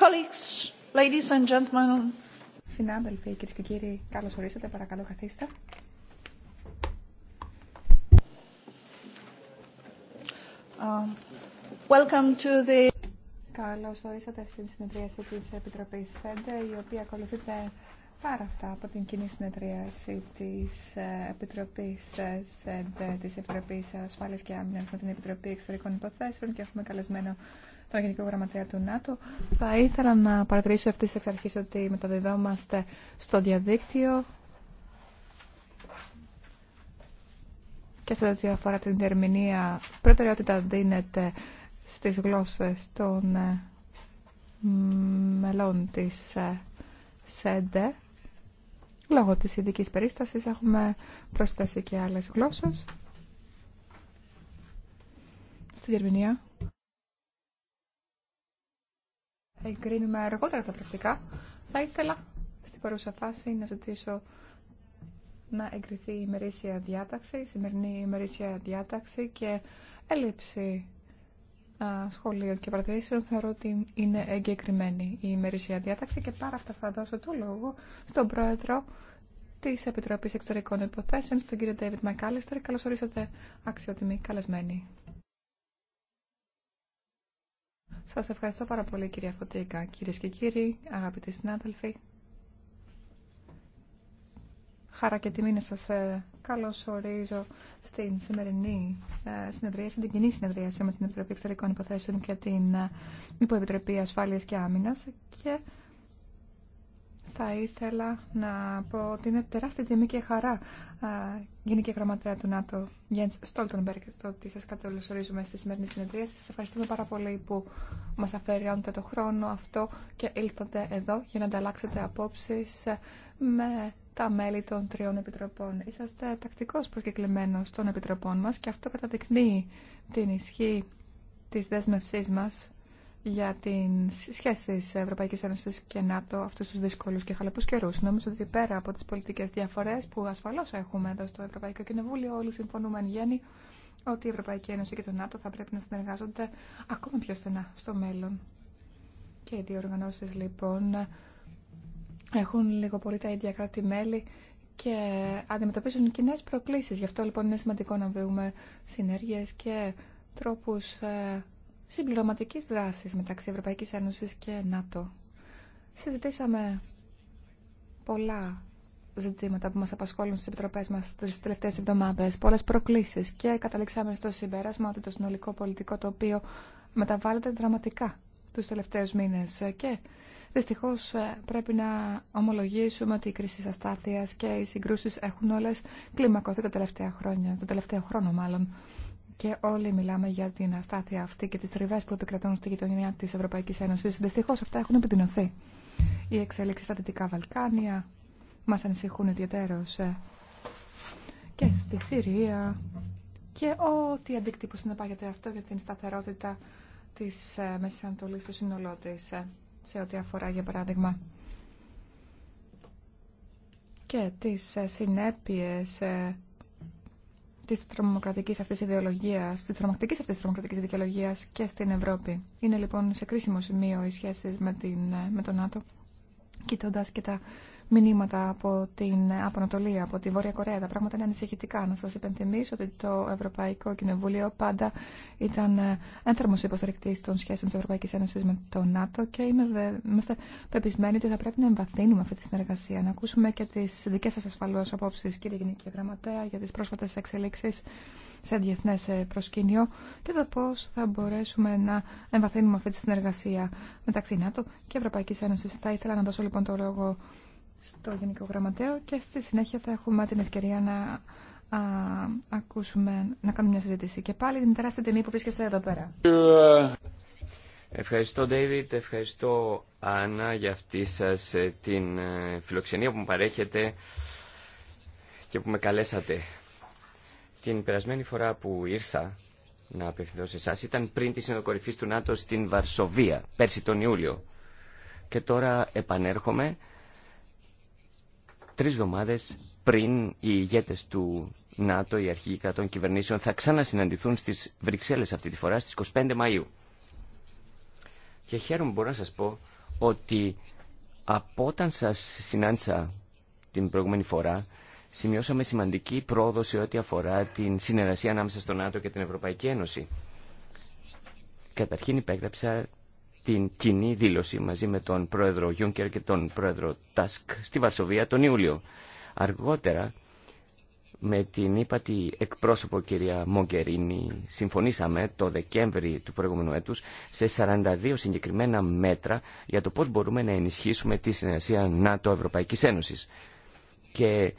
Colleagues, και κύριοι, καλώ ορίσατε. Παρακαλώ, καθίστε. Um, καλώ ορίσατε στην συνεδρίαση τη Επιτροπή ΣΕΝΤΕ, η οποία ακολουθείται πάρα αυτά από την κοινή συνεδρίαση τη ε, Επιτροπής ε, ΣΕΝΤΕ, της επιτροπής Ασφάλεια και Άμυνας με την Επιτροπή Εξωτερικών Υποθέσεων και έχουμε καλεσμένο το Γενικό Γραμματέα του ΝΑΤΟ. Θα ήθελα να παρατηρήσω αυτή τη εξαρχή ότι μεταδιδόμαστε στο διαδίκτυο και σε ό,τι αφορά την διερμηνία, προτεραιότητα δίνεται στις γλώσσες των ε, μελών της ε, ΣΕΝΤΕ. Λόγω της ειδικής περίστασης έχουμε προσθέσει και άλλες γλώσσες στην Γερμανία. εγκρίνουμε αργότερα τα πρακτικά. Θα ήθελα στην παρούσα φάση να ζητήσω να εγκριθεί η ημερήσια διάταξη, η σημερινή ημερήσια διάταξη και έλλειψη σχολείων και παρατηρήσεων θεωρώ ότι είναι εγκεκριμένη η ημερήσια διάταξη και πάρα αυτά θα δώσω το λόγο στον πρόεδρο τη Επιτροπή Εξωτερικών Υποθέσεων, στον κύριο David Μακάλιστερ. Καλώ ορίσατε, αξιότιμοι καλεσμένοι. Σας ευχαριστώ πάρα πολύ κυρία Φωτήκα. Κυρίες και κύριοι, αγαπητοί συνάδελφοι, χαρά και τιμή να σας ε, καλωσορίζω στην σημερινή ε, συνεδρίαση, την κοινή συνεδρίαση με την Επιτροπή Εξωτερικών Υποθέσεων και την ε, Υποεπιτροπή Ασφάλειας και Άμυνας και θα ήθελα να πω ότι είναι τεράστια τιμή και χαρά Γενική Γραμματέα του ΝΑΤΟ Γιέντς Στόλτονμπεργκ το ότι σα κατελωσορίζουμε στη σημερινή συνεδρία. Σας ευχαριστούμε πάρα πολύ που μας αφαιρεώνετε το χρόνο αυτό και ήλθατε εδώ για να ανταλλάξετε απόψεις με τα μέλη των τριών επιτροπών. Είσαστε τακτικός προσκεκλημένος των επιτροπών μας και αυτό καταδεικνύει την ισχύ της δεσμευσή μας για τι σχέσει Ευρωπαϊκή Ένωση και ΝΑΤΟ αυτού του δύσκολου και χαλαπού καιρού. Νομίζω ότι πέρα από τι πολιτικέ διαφορέ που ασφαλώ έχουμε εδώ στο Ευρωπαϊκό Κοινοβούλιο, όλοι συμφωνούμε εν γέννη ότι η Ευρωπαϊκή Ένωση και το ΝΑΤΟ θα πρέπει να συνεργάζονται ακόμα πιο στενά στο μέλλον. Και οι δύο οργανώσει λοιπόν έχουν λίγο πολύ τα ίδια κράτη-μέλη και αντιμετωπίζουν κοινέ προκλήσει. Γι' αυτό λοιπόν είναι σημαντικό να βρούμε συνέργειε και τρόπου ε, συμπληρωματική δράση μεταξύ Ευρωπαϊκή Ένωση και ΝΑΤΟ. Συζητήσαμε πολλά ζητήματα που μα απασχόλουν στι επιτροπέ μα τι τελευταίε εβδομάδε, πολλέ προκλήσει. και καταλήξαμε στο συμπέρασμα ότι το συνολικό πολιτικό τοπίο μεταβάλλεται δραματικά του τελευταίου μήνε. και δυστυχώ ε, πρέπει να ομολογήσουμε ότι η κρίση αστάθεια και οι συγκρούσει έχουν όλε κλιμακωθεί τα τελευταία χρόνια, τον τελευταίο χρόνο μάλλον. Και όλοι μιλάμε για την αστάθεια αυτή και τις τριβέ που επικρατούν στη γειτονιά της Ευρωπαϊκής Ένωση. Δυστυχώ αυτά έχουν επιτυνωθεί. Οι εξέλιξεις στα Δυτικά Βαλκάνια μα ανησυχούν ιδιαίτερως ε. και στη Συρία και ό,τι αντίκτυπο συνεπάγεται αυτό για την σταθερότητα της ε, Μέση Ανατολή στο σύνολό τη ε, σε ό,τι αφορά για παράδειγμα και τις συνέπειες τη τρομοκρατική αυτή ιδεολογία, τη τρομακτική αυτή τρομοκρατική δικαιολογία και στην Ευρώπη. Είναι λοιπόν σε κρίσιμο σημείο οι σχέσει με, με τον ΝΑΤΟ, κοιτώντα και τα μηνύματα από την από Ανατολή, από τη Βόρεια Κορέα. Τα πράγματα είναι ανησυχητικά. Να σα υπενθυμίσω ότι το Ευρωπαϊκό Κοινοβούλιο πάντα ήταν ε, ένθερμο υποστηρικτής των σχέσεων τη Ευρωπαϊκή Ένωση με το ΝΑΤΟ και είμαι, είμαστε πεπισμένοι ότι θα πρέπει να εμβαθύνουμε αυτή τη συνεργασία. Να ακούσουμε και τις δικές σας ασφαλώ απόψει, κύριε Γενική Γραμματέα, για τι πρόσφατε εξελίξεις σε διεθνέ ε, προσκήνιο και το πώ θα μπορέσουμε να εμβαθύνουμε αυτή τη συνεργασία μεταξύ ΝΑΤΟ και Ευρωπαϊκή Ένωση. Θα ήθελα να δώσω λοιπόν το λόγο στο Γενικό Γραμματέο και στη συνέχεια θα έχουμε την ευκαιρία να ακούσουμε, να κάνουμε μια συζήτηση. Και πάλι την τεράστια τιμή που βρίσκεστε εδώ πέρα. Ευχαριστώ, Ντέιβιτ. Ευχαριστώ, Άννα, για αυτή σας ε, την ε, φιλοξενία που μου παρέχετε και που με καλέσατε. Την περασμένη φορά που ήρθα να απευθυνθώ σε εσά ήταν πριν τη συνοδοκορυφή του ΝΑΤΟ στην Βαρσοβία, πέρσι τον Ιούλιο. Και τώρα επανέρχομαι τρεις εβδομάδες πριν οι ηγέτες του ΝΑΤΟ, οι αρχηγοί κρατών κυβερνήσεων, θα ξανασυναντηθούν στις Βρυξέλλες αυτή τη φορά στις 25 Μαΐου. Και χαίρομαι μπορώ να σας πω ότι από όταν σας συνάντησα την προηγούμενη φορά, σημειώσαμε σημαντική πρόοδο σε ό,τι αφορά την συνεργασία ανάμεσα στο ΝΑΤΟ και την Ευρωπαϊκή Ένωση. Καταρχήν υπέγραψα την κοινή δήλωση μαζί με τον πρόεδρο Γιούνκερ και τον πρόεδρο Τάσκ στη Βαρσοβία τον Ιούλιο. Αργότερα με την ύπατη εκπρόσωπο κυρία Μογκερίνη συμφωνήσαμε το Δεκέμβρη του προηγούμενου έτους σε 42 συγκεκριμένα μέτρα για το πώς μπορούμε να ενισχύσουμε τη συνεργασία ΝΑΤΟ-Ευρωπαϊκής Ένωσης. Και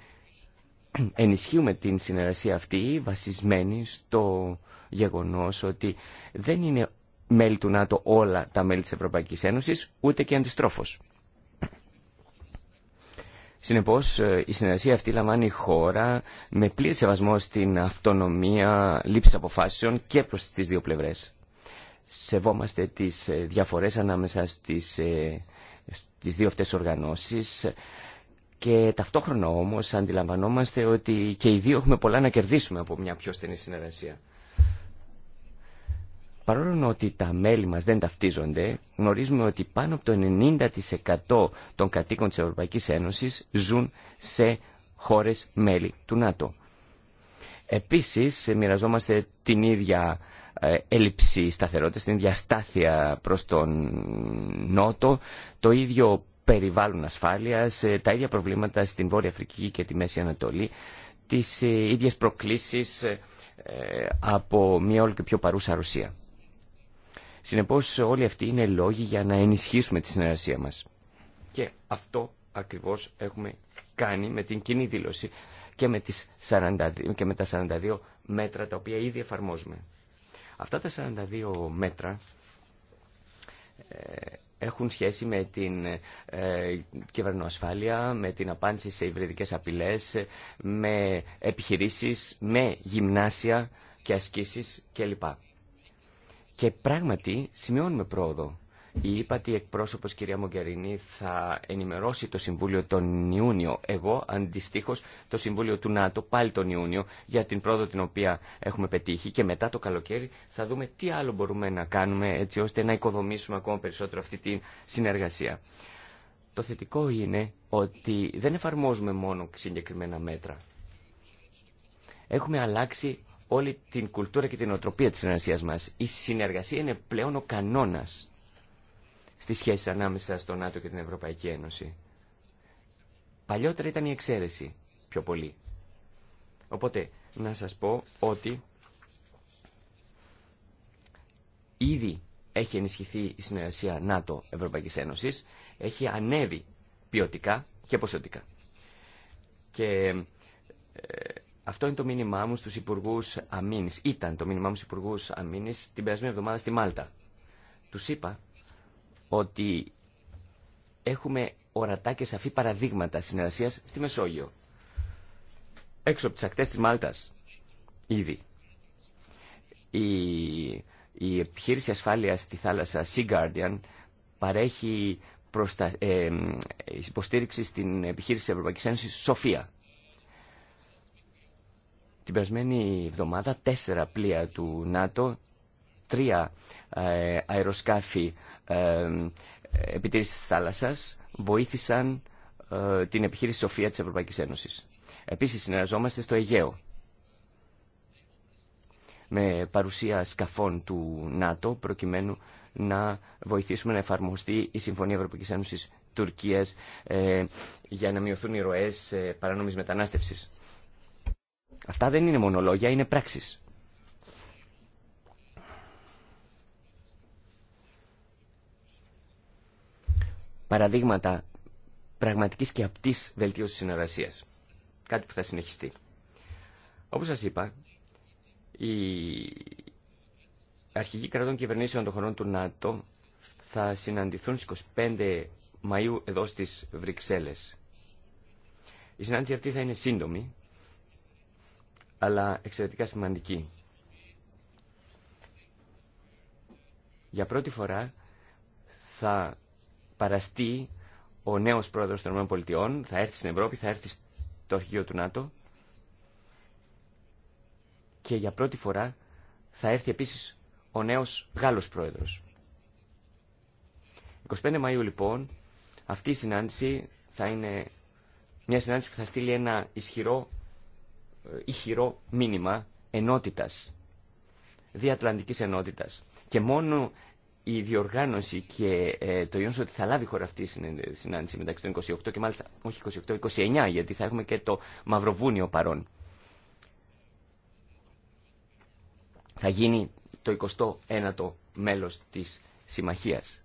ενισχύουμε την συνεργασία αυτή βασισμένη στο γεγονός ότι δεν είναι μέλη του ΝΑΤΟ όλα τα μέλη της Ευρωπαϊκής Ένωσης, ούτε και αντιστρόφως. Συνεπώς, ε, η συνεργασία αυτή λαμβάνει χώρα με πλήρη σεβασμό στην αυτονομία λήψης αποφάσεων και προς τις δύο πλευρές. Σεβόμαστε τις ε, διαφορές ανάμεσα στις, ε, στις δύο αυτές οργανώσεις και ταυτόχρονα όμως αντιλαμβανόμαστε ότι και οι δύο έχουμε πολλά να κερδίσουμε από μια πιο στενή συνεργασία. Παρόλο ότι τα μέλη μας δεν ταυτίζονται, γνωρίζουμε ότι πάνω από το 90% των κατοίκων της Ευρωπαϊκής Ένωσης ζουν σε χώρες μέλη του ΝΑΤΟ. Επίσης, μοιραζόμαστε την ίδια ε, έλλειψη σταθερότητας, την ίδια στάθεια προς τον Νότο, το ίδιο περιβάλλον ασφάλειας, ε, τα ίδια προβλήματα στην Βόρεια Αφρική και τη Μέση Ανατολή, τις ε, ίδιες προκλήσεις από μια όλο και πιο παρούσα Ρωσία. Συνεπώς όλοι αυτοί είναι λόγοι για να ενισχύσουμε τη συνεργασία μας. Και αυτό ακριβώς έχουμε κάνει με την κοινή δήλωση και με, τις 42, και με τα 42 μέτρα τα οποία ήδη εφαρμόζουμε. Αυτά τα 42 μέτρα ε, έχουν σχέση με την ε, κυβερνοασφάλεια, με την απάντηση σε υβριδικές απειλές, με επιχειρήσεις, με γυμνάσια και ασκήσεις κλπ. Και πράγματι σημειώνουμε πρόοδο. Η ύπατη εκπρόσωπος κυρία Μογκερίνη θα ενημερώσει το Συμβούλιο τον Ιούνιο. Εγώ αντιστοίχως το Συμβούλιο του ΝΑΤΟ πάλι τον Ιούνιο για την πρόοδο την οποία έχουμε πετύχει και μετά το καλοκαίρι θα δούμε τι άλλο μπορούμε να κάνουμε έτσι ώστε να οικοδομήσουμε ακόμα περισσότερο αυτή τη συνεργασία. Το θετικό είναι ότι δεν εφαρμόζουμε μόνο συγκεκριμένα μέτρα. Έχουμε αλλάξει όλη την κουλτούρα και την οτροπία της συνεργασίας μας. Η συνεργασία είναι πλέον ο κανόνας στις σχέσεις ανάμεσα στο ΝΑΤΟ και την Ευρωπαϊκή Ένωση. Παλιότερα ήταν η εξαίρεση πιο πολύ. Οπότε, να σας πω ότι ήδη έχει ενισχυθεί η συνεργασία ΝΑΤΟ-Ευρωπαϊκής Ένωσης, έχει ανέβει ποιοτικά και ποσοτικά. Και ε, αυτό είναι το μήνυμά μου στους Υπουργούς Αμήνης. Ήταν το μήνυμά μου στους Υπουργούς Αμήνης την περασμένη εβδομάδα στη Μάλτα. Τους είπα ότι έχουμε ορατά και σαφή παραδείγματα συνεργασίας στη Μεσόγειο. Έξω από τις ακτές της Μάλτας, ήδη. Η, η επιχείρηση ασφάλειας στη θάλασσα Sea Guardian παρέχει προστα... Ε, υποστήριξη στην επιχείρηση της Ευρωπαϊκής Ένωσης Σοφία την περασμένη εβδομάδα τέσσερα πλοία του ΝΑΤΟ, τρία ε, αεροσκάφη ε, επιτήρησης θάλασσας βοήθησαν ε, την επιχείρηση Σοφία της Ευρωπαϊκής Ένωσης. Επίσης συνεργαζόμαστε στο Αιγαίο με παρουσία σκαφών του ΝΑΤΟ προκειμένου να βοηθήσουμε να εφαρμοστεί η Συμφωνία Ευρωπαϊκής Ένωσης Τουρκίας ε, για να μειωθούν οι ροές παρανόμης μετανάστευσης. Αυτά δεν είναι μονολόγια, είναι πράξεις. Παραδείγματα πραγματικής και απτής βελτίωσης συνεργασίας. Κάτι που θα συνεχιστεί. Όπως σας είπα, οι αρχηγοί κρατών κυβερνήσεων των χωρών του ΝΑΤΟ θα συναντηθούν στις 25 Μαΐου εδώ στις Βρυξέλλες. Η συνάντηση αυτή θα είναι σύντομη αλλά εξαιρετικά σημαντική. Για πρώτη φορά θα παραστεί ο νέος πρόεδρος των ΗΠΑ, θα έρθει στην Ευρώπη, θα έρθει στο αρχείο του ΝΑΤΟ και για πρώτη φορά θα έρθει επίσης ο νέος Γάλλος πρόεδρος. 25 Μαΐου λοιπόν αυτή η συνάντηση θα είναι μια συνάντηση που θα στείλει ένα ισχυρό ηχηρό μήνυμα ενότητας, διατλαντικής ενότητας. Και μόνο η διοργάνωση και ε, το γεγονό ότι θα λάβει χώρα αυτή η συνάντηση μεταξύ των 28 και μάλιστα όχι 28, 29 γιατί θα έχουμε και το Μαυροβούνιο παρόν. Θα γίνει το 29ο μέλος της συμμαχίας.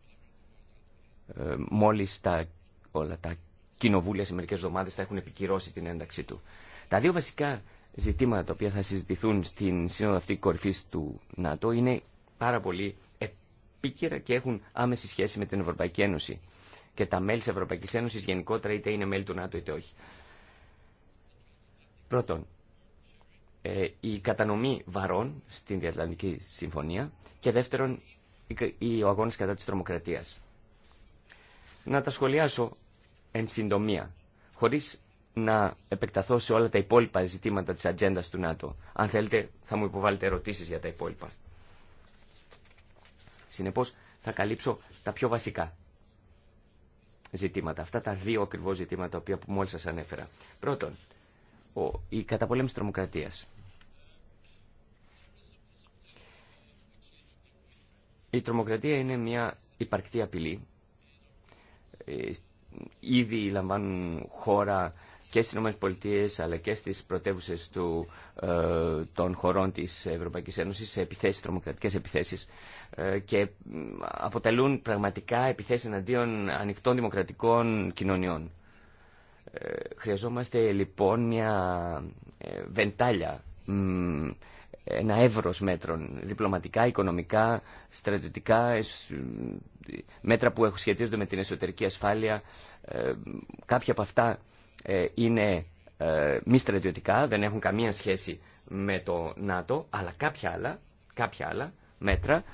Ε, μόλις τα, όλα τα κοινοβούλια σε μερικές εβδομάδες θα έχουν επικυρώσει την ένταξή του. Τα δύο βασικά ζητήματα τα οποία θα συζητηθούν στην σύνοδο αυτή κορυφή του ΝΑΤΟ είναι πάρα πολύ επίκαιρα και έχουν άμεση σχέση με την Ευρωπαϊκή Ένωση. Και τα μέλη τη Ευρωπαϊκή Ένωση γενικότερα είτε είναι μέλη του ΝΑΤΟ είτε όχι. Πρώτον, ε, η κατανομή βαρών στην Διατλαντική Συμφωνία και δεύτερον, ο αγώνα κατά τη τρομοκρατία. Να τα σχολιάσω εν συντομία, χωρίς να επεκταθώ σε όλα τα υπόλοιπα ζητήματα της ατζέντα του ΝΑΤΟ. Αν θέλετε θα μου υποβάλλετε ερωτήσεις για τα υπόλοιπα. Συνεπώς θα καλύψω τα πιο βασικά ζητήματα. Αυτά τα δύο ακριβώ ζητήματα που μόλις σας ανέφερα. Πρώτον, η καταπολέμηση τρομοκρατίας. Η τρομοκρατία είναι μια υπαρκτή απειλή. Ε, ήδη λαμβάνουν χώρα και στι Πολιτείε, αλλά και στι πρωτεύουσε ε, των χωρών τη Ευρωπαϊκή Ένωση σε επιθέσει, τρομοκρατικέ επιθέσει ε, και αποτελούν πραγματικά επιθέσει εναντίον ανοιχτών δημοκρατικών κοινωνιών. Ε, χρειαζόμαστε λοιπόν μια ε, βεντάλια, ένα εύρος μέτρων, διπλωματικά, οικονομικά, στρατιωτικά, μέτρα που σχετίζονται με την εσωτερική ασφάλεια. Ε, κάποια από αυτά ε, είναι ε, μη στρατιωτικά, δεν έχουν καμία σχέση με το ΝΑΤΟ, αλλά κάποια άλλα, κάποια άλλα μέτρα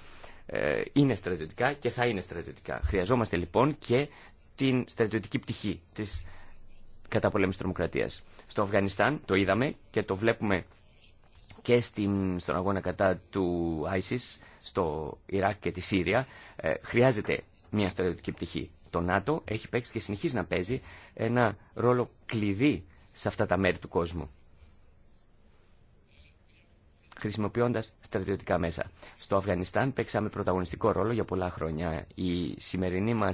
ε, είναι στρατιωτικά και θα είναι στρατιωτικά. Χρειαζόμαστε λοιπόν και την στρατιωτική πτυχή της καταπολέμησης τρομοκρατίας. Στο Αφγανιστάν το είδαμε και το βλέπουμε και στην, στον αγώνα κατά του ISIS στο Ιράκ και τη Σύρια. χρειάζεται μια στρατιωτική πτυχή το ΝΑΤΟ έχει παίξει και συνεχίζει να παίζει ένα ρόλο κλειδί σε αυτά τα μέρη του κόσμου χρησιμοποιώντα στρατιωτικά μέσα. Στο Αφγανιστάν παίξαμε πρωταγωνιστικό ρόλο για πολλά χρόνια. Η σημερινή μα,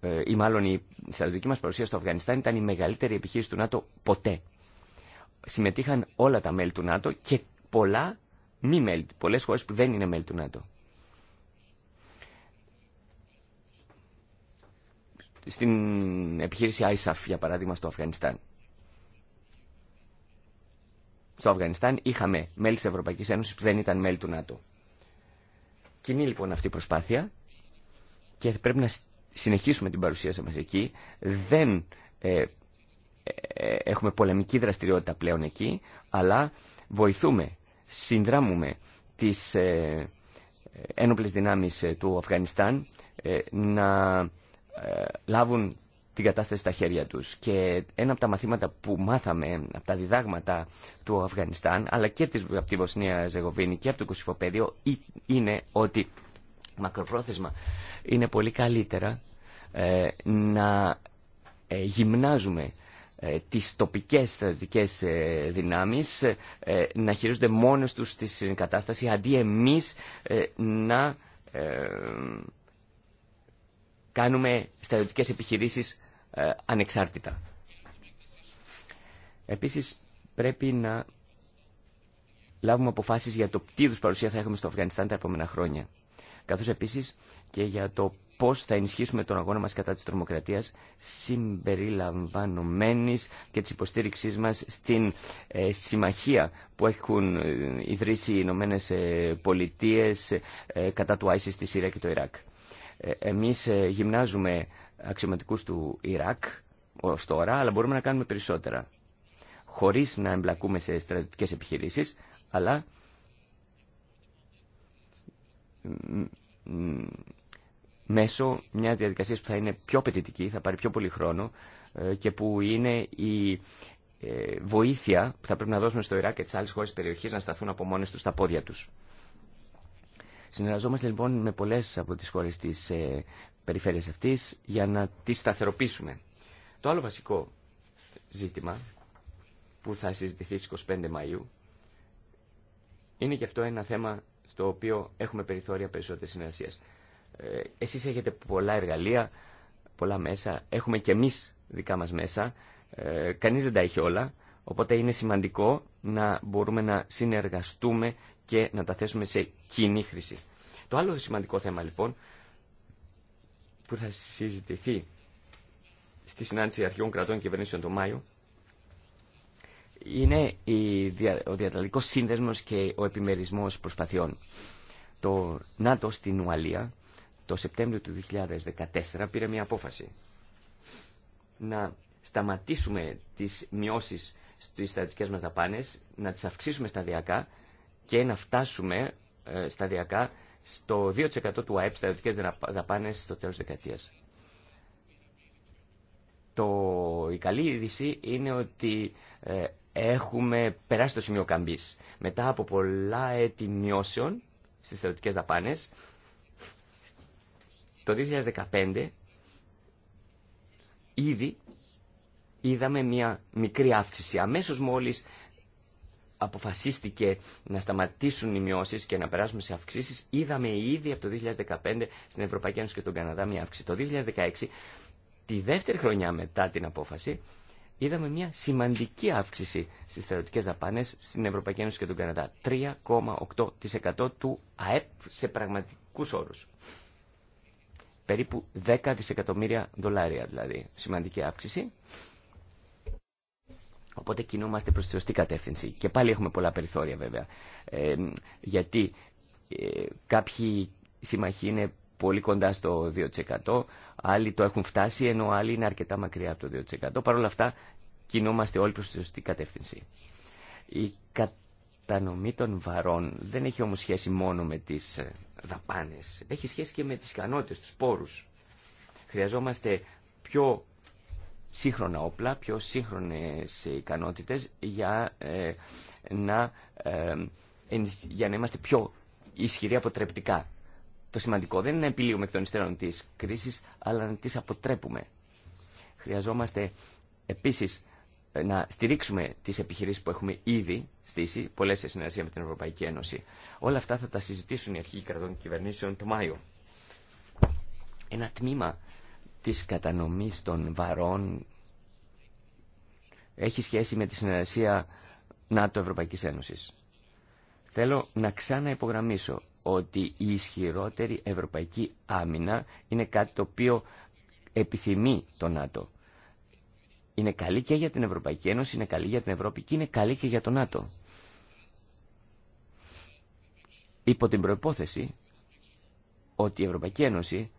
ε, ή μάλλον η στρατιωτική μα παρουσία στο Αφγανιστάν ήταν η μεγαλύτερη επιχείρηση του ΝΑΤΟ ποτέ. Συμμετείχαν όλα τα μέλη του ΝΑΤΟ και πολλά μη μέλη, πολλέ χώρε που δεν είναι μέλη του ΝΑΤΟ. στην επιχείρηση ISAF, για παράδειγμα, στο Αφγανιστάν. Στο Αφγανιστάν είχαμε μέλη τη ευρωπαϊκή ένωση που δεν ήταν μέλη του ΝΑΤΟ. Κοινή λοιπόν αυτή η προσπάθεια και πρέπει να συνεχίσουμε την παρουσία μας εκεί. Δεν ε, ε, ε, έχουμε πολεμική δραστηριότητα πλέον εκεί, αλλά βοηθούμε, συνδράμουμε τις ε, ένοπλες δυνάμεις του Αφγανιστάν να ε, λάβουν την κατάσταση στα χέρια τους. Και ένα από τα μαθήματα που μάθαμε από τα διδάγματα του Αφγανιστάν, αλλά και της, από τη Βοσνία Ζεγοβίνη και από το Κωσυφοπέδιο, είναι ότι μακροπρόθεσμα είναι πολύ καλύτερα ε, να ε, γυμνάζουμε τις τοπικές στρατιωτικές δυνάμεις να χειρίζονται μόνες τους τη κατάσταση αντί εμείς να κάνουμε στρατιωτικές επιχειρήσεις ε, ανεξάρτητα. Επίσης πρέπει να λάβουμε αποφάσεις για το τι είδους παρουσία θα έχουμε στο Αφγανιστάν τα επόμενα χρόνια. Καθώς επίσης και για το πώς θα ενισχύσουμε τον αγώνα μας κατά της τρομοκρατίας συμπεριλαμβανομένης και της υποστήριξής μας στην ε, συμμαχία που έχουν ε, ιδρύσει οι Ηνωμένε Πολιτείε κατά του ISIS στη Συρία και το Ιράκ. Ε, εμείς ε, γυμνάζουμε αξιωματικούς του Ιράκ ως τώρα, αλλά μπορούμε να κάνουμε περισσότερα. Χωρίς να εμπλακούμε σε στρατιωτικές επιχειρήσεις, αλλά μέσω μιας διαδικασίας που θα είναι πιο απαιτητική, θα πάρει πιο πολύ χρόνο ε, και που είναι η βοήθεια που θα πρέπει να δώσουμε στο Ιράκ και τις άλλες χώρες περιοχής να σταθούν από μόνες τους στα πόδια τους. Συνεργαζόμαστε λοιπόν με πολλές από τις χώρες της ε, περιφέρειας αυτής για να τις σταθεροποιήσουμε. Το άλλο βασικό ζήτημα που θα συζητηθεί στις 25 Μαΐου είναι και αυτό ένα θέμα στο οποίο έχουμε περιθώρια περισσότερη συνεργασία. Ε, εσείς έχετε πολλά εργαλεία, πολλά μέσα, έχουμε και εμείς δικά μας μέσα, ε, δεν τα έχει όλα, οπότε είναι σημαντικό να μπορούμε να συνεργαστούμε και να τα θέσουμε σε κοινή χρήση. Το άλλο σημαντικό θέμα λοιπόν που θα συζητηθεί στη συνάντηση αρχηγών κρατών και κυβερνήσεων το Μάιο είναι ο διαταλικός σύνδεσμος και ο επιμερισμός προσπαθειών. Το ΝΑΤΟ στην Ουαλία το Σεπτέμβριο του 2014 πήρε μια απόφαση να σταματήσουμε τις μειώσεις στις στρατιωτικές μας δαπάνες, να τις αυξήσουμε σταδιακά και να φτάσουμε ε, σταδιακά στο 2% του ΑΕΠ στρατιωτικές δαπάνες στο τέλος της δεκαετίας. Το, η καλή είδηση είναι ότι ε, έχουμε περάσει το σημείο καμπής. Μετά από πολλά έτη μειώσεων στις στρατιωτικές δαπάνες, το 2015 ήδη είδαμε μια μικρή αύξηση. Αμέσως μόλις αποφασίστηκε να σταματήσουν οι μειώσει και να περάσουμε σε αυξήσει. είδαμε ήδη από το 2015 στην Ευρωπαϊκή Ένωση και τον Καναδά μια αύξηση. Το 2016, τη δεύτερη χρονιά μετά την απόφαση, είδαμε μια σημαντική αύξηση στις στρατιωτικέ δαπάνε στην Ευρωπαϊκή Ένωση και τον Καναδά. 3,8% του ΑΕΠ σε πραγματικού όρου. Περίπου 10 δισεκατομμύρια δολάρια δηλαδή. Σημαντική αύξηση. Οπότε κινούμαστε προς τη σωστή κατεύθυνση. Και πάλι έχουμε πολλά περιθώρια βέβαια. Ε, γιατί ε, κάποιοι συμμαχοί είναι πολύ κοντά στο 2%, άλλοι το έχουν φτάσει, ενώ άλλοι είναι αρκετά μακριά από το 2%. Παρ' όλα αυτά κινούμαστε όλοι προς τη σωστή κατεύθυνση. Η κατανομή των βαρών δεν έχει όμως σχέση μόνο με τις ε, δαπάνες. Έχει σχέση και με τις ικανότητες, τους πόρους. Χρειαζόμαστε πιο σύγχρονα όπλα, πιο σύγχρονες ικανότητες για, ε, να, ε, για να είμαστε πιο ισχυροί αποτρεπτικά. Το σημαντικό δεν είναι να επιλύουμε εκ των υστέρων της κρίσης, αλλά να τις αποτρέπουμε. Χρειαζόμαστε επίσης ε, να στηρίξουμε τις επιχειρήσεις που έχουμε ήδη στήσει, πολλές σε συνεργασία με την Ευρωπαϊκή Ένωση. Όλα αυτά θα τα συζητήσουν οι αρχηγοί κρατών κυβερνήσεων το Μάιο. Ένα τμήμα της κατανομής των βαρών έχει σχέση με τη συνεργασία ΝΑΤΟ-Ευρωπαϊκής Ένωσης. Θέλω να ξαναυπογραμμίσω ότι η ισχυρότερη ευρωπαϊκή άμυνα είναι κάτι το οποίο επιθυμεί το ΝΑΤΟ. Είναι καλή και για την Ευρωπαϊκή Ένωση, είναι καλή για την Ευρώπη και είναι καλή και για το ΝΑΤΟ. Υπό την προϋπόθεση ότι η Ευρωπαϊκή Ένωση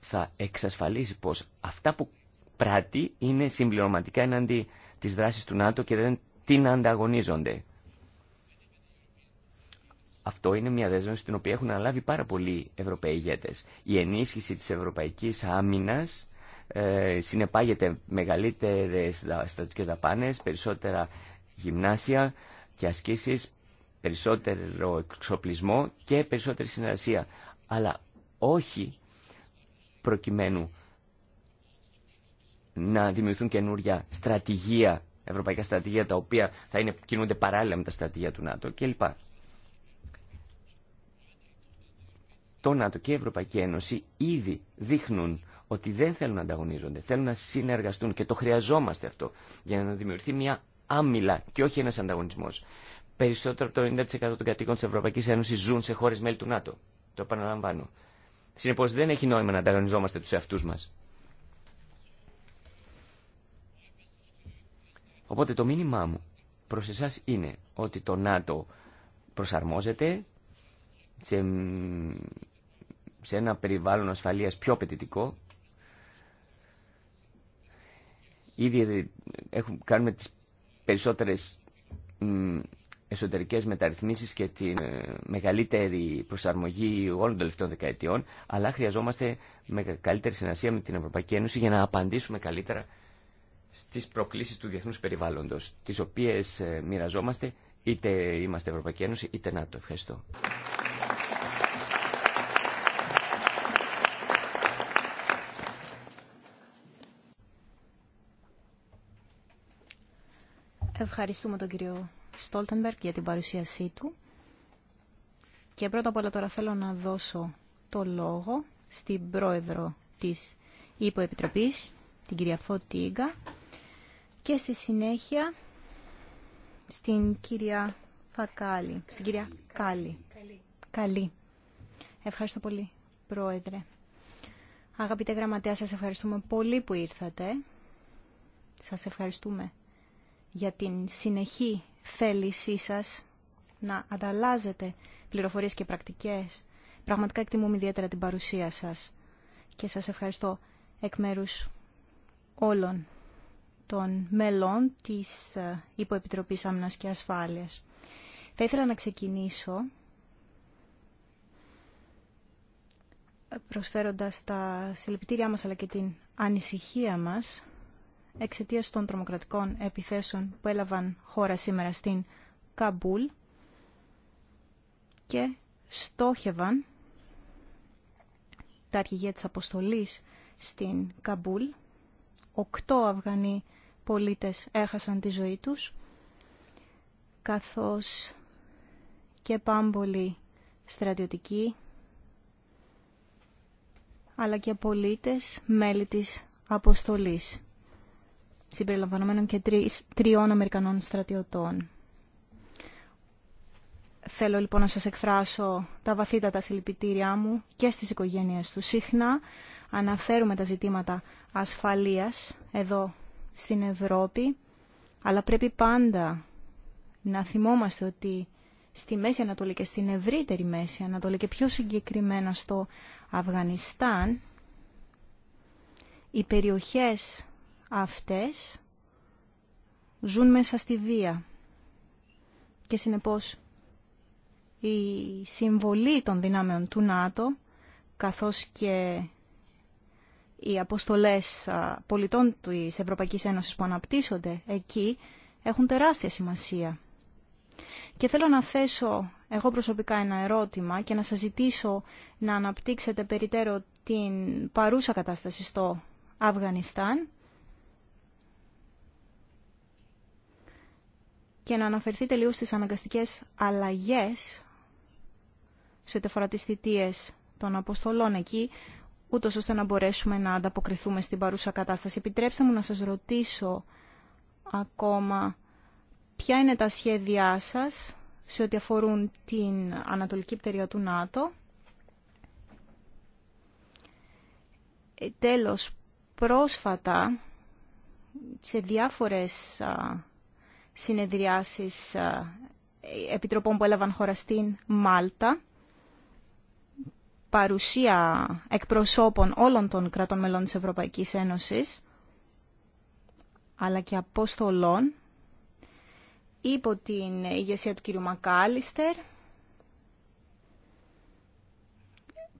θα εξασφαλίσει πως αυτά που πράττει είναι συμπληρωματικά εναντί της δράσης του ΝΑΤΟ και δεν την ανταγωνίζονται. Αυτό είναι μια δέσμευση την οποία έχουν αναλάβει πάρα πολλοί Ευρωπαίοι ηγέτες. Η ενίσχυση της ευρωπαϊκής άμυνας ε, συνεπάγεται μεγαλύτερες στρατιωτικές δαπάνες, περισσότερα γυμνάσια και ασκήσεις, περισσότερο εξοπλισμό και περισσότερη συνεργασία. Αλλά όχι προκειμένου να δημιουργηθούν καινούρια στρατηγία, ευρωπαϊκά στρατηγία τα οποία θα είναι, κινούνται παράλληλα με τα στρατηγία του ΝΑΤΟ κλπ. Το ΝΑΤΟ και η Ευρωπαϊκή Ένωση ήδη δείχνουν ότι δεν θέλουν να ανταγωνίζονται, θέλουν να συνεργαστούν και το χρειαζόμαστε αυτό για να δημιουργηθεί μια άμυλα και όχι ένας ανταγωνισμός. Περισσότερο από το 90% των κατοίκων της Ευρωπαϊκής Ένωσης ζουν σε χώρες μέλη του ΝΑΤΟ. Το επαναλαμβάνω. Συνεπώς δεν έχει νόημα να ανταγωνιζόμαστε του εαυτούς μα. Οπότε το μήνυμά μου προς εσάς είναι ότι το ΝΑΤΟ προσαρμόζεται σε, ένα περιβάλλον ασφαλείας πιο απαιτητικό. Ήδη ε, έχουμε, κάνουμε τις περισσότερες εσωτερικές μεταρρυθμίσεις και τη ε, μεγαλύτερη προσαρμογή όλων των τελευταίων δεκαετιών, αλλά χρειαζόμαστε με καλύτερη συνασία με την Ευρωπαϊκή Ένωση για να απαντήσουμε καλύτερα στις προκλήσεις του διεθνούς περιβάλλοντος, τις οποίες ε, μοιραζόμαστε είτε είμαστε Ευρωπαϊκή Ένωση είτε το Ευχαριστώ. Ευχαριστούμε τον κύριο Στόλτενμπερκ για την παρουσίασή του. Και πρώτα απ' όλα τώρα θέλω να δώσω το λόγο στην πρόεδρο της Υποεπιτροπής, την κυρία Φωτίγκα, και στη συνέχεια στην κυρία Φακάλη, στην κυρία Κάλη. Καλή. Ευχαριστώ πολύ, πρόεδρε. Αγαπητέ γραμματέα, σας ευχαριστούμε πολύ που ήρθατε. Σας ευχαριστούμε για την συνεχή θέλησή σας να ανταλλάζετε πληροφορίες και πρακτικές. Πραγματικά εκτιμούμε ιδιαίτερα την παρουσία σας και σας ευχαριστώ εκ μέρους όλων των μελών της ε, Υποεπιτροπής Άμυνας και Ασφάλειας. Θα ήθελα να ξεκινήσω προσφέροντας τα συλληπιτήριά μας αλλά και την ανησυχία μας εξαιτία των τρομοκρατικών επιθέσεων που έλαβαν χώρα σήμερα στην Καμπούλ και στόχευαν τα αρχηγεία της αποστολής στην Καμπούλ. Οκτώ Αυγανοί πολίτες έχασαν τη ζωή τους, καθώς και πάμπολοι στρατιωτικοί, αλλά και πολίτες μέλη της αποστολής συμπεριλαμβανομένων και τριών Αμερικανών στρατιωτών. Θέλω λοιπόν να σας εκφράσω τα βαθύτατα συλληπιτήριά μου και στις οικογένειες του. Συχνά αναφέρουμε τα ζητήματα ασφαλείας εδώ στην Ευρώπη, αλλά πρέπει πάντα να θυμόμαστε ότι στη Μέση Ανατολή και στην ευρύτερη Μέση Ανατολή και πιο συγκεκριμένα στο Αφγανιστάν, οι περιοχές αυτές ζουν μέσα στη βία και συνεπώς η συμβολή των δυνάμεων του ΝΑΤΟ καθώς και οι αποστολές πολιτών της Ευρωπαϊκής Ένωσης που αναπτύσσονται εκεί έχουν τεράστια σημασία. Και θέλω να θέσω εγώ προσωπικά ένα ερώτημα και να σας ζητήσω να αναπτύξετε περιττέρω την παρούσα κατάσταση στο Αφγανιστάν και να αναφερθεί τελείως στις αναγκαστικές αλλαγές σε ό,τι αφορά τις θητείες των αποστολών εκεί, ούτως ώστε να μπορέσουμε να ανταποκριθούμε στην παρούσα κατάσταση. Επιτρέψτε μου να σας ρωτήσω ακόμα ποια είναι τα σχέδιά σας σε ό,τι αφορούν την ανατολική πτέρια του ΝΑΤΟ. Ε, τέλος, πρόσφατα σε διάφορες συνεδριάσεις ε, επιτροπών που έλαβαν χώρα στην Μάλτα παρουσία εκπροσώπων όλων των κρατών μελών της Ευρωπαϊκής Ένωσης αλλά και αποστολών υπό την ηγεσία του κ. Μακάλιστερ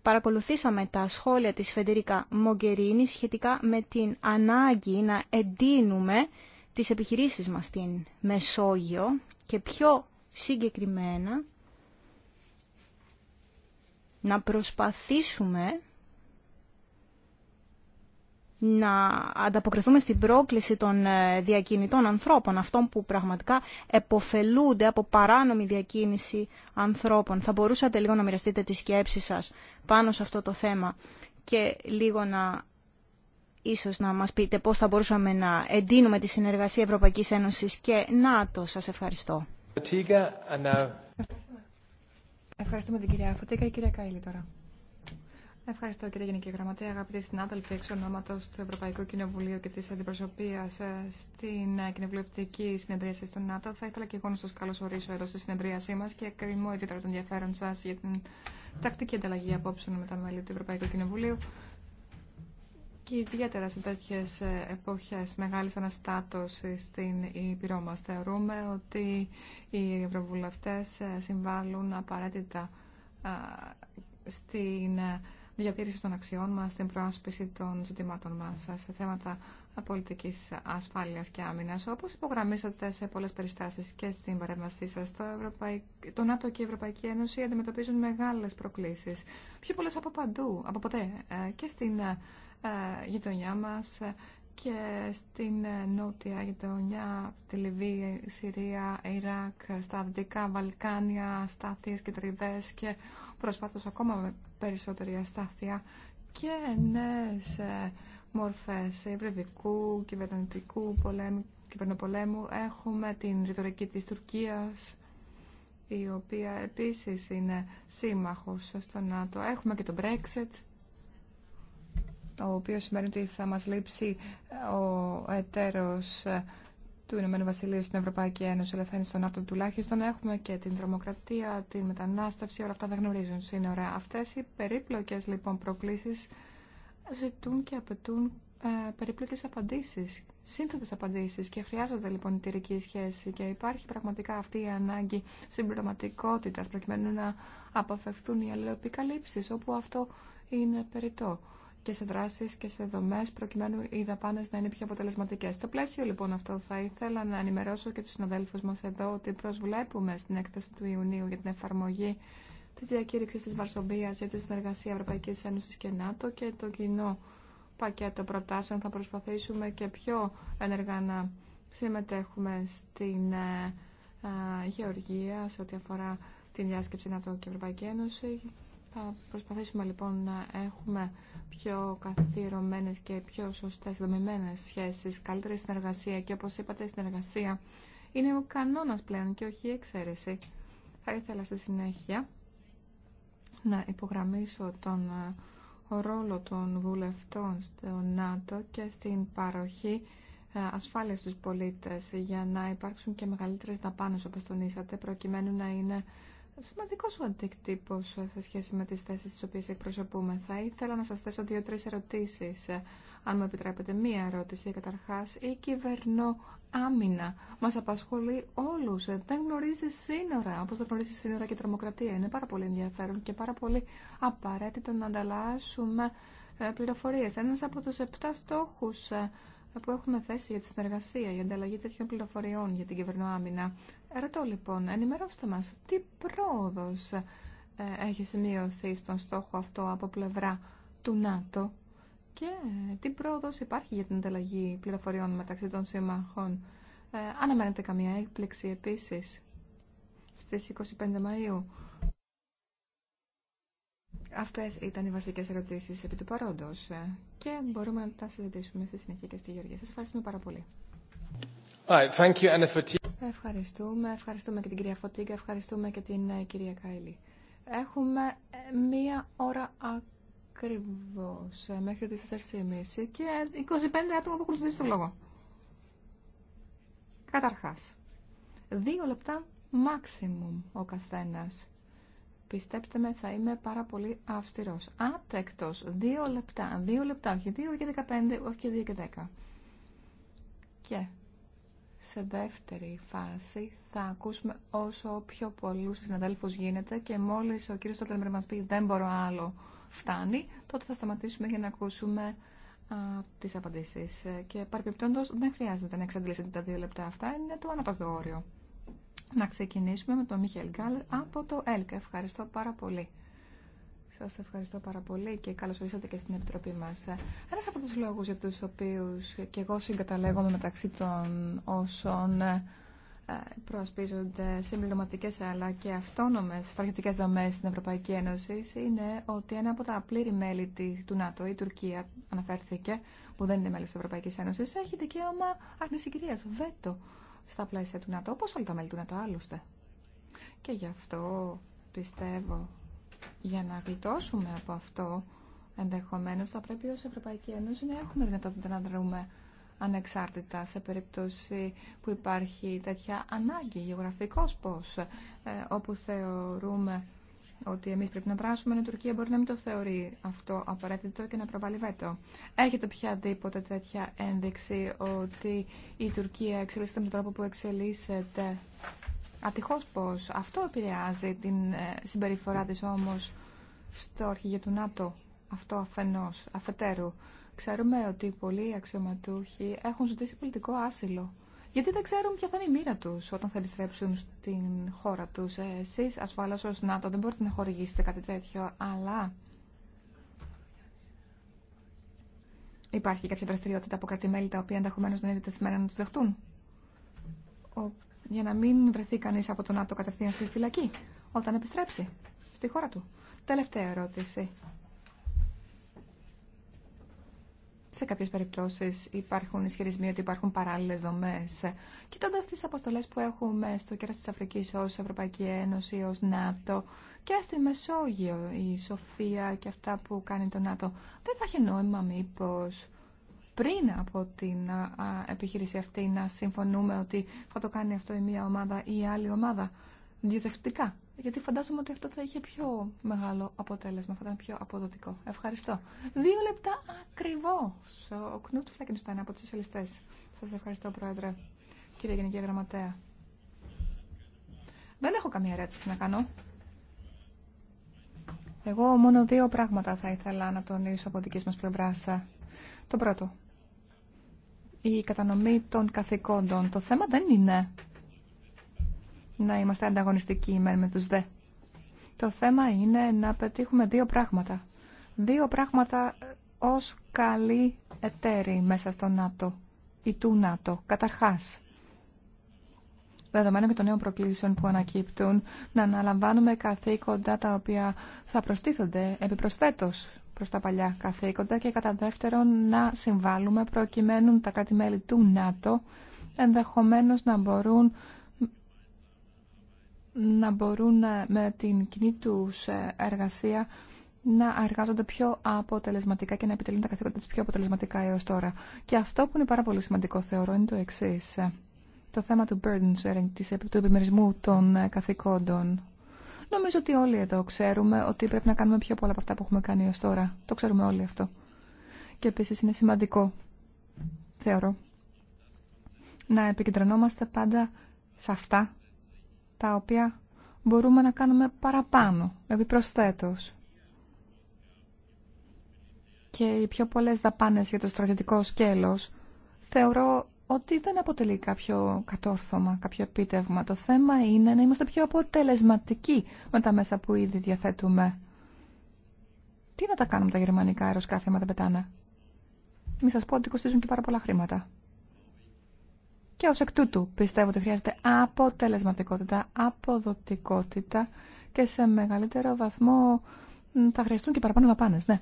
παρακολουθήσαμε τα σχόλια της Φεντερίκα Μογκερίνη σχετικά με την ανάγκη να εντείνουμε τις επιχειρήσεις μας στην Μεσόγειο και πιο συγκεκριμένα να προσπαθήσουμε να ανταποκριθούμε στην πρόκληση των ε, διακινητών ανθρώπων, αυτών που πραγματικά εποφελούνται από παράνομη διακίνηση ανθρώπων. Θα μπορούσατε λίγο να μοιραστείτε τις σκέψεις σας πάνω σε αυτό το θέμα και λίγο να ίσως να μας πείτε πώς θα μπορούσαμε να εντείνουμε τη συνεργασία Ευρωπαϊκής Ένωσης και ΝΑΤΟ. Σας ευχαριστώ. Ευχαριστούμε την κυρία Φωτήκα και κυρία Καϊλή τώρα. Ευχαριστώ κύριε Γενική Γραμματέα, αγαπητοί συνάδελφοι εξ ονόματο του Ευρωπαϊκού Κοινοβουλίου και τη Αντιπροσωπεία ε, στην ε, κοινοβουλευτική συνεδρίαση του ΝΑΤΟ. Θα ήθελα και εγώ να σα καλωσορίσω εδώ στη συνεδρίασή μα και κρυμώ ιδιαίτερα τον ενδιαφέρον σα για την τακτική ανταλλαγή απόψεων με τα μέλη του Ευρωπαϊκού Κοινοβουλίου και ιδιαίτερα σε τέτοιε εποχέ μεγάλη αναστάτωση στην Ήπειρό μα. Θεωρούμε ότι οι ευρωβουλευτέ ε, συμβάλλουν απαραίτητα στην ε, διατήρηση των αξιών μας, στην προάσπιση των ζητημάτων μας σε θέματα πολιτικής ασφάλειας και άμυνας, όπως υπογραμμίσατε σε πολλές περιστάσεις και στην παρέμβασή σας. Το, το ΝΑΤΟ και η Ευρωπαϊκή Ένωση αντιμετωπίζουν μεγάλες προκλήσεις, πιο πολλές από παντού, από ποτέ, ε, και στην ε, γειτονιά μας ε, και στην ε, νότια γειτονιά, τη Λιβύη, Συρία, Ιράκ, στα Δυτικά Βαλκάνια, στάθειες και τριβές και προσφάτως ακόμα περισσότερη αστάθεια και νέες μορφές υβριδικού, κυβερνητικού πολέμου, κυβερνοπολέμου. Έχουμε την ρητορική της Τουρκίας, η οποία επίσης είναι σύμμαχος στο ΝΑΤΟ. Έχουμε και το Brexit το οποίο σημαίνει ότι θα μας λείψει ο εταίρος του Ηνωμένου Βασιλείου στην Ευρωπαϊκή Ένωση, αλλά θα είναι στον άτομο τουλάχιστον. Έχουμε και την τρομοκρατία, την μετανάστευση, όλα αυτά δεν γνωρίζουν σύνορα. Αυτές οι περίπλοκες λοιπόν προκλήσεις ζητούν και απαιτούν ε, περιπλοκές απαντήσεις, σύνθετες απαντήσεις και χρειάζονται λοιπόν η τυρική σχέση και υπάρχει πραγματικά αυτή η ανάγκη συμπληρωματικότητας προκειμένου να αποφευθούν οι αλληλεπικαλύψεις όπου αυτό είναι περιττό και σε δράσεις και σε δομές προκειμένου οι δαπάνες να είναι πιο αποτελεσματικές. Στο πλαίσιο λοιπόν αυτό θα ήθελα να ενημερώσω και τους συναδέλφου μας εδώ ότι προσβλέπουμε στην έκθεση του Ιουνίου για την εφαρμογή της διακήρυξης της Βαρσομπίας για τη συνεργασία Ευρωπαϊκής Ένωσης και ΝΑΤΟ και το κοινό πακέτο προτάσεων θα προσπαθήσουμε και πιο ενεργά να συμμετέχουμε στην ε, ε, Γεωργία σε ό,τι αφορά την διάσκεψη ΝΑΤΟ και Ευρωπαϊκή Ένωση θα προσπαθήσουμε λοιπόν να έχουμε πιο καθιερωμένες και πιο σωστές δομημένες σχέσεις, καλύτερη συνεργασία και όπως είπατε η συνεργασία είναι ο κανόνας πλέον και όχι η εξαίρεση. Θα ήθελα στη συνέχεια να υπογραμμίσω τον ε, ρόλο των βουλευτών στο ΝΑΤΟ και στην παροχή ε, ασφάλεια στους πολίτες για να υπάρξουν και μεγαλύτερες δαπάνες όπως τονίσατε προκειμένου να είναι Σημαντικό ο αντίκτυπο σε σχέση με τι θέσει τι οποίε εκπροσωπούμε. Θα ήθελα να σας θέσω δύο-τρεις ερωτήσεις, αν μου επιτρέπετε. Μία ερώτηση, καταρχάς, η κυβερνό άμυνα μας απασχολεί όλους. Δεν γνωρίζει σύνορα, όπως δεν γνωρίζει σύνορα και τρομοκρατία. Είναι πάρα πολύ ενδιαφέρον και πάρα πολύ απαραίτητο να ανταλλάσσουμε ε, πληροφορίε. Ένα από του επτά στόχου. Ε, που έχουμε θέσει για τη συνεργασία, για ανταλλαγή τέτοιων πληροφοριών για την κυβερνοάμυνα. Ρωτώ λοιπόν, ενημερώστε μα, τι πρόοδος ε, έχει σημειωθεί στον στόχο αυτό από πλευρά του ΝΑΤΟ και ε, τι πρόοδος υπάρχει για την ανταλλαγή πληροφοριών μεταξύ των σύμμαχων. Ε, αναμένεται καμία έκπληξη επίση στι 25 Μαΐου Αυτές ήταν οι βασικές ερωτήσεις επί του παρόντος ε, και μπορούμε να τα συζητήσουμε στη συνέχεια και στη Γεωργία. Σας ευχαριστούμε πάρα πολύ. ευχαριστούμε, ευχαριστούμε και την κυρία Φωτίγκα, ευχαριστούμε και την ε, κυρία Κάιλη. Έχουμε ε, μία ώρα ακριβώς μέχρι τις 4.30 και 25 άτομα που έχουν ζητήσει τον λόγο. Καταρχάς, δύο λεπτά maximum ο καθένας Πιστέψτε με, θα είμαι πάρα πολύ αυστηρός. Άτεκτος. Δύο λεπτά. Δύο λεπτά. Όχι δύο και δεκαπέντε, όχι και δύο και δέκα. Και σε δεύτερη φάση θα ακούσουμε όσο πιο πολλού συναδέλφου γίνεται και μόλι ο κύριο Τότλεμπερ μα πει «Δεν μπορώ άλλο» φτάνει, τότε θα σταματήσουμε για να ακούσουμε τι απαντήσει. Και παρεμπιπτόντω δεν χρειάζεται να εξαντλήσετε τα δύο λεπτά αυτά, είναι το όριο να ξεκινήσουμε με τον Μίχελ Γκάλ από το ΕΛΚΑ. Ευχαριστώ πάρα πολύ. Σα ευχαριστώ πάρα πολύ και καλώ ορίσατε και στην Επιτροπή μα. Ένα από του λόγου για του οποίου και εγώ συγκαταλέγομαι μεταξύ των όσων ε, προασπίζονται συμπληρωματικέ, αλλά και αυτόνομες στρατιωτικές δομές στην Ευρωπαϊκή Ένωση είναι ότι ένα από τα πλήρη μέλη του ΝΑΤΟ, η Τουρκία αναφέρθηκε, που δεν είναι μέλο της Ευρωπαϊκής Ένωσης, έχει δικαίωμα αρνησυγκρίας, βέτο στα πλαίσια του ΝΑΤΟ, όπως όλα τα μέλη του ΝΑΤΟ άλλωστε. Και γι' αυτό πιστεύω για να γλιτώσουμε από αυτό ενδεχομένως θα πρέπει ως Ευρωπαϊκή Ένωση να έχουμε δυνατότητα να δρούμε ανεξάρτητα σε περίπτωση που υπάρχει τέτοια ανάγκη γεωγραφικός πώς, ε, όπου θεωρούμε ότι εμείς πρέπει να δράσουμε, ενώ η Τουρκία μπορεί να μην το θεωρεί αυτό απαραίτητο και να προβάλλει βέτο. Έχετε οποιαδήποτε τέτοια ένδειξη ότι η Τουρκία εξελίσσεται με τον τρόπο που εξελίσσεται. Ατυχώς πως αυτό επηρεάζει την ε, συμπεριφορά της όμως στο αρχηγείο του ΝΑΤΟ. Αυτό αφενός, αφετέρου. Ξέρουμε ότι πολλοί αξιωματούχοι έχουν ζητήσει πολιτικό άσυλο γιατί δεν ξέρουν ποια θα είναι η μοίρα του όταν θα επιστρέψουν στην χώρα του. Εσεί, ασφαλώ, ω ΝΑΤΟ δεν μπορείτε να χορηγήσετε κάτι τέτοιο, αλλά υπάρχει κάποια δραστηριότητα από κρατημέλη τα οποία ενδεχομένω να είναι τεθειμένα να του δεχτούν. για να μην βρεθεί κανεί από τον ΝΑΤΟ κατευθείαν στη φυλακή όταν επιστρέψει στη χώρα του. Τελευταία ερώτηση. σε κάποιες περιπτώσει υπάρχουν ισχυρισμοί ότι υπάρχουν παράλληλες δομές. κοιτώντα τι αποστολές που έχουμε στο κέρα της Αφρικής ω Ευρωπαϊκή Ένωση, ω ΝΑΤΟ και στη Μεσόγειο, η Σοφία και αυτά που κάνει το ΝΑΤΟ, δεν θα είχε νόημα μήπω πριν από την επιχείρηση αυτή να συμφωνούμε ότι θα το κάνει αυτό η μία ομάδα ή η άλλη ομάδα. Διαζευτικά. Γιατί φαντάζομαι ότι αυτό θα είχε πιο μεγάλο αποτέλεσμα, θα ήταν πιο αποδοτικό. Ευχαριστώ. Δύο λεπτά ακριβώ. Ο Κνούτ Φλέκενστάιν από του Σοσιαλιστέ. Σα ευχαριστώ, Πρόεδρε. Κύριε Γενική Γραμματέα. Δεν έχω καμία ερώτηση να κάνω. Εγώ μόνο δύο πράγματα θα ήθελα να τονίσω από δική μα πλευρά. Το πρώτο. Η κατανομή των καθηκόντων. Το θέμα δεν είναι να είμαστε ανταγωνιστικοί με τους δε. Το θέμα είναι να πετύχουμε δύο πράγματα. Δύο πράγματα ε, ως καλή εταίροι μέσα στο ΝΑΤΟ ή του ΝΑΤΟ. Καταρχάς, δεδομένου και των νέων προκλήσεων που ανακύπτουν, να αναλαμβάνουμε καθήκοντα τα οποία θα προστίθονται επιπροσθέτως προς τα παλιά καθήκοντα και κατά δεύτερον να συμβάλλουμε προκειμένου τα κράτη-μέλη του ΝΑΤΟ ενδεχομένως να μπορούν να μπορούν ε, με την κοινή του ε, εργασία να εργάζονται πιο αποτελεσματικά και να επιτελούν τα καθήκοντα τους πιο αποτελεσματικά έως τώρα. Και αυτό που είναι πάρα πολύ σημαντικό θεωρώ είναι το εξή. Ε, το θέμα του burden sharing, του επιμερισμού των καθηκόντων. Νομίζω ότι όλοι εδώ ξέρουμε ότι πρέπει να κάνουμε πιο πολλά από αυτά που έχουμε κάνει έως τώρα. Το ξέρουμε όλοι αυτό. Και επίσης είναι σημαντικό, θεωρώ, να επικεντρωνόμαστε πάντα σε αυτά τα οποία μπορούμε να κάνουμε παραπάνω, επιπροσθέτως. Και οι πιο πολλές δαπάνες για το στρατιωτικό σκέλος θεωρώ ότι δεν αποτελεί κάποιο κατόρθωμα, κάποιο επίτευγμα. Το θέμα είναι να είμαστε πιο αποτελεσματικοί με τα μέσα που ήδη διαθέτουμε. Τι να τα κάνουμε τα γερμανικά αεροσκάφη άμα δεν πετάνε. Μην σας πω ότι κοστίζουν και πάρα πολλά χρήματα. Και ως εκ τούτου πιστεύω ότι χρειάζεται αποτελεσματικότητα, αποδοτικότητα και σε μεγαλύτερο βαθμό θα χρειαστούν και παραπάνω δαπάνες, ναι.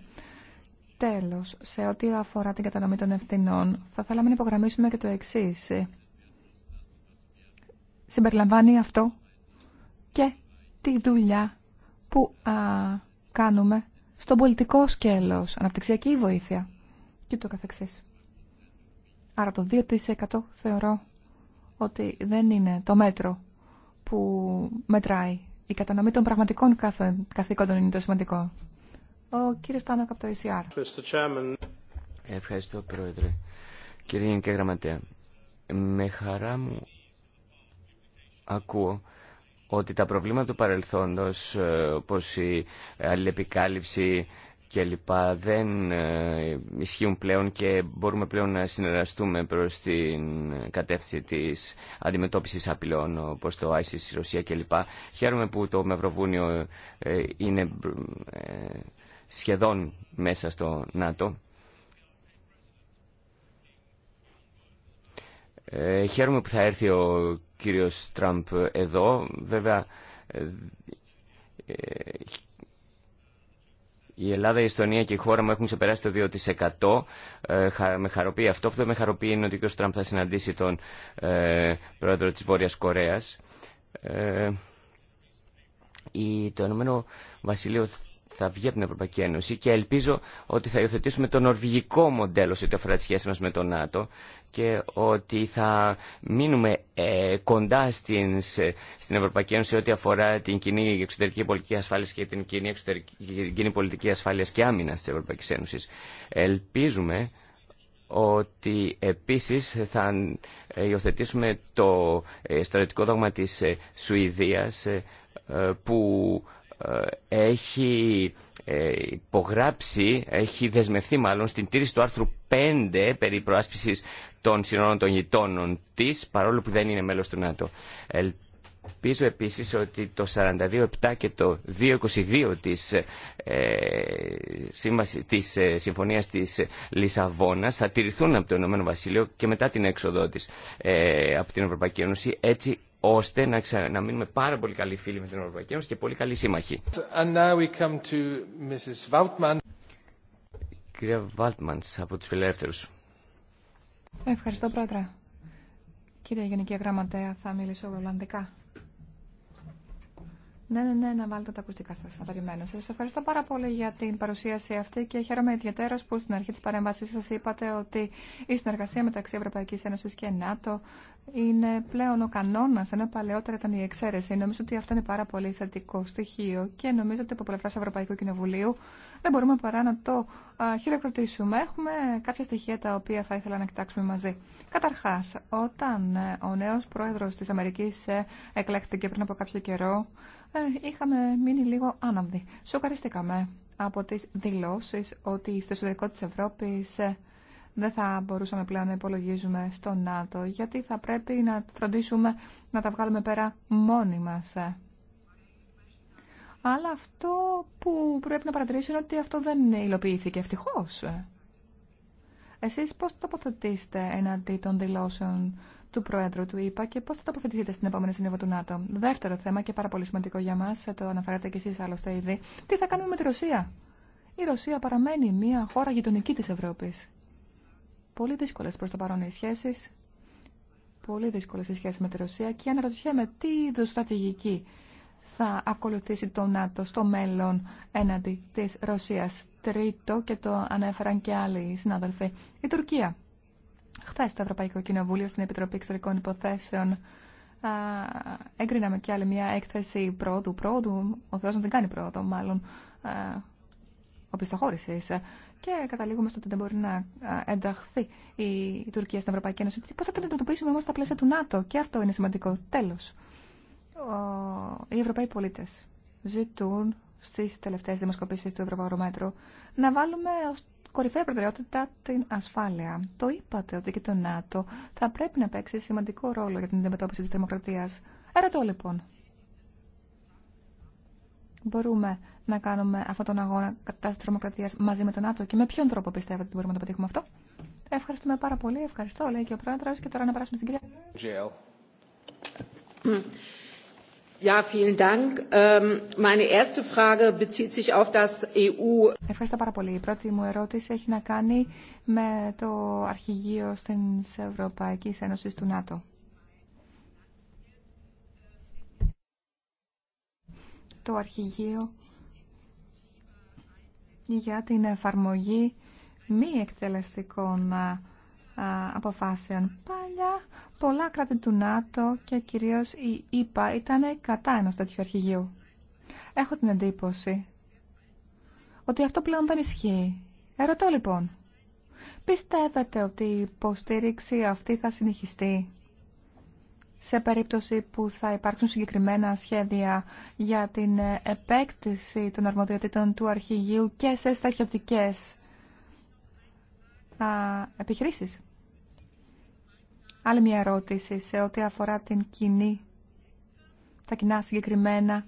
Τέλος, σε ό,τι αφορά την κατανομή των ευθυνών, θα θέλαμε να υπογραμμίσουμε και το εξή. Συμπεριλαμβάνει αυτό και τη δουλειά που α, κάνουμε στον πολιτικό σκέλος, αναπτυξιακή βοήθεια και το καθεξής. Άρα το 2% θεωρώ ότι δεν είναι το μέτρο που μετράει. Η κατανομή των πραγματικών καθήκοντων είναι το σημαντικό. Ο κύριος Τάνοκ από το ECR. Ευχαριστώ Πρόεδρε. Κύριε Γενική Γραμματέα, με χαρά μου ακούω ότι τα προβλήματα του παρελθόντος, ε, όπως η αλληλεπικάλυψη, και λοιπά δεν ε, ισχύουν πλέον και μπορούμε πλέον να συνεργαστούμε προς την κατεύθυνση της αντιμετώπισης απειλών όπως το ISIS, η Ρωσία κλπ. Χαίρομαι που το Μευροβούνιο ε, είναι ε, σχεδόν μέσα στο ΝΑΤΟ. χαίρομαι που θα έρθει ο κύριος Τραμπ εδώ. Βέβαια, η Ελλάδα, η Εστονία και η χώρα μου έχουν ξεπεράσει το 2%. Ε, με χαροποιεί αυτό. Αυτό με χαροποιεί είναι ότι ο κ. Τραμπ θα συναντήσει τον ε, πρόεδρο τη Βόρεια Κορέα. Ε, η, το Ηνωμένο Βασιλείο θα βγει από την Ευρωπαϊκή Ένωση και ελπίζω ότι θα υιοθετήσουμε το νορβηγικό μοντέλο σε ό,τι αφορά τη σχέση μας με το ΝΑΤΟ και ότι θα μείνουμε ε, κοντά στην, στην Ευρωπαϊκή Ένωση ό,τι αφορά την κοινή εξωτερική πολιτική ασφάλειας και την κοινή, εξωτερική, την κοινή πολιτική ασφάλειας και άμυνας της Ευρωπαϊκής Ένωσης. Ελπίζουμε ότι επίσης θα ε, υιοθετήσουμε το ε, στρατιωτικό δόγμα της Σουηδίας που ε, έχει ε, υπογράψει, έχει δεσμευθεί μάλλον στην τήρηση του άρθρου 5 περί προάσπισης των συνόρων των γειτόνων της, παρόλο που δεν είναι μέλος του ΝΑΤΟ. Ελπίζω επίσης ότι το 42-7 και το 2.22 της, ε, της ε, Συμφωνίας της Λισαβόνας θα τηρηθούν από το Ηνωμένο Βασίλειο και μετά την έξοδό της ε, από την Ευρωπαϊκή Ένωση, έτσι ώστε να, ξα... να μείνουμε πάρα πολύ καλοί φίλοι με την Ευρωπαϊκή Ένωση και πολύ καλοί σύμμαχοι. And now we come to Mrs. Κυρία Βάλτμαν, από τους φιλελεύθερου. Ευχαριστώ πρόεδρε. Κύριε Γενική Γραμματέα, θα μιλήσω Ολλανδικά. Ναι, ναι, ναι, να βάλετε τα ακουστικά σα θα περιμένω. Σας ευχαριστώ πάρα πολύ για την παρουσίαση αυτή και χαίρομαι ιδιαίτερως που στην αρχή τη παρέμβασής σα είπατε ότι η συνεργασία μεταξύ Ευρωπαϊκή Ένωση και ΝΑΤΟ είναι πλέον ο κανόνα ενώ παλαιότερα ήταν η εξαίρεση. Νομίζω ότι αυτό είναι πάρα πολύ θετικό στοιχείο και νομίζω ότι από πλευρά Ευρωπαϊκού Κοινοβουλίου δεν μπορούμε παρά να το χειροκροτήσουμε. Έχουμε κάποια στοιχεία τα οποία θα ήθελα να κοιτάξουμε μαζί. Καταρχά, όταν ε, ο νέο πρόεδρο τη Αμερική ε, εκλέχθηκε πριν από κάποιο καιρό, ε, είχαμε μείνει λίγο άναυδοι. Σοκαριστήκαμε από τις δηλώσεις ότι στο εσωτερικό της Ευρώπης ε, δεν θα μπορούσαμε πλέον να υπολογίζουμε στο ΝΑΤΟ, γιατί θα πρέπει να φροντίσουμε να τα βγάλουμε πέρα μόνοι μας. Ε. Αλλά αυτό που πρέπει να παρατηρήσω είναι ότι αυτό δεν υλοποιήθηκε ευτυχώς. Εσείς πώς τοποθετήσετε εναντί των δηλώσεων του Προέδρου του ΙΠΑ και πώ θα τοποθετηθείτε στην επόμενη συνέβα του ΝΑΤΟ. Δεύτερο θέμα και πάρα πολύ σημαντικό για μα, το αναφέρατε κι εσεί άλλωστε ήδη, τι θα κάνουμε με τη Ρωσία. Η Ρωσία παραμένει μια χώρα γειτονική τη Ευρώπη. Πολύ δύσκολε προ το παρόν οι σχέσει. Πολύ δύσκολε οι σχέσει με τη Ρωσία και αναρωτιέμαι τι είδου στρατηγική θα ακολουθήσει το ΝΑΤΟ στο μέλλον έναντι της Ρωσίας. Τρίτο, και το ανέφεραν και άλλοι συνάδελφοι, η Τουρκία. Χθε το Ευρωπαϊκό Κοινοβούλιο στην Επιτροπή Εξωτερικών Υποθέσεων έγκριναμε κι άλλη μια έκθεση πρόοδου, πρόοδου, ο Θεός να την κάνει πρόοδο μάλλον, οπισθοχώρησης και καταλήγουμε στο ότι δεν μπορεί να ενταχθεί η Τουρκία στην Ευρωπαϊκή Ένωση. Πώ θα την αντιμετωπίσουμε όμω στα πλαίσια του ΝΑΤΟ και αυτό είναι σημαντικό. Τέλος, οι Ευρωπαίοι πολίτε ζητούν στι τελευταίε δημοσκοπήσεις του Μέτρο να βάλουμε κορυφαία προτεραιότητα την ασφάλεια. Το είπατε ότι και το ΝΑΤΟ θα πρέπει να παίξει σημαντικό ρόλο για την αντιμετώπιση της τρομοκρατία. Ερωτώ λοιπόν. Μπορούμε να κάνουμε αυτόν τον αγώνα κατά της δημοκρατίας μαζί με το ΝΑΤΟ και με ποιον τρόπο πιστεύετε ότι μπορούμε να το πετύχουμε αυτό. Ευχαριστούμε πάρα πολύ. Ευχαριστώ, λέει και ο Και τώρα να περάσουμε στην κυρία. Ευχαριστώ πάρα πολύ. Η πρώτη μου ερώτηση έχει να κάνει με το αρχηγείο της Ευρωπαϊκή Ένωσης του ΝΑΤΟ. Το αρχηγείο για την εφαρμογή μη εκτελεστικών αποφάσεων. Παλιά πολλά κράτη του ΝΑΤΟ και κυρίως η ΙΠΑ ήταν κατά ενός τέτοιου αρχηγείου. Έχω την εντύπωση ότι αυτό πλέον δεν ισχύει. Ερωτώ λοιπόν, πιστεύετε ότι η υποστήριξη αυτή θα συνεχιστεί σε περίπτωση που θα υπάρξουν συγκεκριμένα σχέδια για την επέκτηση των αρμοδιοτήτων του αρχηγείου και σε στρατιωτικές επιχειρήσεις. Άλλη μια ερώτηση σε ό,τι αφορά την κοινή, τα κοινά συγκεκριμένα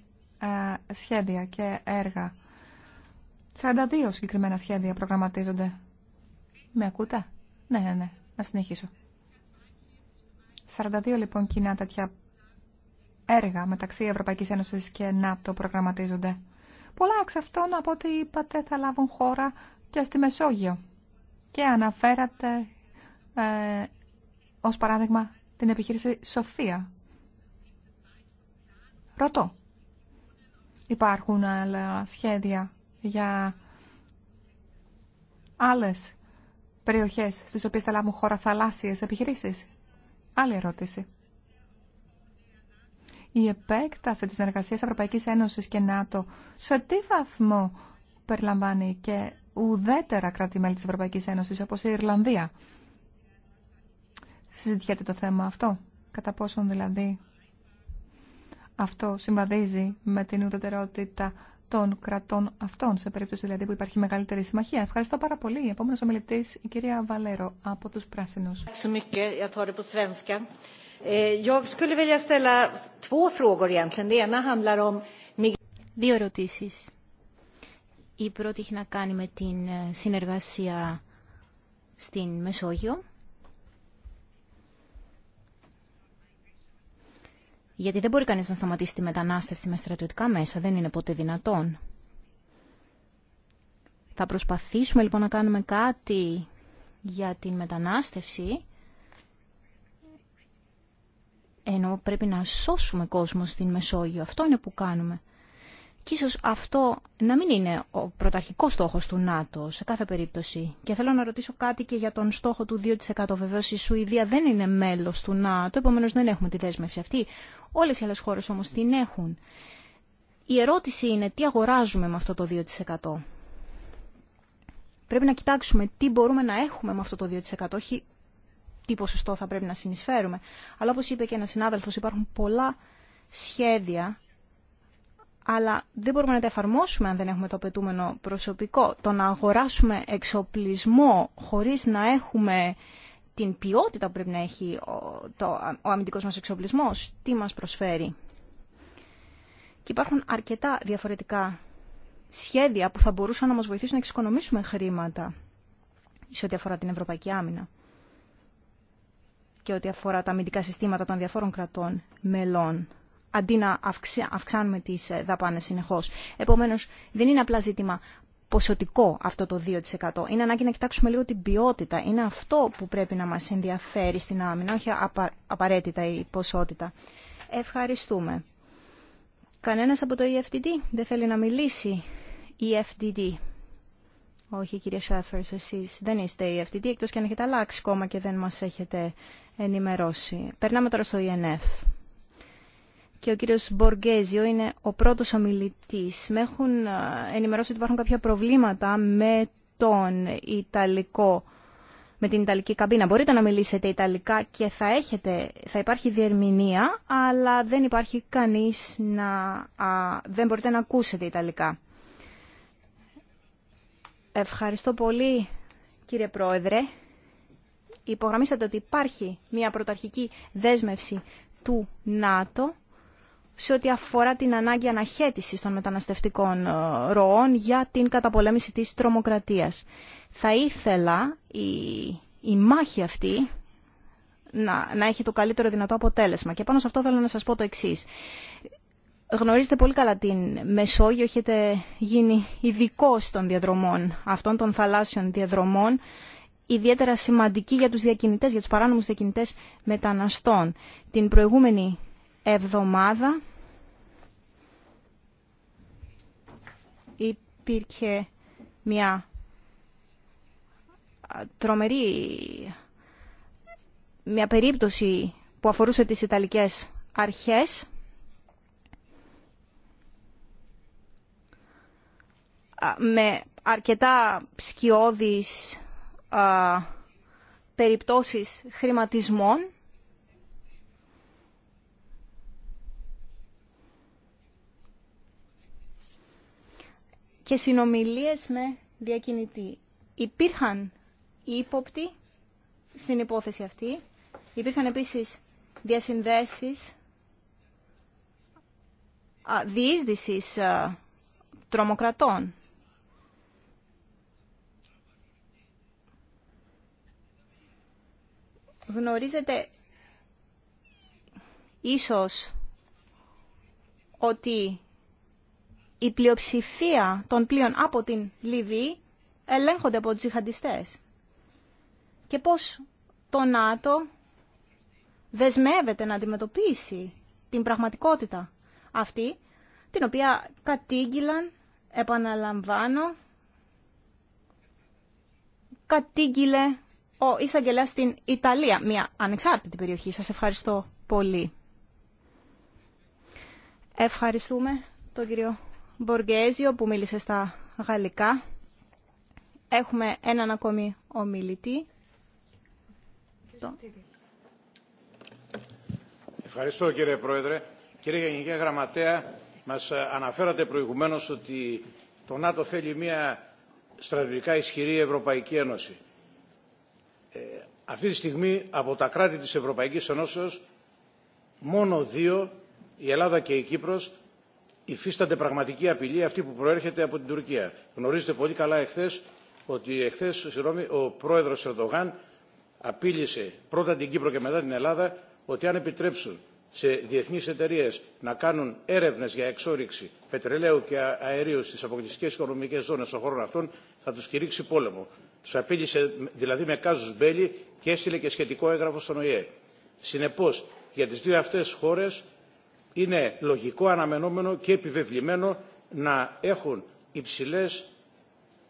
σχέδια και έργα. 42 συγκεκριμένα σχέδια προγραμματίζονται. Με ακούτε? Ναι, ναι, ναι. Να συνεχίσω. 42 λοιπόν κοινά τέτοια έργα μεταξύ Ευρωπαϊκής Ένωσης και ΝΑΤΟ προγραμματίζονται. Πολλά εξ αυτών από ό,τι είπατε θα λάβουν χώρα και στη Μεσόγειο και αναφέρατε ε, ως παράδειγμα την επιχείρηση Σοφία. Ρωτώ, υπάρχουν άλλα σχέδια για άλλες περιοχές στις οποίες θα λάβουν χώρα θαλάσσιες επιχειρήσεις. Άλλη ερώτηση. Η επέκταση της συνεργασίας Ευρωπαϊκής Ένωσης και ΝΑΤΟ σε τι βαθμό περιλαμβάνει και ουδέτερα κράτη-μέλη της Ευρωπαϊκής Ένωσης, όπως η Ιρλανδία. Συζητιέται το θέμα αυτό, κατά πόσον δηλαδή αυτό συμβαδίζει με την ουδετερότητα των κρατών αυτών, σε περίπτωση δηλαδή που υπάρχει μεγαλύτερη συμμαχία. Ευχαριστώ πάρα πολύ. Επόμενος ομιλητής, η κυρία Βαλέρο, από τους Πράσινους. Eh, Δύο ερωτήσεις. Η πρώτη έχει να κάνει με την ε, συνεργασία στην Μεσόγειο. Γιατί δεν μπορεί κανείς να σταματήσει τη μετανάστευση με στρατιωτικά μέσα, δεν είναι ποτέ δυνατόν. Θα προσπαθήσουμε λοιπόν να κάνουμε κάτι για την μετανάστευση, ενώ πρέπει να σώσουμε κόσμο στην Μεσόγειο. Αυτό είναι που κάνουμε. Και ίσως αυτό να μην είναι ο πρωταρχικός στόχος του ΝΑΤΟ σε κάθε περίπτωση. Και θέλω να ρωτήσω κάτι και για τον στόχο του 2%. Βεβαίως η Σουηδία δεν είναι μέλος του ΝΑΤΟ, επομένως δεν έχουμε τη δέσμευση αυτή. Όλες οι άλλες χώρες όμως την έχουν. Η ερώτηση είναι τι αγοράζουμε με αυτό το 2%. Πρέπει να κοιτάξουμε τι μπορούμε να έχουμε με αυτό το 2%, όχι τι ποσοστό θα πρέπει να συνεισφέρουμε. Αλλά όπως είπε και ένας συνάδελφος, υπάρχουν πολλά σχέδια αλλά δεν μπορούμε να τα εφαρμόσουμε αν δεν έχουμε το απαιτούμενο προσωπικό. Το να αγοράσουμε εξοπλισμό χωρίς να έχουμε την ποιότητα που πρέπει να έχει ο, το, ο αμυντικός μας εξοπλισμός, τι μας προσφέρει. Και υπάρχουν αρκετά διαφορετικά σχέδια που θα μπορούσαν να μας βοηθήσουν να εξοικονομήσουμε χρήματα σε ό,τι αφορά την Ευρωπαϊκή Άμυνα και ό,τι αφορά τα αμυντικά συστήματα των διαφόρων κρατών μελών αντί να αυξάνουμε τις ε, δαπάνες συνεχώς. Επομένως, δεν είναι απλά ζήτημα ποσοτικό αυτό το 2%. Είναι ανάγκη να κοιτάξουμε λίγο την ποιότητα. Είναι αυτό που πρέπει να μας ενδιαφέρει στην άμυνα, όχι απαραίτητα η ποσότητα. Ευχαριστούμε. Κανένας από το EFTD δεν θέλει να μιλήσει. EFTD. Όχι, κύριε Σάφερς, εσείς δεν είστε EFTD, εκτός και αν έχετε αλλάξει κόμμα και δεν μας έχετε ενημερώσει. Περνάμε τώρα στο ENF και ο κύριος Μποργέζιο είναι ο πρώτος ομιλητής. Με έχουν ε, ενημερώσει ότι υπάρχουν κάποια προβλήματα με τον Ιταλικό με την Ιταλική καμπίνα. Μπορείτε να μιλήσετε Ιταλικά και θα, έχετε, θα υπάρχει διερμηνία, αλλά δεν υπάρχει κανείς να... δεν μπορείτε να ακούσετε Ιταλικά. Ευχαριστώ πολύ, κύριε Πρόεδρε. Υπογραμμίσατε ότι υπάρχει μια πρωταρχική δέσμευση του ΝΑΤΟ σε ό,τι αφορά την ανάγκη αναχέτηση των μεταναστευτικών ε, ροών για την καταπολέμηση της τρομοκρατίας. Θα ήθελα η, η μάχη αυτή να, να έχει το καλύτερο δυνατό αποτέλεσμα. Και πάνω σε αυτό θέλω να σας πω το εξής. Γνωρίζετε πολύ καλά την Μεσόγειο, έχετε γίνει ειδικό των διαδρομών, αυτών των θαλάσσιων διαδρομών, ιδιαίτερα σημαντική για τους διακινητές, για τους παράνομους διακινητές μεταναστών. Την προηγούμενη εβδομάδα υπήρχε μια τρομερή μια περίπτωση που αφορούσε τις Ιταλικές αρχές με αρκετά σκιώδεις περιπτώσεις χρηματισμών και συνομιλίες με διακινητή. Υπήρχαν ύποπτοι στην υπόθεση αυτή. Υπήρχαν επίσης διασυνδέσεις διείσδυσης τρομοκρατών. Γνωρίζετε ίσως ότι η πλειοψηφία των πλοίων από την Λιβύη ελέγχονται από τους τζιχαντιστές. Και πώς το ΝΑΤΟ δεσμεύεται να αντιμετωπίσει την πραγματικότητα αυτή, την οποία κατήγγυλαν, επαναλαμβάνω, κατήγγειλε ο Ισαγγελέα στην Ιταλία, μια ανεξάρτητη περιοχή. Σας ευχαριστώ πολύ. Ευχαριστούμε τον κύριο Μποργέζιο που μίλησε στα γαλλικά. Έχουμε έναν ακόμη ομιλητή. Ευχαριστώ κύριε Πρόεδρε. Κύριε Γενική Γραμματέα, μας αναφέρατε προηγουμένως ότι το ΝΑΤΟ θέλει μια στρατηγικά ισχυρή Ευρωπαϊκή Ένωση. Ε, αυτή τη στιγμή από τα κράτη της Ευρωπαϊκής Ένωσης, μόνο δύο, η Ελλάδα και η Κύπρος, υφίστανται πραγματική απειλή αυτή που προέρχεται από την Τουρκία. Γνωρίζετε πολύ καλά εχθές ότι εχθές συγγνώμη, ο πρόεδρος Ερδογάν απείλησε πρώτα την Κύπρο και μετά την Ελλάδα ότι αν επιτρέψουν σε διεθνείς εταιρείε να κάνουν έρευνες για εξόριξη πετρελαίου και αερίου στις αποκλειστικές οικονομικές ζώνες των χώρων αυτών θα τους κηρύξει πόλεμο. Τους απείλησε δηλαδή με κάζους μπέλη και έστειλε και σχετικό έγγραφο στον ΟΗΕ. Συνεπώς για τις δύο αυτές χώρες είναι λογικό, αναμενόμενο και επιβεβλημένο να έχουν υψηλές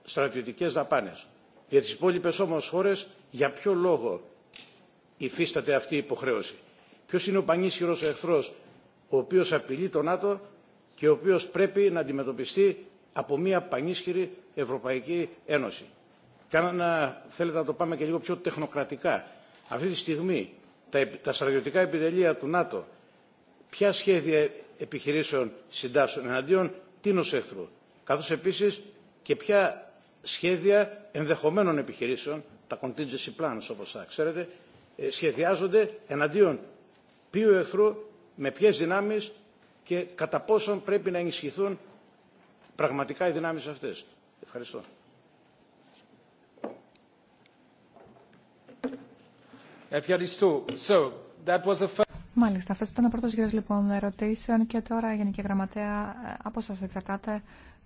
στρατιωτικές δαπάνες. Για τις υπόλοιπε όμως χώρες, για ποιο λόγο υφίσταται αυτή η υποχρέωση. Ποιος είναι ο πανίσχυρος εχθρός, ο οποίος απειλεί τον ΝΑΤΟ και ο οποίος πρέπει να αντιμετωπιστεί από μια πανίσχυρη Ευρωπαϊκή Ένωση. Και αν θέλετε να το πάμε και λίγο πιο τεχνοκρατικά, αυτή τη στιγμή τα στρατιωτικά επιτελεία του ΝΑΤΟ ποια σχέδια επιχειρήσεων συντάσσουν εναντίον τίνος εχθρού, καθώς επίσης και ποια σχέδια ενδεχομένων επιχειρήσεων, τα contingency plans όπως θα ξέρετε, ε, σχεδιάζονται εναντίον ποιου εχθρού, με ποιες δυνάμεις και κατά πόσον πρέπει να ενισχυθούν πραγματικά οι δυνάμεις αυτές. Ευχαριστώ. Ευχαριστώ. Μάλιστα, αυτό ήταν ο πρώτο γύρο λοιπόν ερωτήσεων και τώρα, Γενική Γραμματέα, από σα εξαρτάται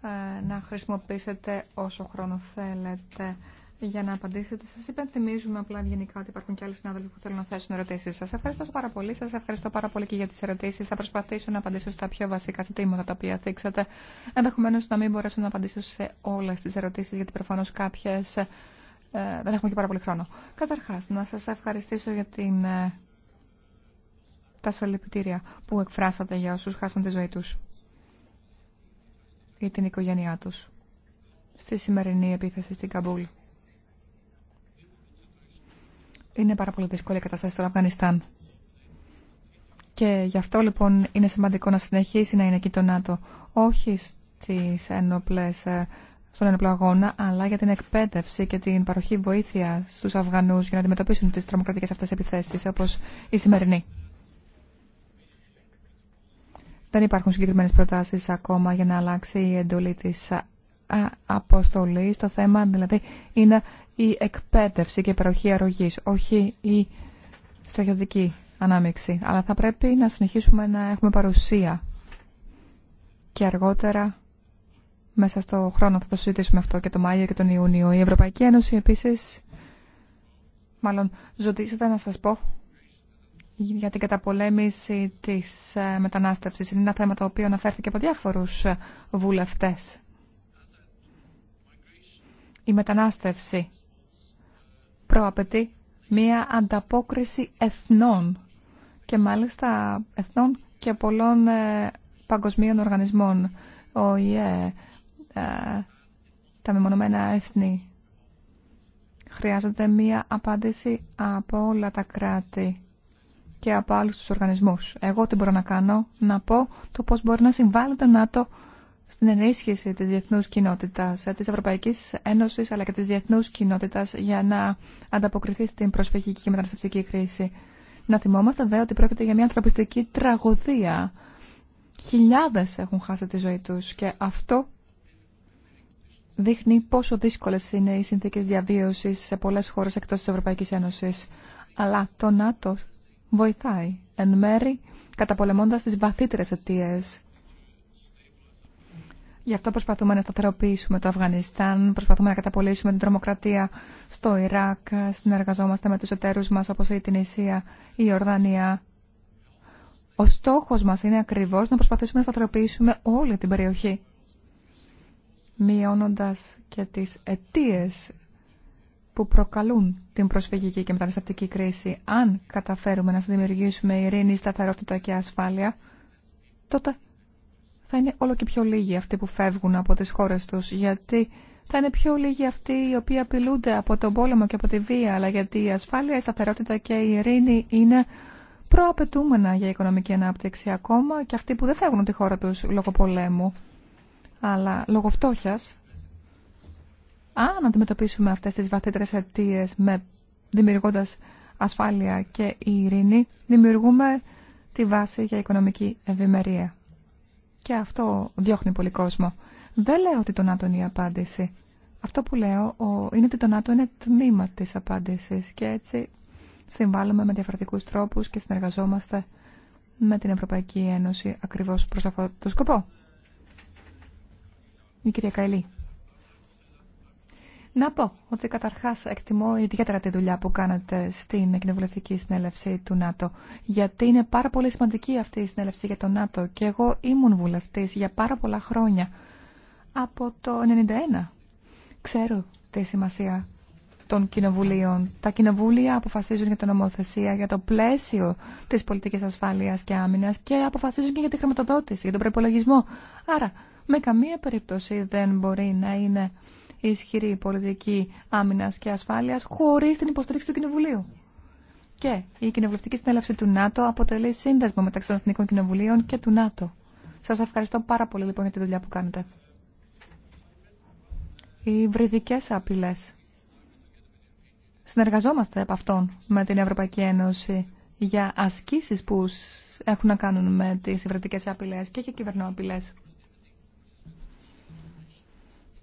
ε, να χρησιμοποιήσετε όσο χρόνο θέλετε για να απαντήσετε. Σα υπενθυμίζουμε απλά γενικά ότι υπάρχουν και άλλοι συνάδελφοι που θέλουν να θέσουν ερωτήσει. Σα ευχαριστώ πάρα πολύ. Σα ευχαριστώ πάρα πολύ και για τι ερωτήσει. Θα προσπαθήσω να απαντήσω στα πιο βασικά ζητήματα τα οποία θίξατε. Ενδεχομένω να μην μπορέσω να απαντήσω σε όλε τι ερωτήσει, γιατί προφανώ κάποιε. Ε, δεν έχουμε και πάρα πολύ χρόνο. Καταρχά, να σα ευχαριστήσω για την ε, τα συλληπιτήρια που εκφράσατε για όσους χάσαν τη ζωή τους ή την οικογένειά τους στη σημερινή επίθεση στην Καμπούλ. Είναι πάρα πολύ δύσκολη η κατάσταση στον Αφγανιστάν. Και γι' αυτό λοιπόν είναι σημαντικό να συνεχίσει να είναι εκεί το ΝΑΤΟ. Όχι στις ενόπλες, ε, στον ενόπλο αγώνα, αλλά για την εκπαίδευση και την παροχή βοήθεια στους Αφγανούς για να αντιμετωπίσουν τις τρομοκρατικές αυτές επιθέσεις, όπως η σημερινή. Δεν υπάρχουν συγκεκριμένε προτάσει ακόμα για να αλλάξει η εντολή τη αποστολή. Το θέμα δηλαδή είναι η εκπαίδευση και η παροχή αρρωγή, όχι η στρατιωτική ανάμειξη. Αλλά θα πρέπει να συνεχίσουμε να έχουμε παρουσία. Και αργότερα, μέσα στο χρόνο, θα το συζητήσουμε αυτό και το Μάιο και τον Ιούνιο. Η Ευρωπαϊκή Ένωση επίσης, μάλλον ζωτήσατε να σας πω για την καταπολέμηση της ε, μετανάστευσης. Είναι ένα θέμα το οποίο αναφέρθηκε από διάφορους ε, βουλευτές. Η μετανάστευση προαπαιτεί μία ανταπόκριση εθνών και μάλιστα εθνών και πολλών ε, παγκοσμίων οργανισμών. Ο ΙΕ, τα μεμονωμένα έθνη. Χρειάζεται μία απάντηση από όλα τα κράτη και από άλλους τους οργανισμούς. Εγώ τι μπορώ να κάνω, να πω το πώς μπορεί να συμβάλλει το ΝΑΤΟ στην ενίσχυση της διεθνούς κοινότητας, ε, της Ευρωπαϊκής Ένωσης αλλά και της διεθνούς κοινότητας για να ανταποκριθεί στην προσφυγική και μεταναστευτική κρίση. Να θυμόμαστε βέβαια ότι πρόκειται για μια ανθρωπιστική τραγωδία. Χιλιάδες έχουν χάσει τη ζωή τους και αυτό δείχνει πόσο δύσκολες είναι οι συνθήκες διαβίωσης σε πολλές χώρες εκτός της Ευρωπαϊκής Ένωσης. Αλλά το ΝΑΤΟ βοηθάει εν μέρη καταπολεμώντας τις βαθύτερες αιτίε. Γι' αυτό προσπαθούμε να σταθεροποιήσουμε το Αφγανιστάν, προσπαθούμε να καταπολύσουμε την τρομοκρατία στο Ιράκ, συνεργαζόμαστε με τους εταίρους μας όπως η Τινησία, η Ορδανία. Ο στόχος μας είναι ακριβώς να προσπαθήσουμε να σταθεροποιήσουμε όλη την περιοχή, μειώνοντας και τις αιτίες που προκαλούν την προσφυγική και μεταναστευτική κρίση, αν καταφέρουμε να δημιουργήσουμε ειρήνη, σταθερότητα και ασφάλεια, τότε θα είναι όλο και πιο λίγοι αυτοί που φεύγουν από τις χώρες τους, γιατί θα είναι πιο λίγοι αυτοί οι οποίοι απειλούνται από τον πόλεμο και από τη βία, αλλά γιατί η ασφάλεια, η σταθερότητα και η ειρήνη είναι προαπαιτούμενα για οικονομική ανάπτυξη ακόμα και αυτοί που δεν φεύγουν τη χώρα τους λόγω πολέμου, αλλά λόγω φτώχειας αν αντιμετωπίσουμε αυτές τις βαθύτερες αιτίε με δημιουργώντας ασφάλεια και ειρήνη, δημιουργούμε τη βάση για οικονομική ευημερία. Και αυτό διώχνει πολύ κόσμο. Δεν λέω ότι το ΝΑΤΟ είναι η απάντηση. Αυτό που λέω είναι ότι το ΝΑΤΟ είναι τμήμα της απάντησης και έτσι συμβάλλουμε με διαφορετικούς τρόπους και συνεργαζόμαστε με την Ευρωπαϊκή Ένωση ακριβώς προς αυτό το σκοπό. Η κυρία Καηλή. Να πω ότι καταρχά εκτιμώ ιδιαίτερα τη δουλειά που κάνατε στην κοινοβουλευτική συνέλευση του ΝΑΤΟ, γιατί είναι πάρα πολύ σημαντική αυτή η συνέλευση για το ΝΑΤΟ και εγώ ήμουν βουλευτή για πάρα πολλά χρόνια, από το 1991. Ξέρω τη σημασία των κοινοβουλίων. Τα κοινοβούλια αποφασίζουν για την νομοθεσία, για το πλαίσιο τη πολιτική ασφαλεία και άμυνα και αποφασίζουν και για τη χρηματοδότηση, για τον προπολογισμό. Άρα, με καμία περίπτωση δεν μπορεί να είναι ισχυρή πολιτική άμυνας και ασφάλειας χωρί την υποστήριξη του Κοινοβουλίου. Και η Κοινοβουλευτική Συνέλευση του ΝΑΤΟ αποτελεί σύνδεσμο μεταξύ των Εθνικών Κοινοβουλίων και του ΝΑΤΟ. Σας ευχαριστώ πάρα πολύ λοιπόν για τη δουλειά που κάνετε. Οι βρυδικέ απειλέ. Συνεργαζόμαστε από αυτόν με την Ευρωπαϊκή Ένωση για ασκήσεις που έχουν να κάνουν με τις υβρετικές απειλές και και απειλές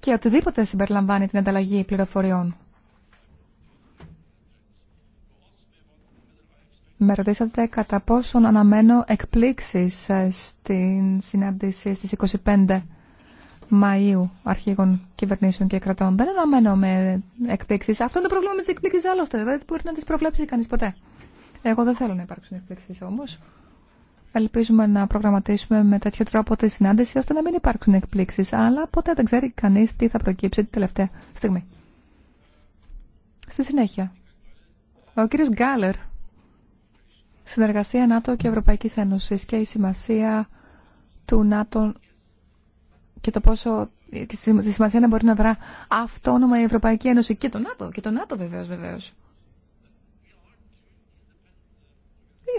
και οτιδήποτε συμπεριλαμβάνει την ανταλλαγή πληροφοριών. Με ρωτήσατε κατά πόσον αναμένω εκπλήξεις ε, στην συνάντηση στις 25 Μαΐου αρχήγων κυβερνήσεων και κρατών. Δεν αναμένω με εκπλήξεις. Αυτό είναι το πρόβλημα με τις εκπλήξεις άλλωστε. Δεν μπορεί να τις προβλέψει κανείς ποτέ. Εγώ δεν θέλω να υπάρξουν εκπλήξεις όμως. Ελπίζουμε να προγραμματίσουμε με τέτοιο τρόπο τη συνάντηση ώστε να μην υπάρξουν εκπλήξει. Αλλά ποτέ δεν ξέρει κανεί τι θα προκύψει την τελευταία στιγμή. Στη συνέχεια, ο κύριο Γκάλερ. Συνεργασία ΝΑΤΟ και Ευρωπαϊκή Ένωση και η σημασία του ΝΑΤΟ και το πόσο τη σημασία να μπορεί να δρά αυτόνομα η Ευρωπαϊκή Ένωση και το ΝΑΤΟ. Και το ΝΑΤΟ βεβαίω, βεβαίω.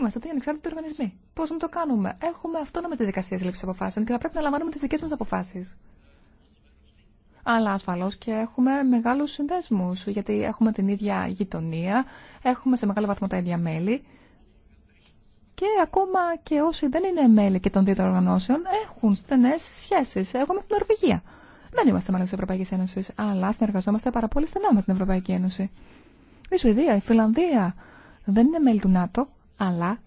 είμαστε, δύο ανεξάρτητοι οργανισμοί. Πώ να το κάνουμε. Έχουμε αυτόνομε διαδικασίε λήψη αποφάσεων και θα πρέπει να λαμβάνουμε τι δικέ μα αποφάσει. Αλλά ασφαλώ και έχουμε μεγάλου συνδέσμου, γιατί έχουμε την ίδια γειτονία, έχουμε σε μεγάλο βαθμό τα ίδια μέλη. Και ακόμα και όσοι δεν είναι μέλη και των δύο οργανώσεων έχουν στενέ σχέσει. Έχουμε την Νορβηγία. Δεν είμαστε μέλη τη Ευρωπαϊκή Ένωση, αλλά συνεργαζόμαστε πάρα πολύ στενά με την Ευρωπαϊκή Ένωση. Η Σουηδία, η Φιλανδία δεν είναι μέλη του ΝΑΤΟ, αλλά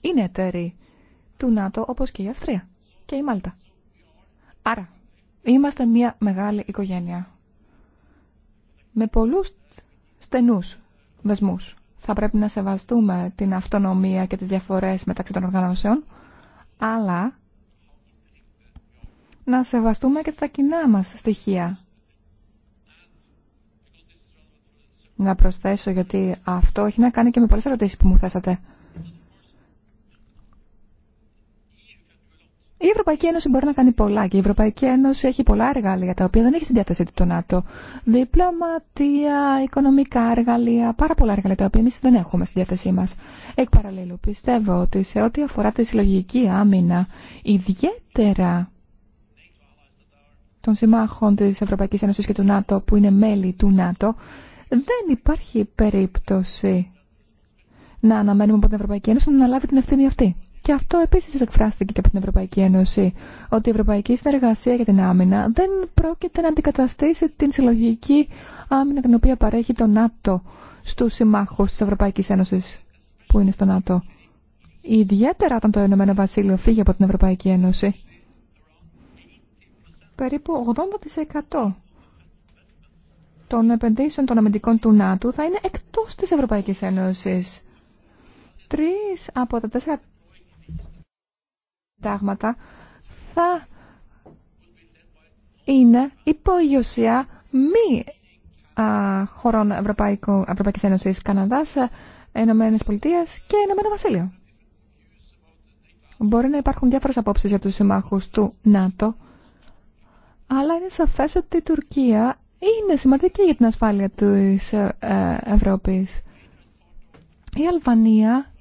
είναι εταίροι του ΝΑΤΟ όπως και η Αυστρία και η Μάλτα. Άρα, είμαστε μια μεγάλη οικογένεια με πολλούς στενούς δεσμούς. Θα πρέπει να σεβαστούμε την αυτονομία και τις διαφορές μεταξύ των οργανώσεων, αλλά να σεβαστούμε και τα κοινά μας στοιχεία να προσθέσω γιατί αυτό έχει να κάνει και με πολλές ερωτήσεις που μου θέσατε. Η Ευρωπαϊκή Ένωση μπορεί να κάνει πολλά και η Ευρωπαϊκή Ένωση έχει πολλά εργαλεία τα οποία δεν έχει στην διάθεσή του το ΝΑΤΟ. Διπλωματία, οικονομικά εργαλεία, πάρα πολλά εργαλεία τα οποία εμεί δεν έχουμε στην διάθεσή μα. Εκ παραλλήλου, πιστεύω ότι σε ό,τι αφορά τη συλλογική άμυνα, ιδιαίτερα των συμμάχων τη Ευρωπαϊκή Ένωση και του ΝΑΤΟ που είναι μέλη του ΝΑΤΟ, δεν υπάρχει περίπτωση να αναμένουμε από την Ευρωπαϊκή Ένωση να αναλάβει την ευθύνη αυτή. Και αυτό επίση εκφράστηκε και από την Ευρωπαϊκή Ένωση, ότι η Ευρωπαϊκή Συνεργασία για την Άμυνα δεν πρόκειται να αντικαταστήσει την συλλογική άμυνα την οποία παρέχει το ΝΑΤΟ στου συμμάχου τη Ευρωπαϊκή Ένωση που είναι στο ΝΑΤΟ. Ιδιαίτερα όταν το Ηνωμένο Βασίλειο φύγει από την Ευρωπαϊκή Ένωση. Περίπου 80% των επενδύσεων των αμυντικών του ΝΑΤΟ θα είναι εκτός της Ευρωπαϊκής Ένωση. Τρεις από τα τέσσερα τάγματα θα είναι υπογειοσία μη α, χωρών Ευρωπαϊκή Ένωση, Καναδά, Καναδάς, Πολιτείε και Ηνωμένο Βασίλειο. Μπορεί να υπάρχουν διάφορες απόψεις για του συμμάχους του ΝΑΤΟ, αλλά είναι σαφές ότι η Τουρκία είναι σημαντική για την ασφάλεια της ε, ε, Ευρώπης. Η Αλβανία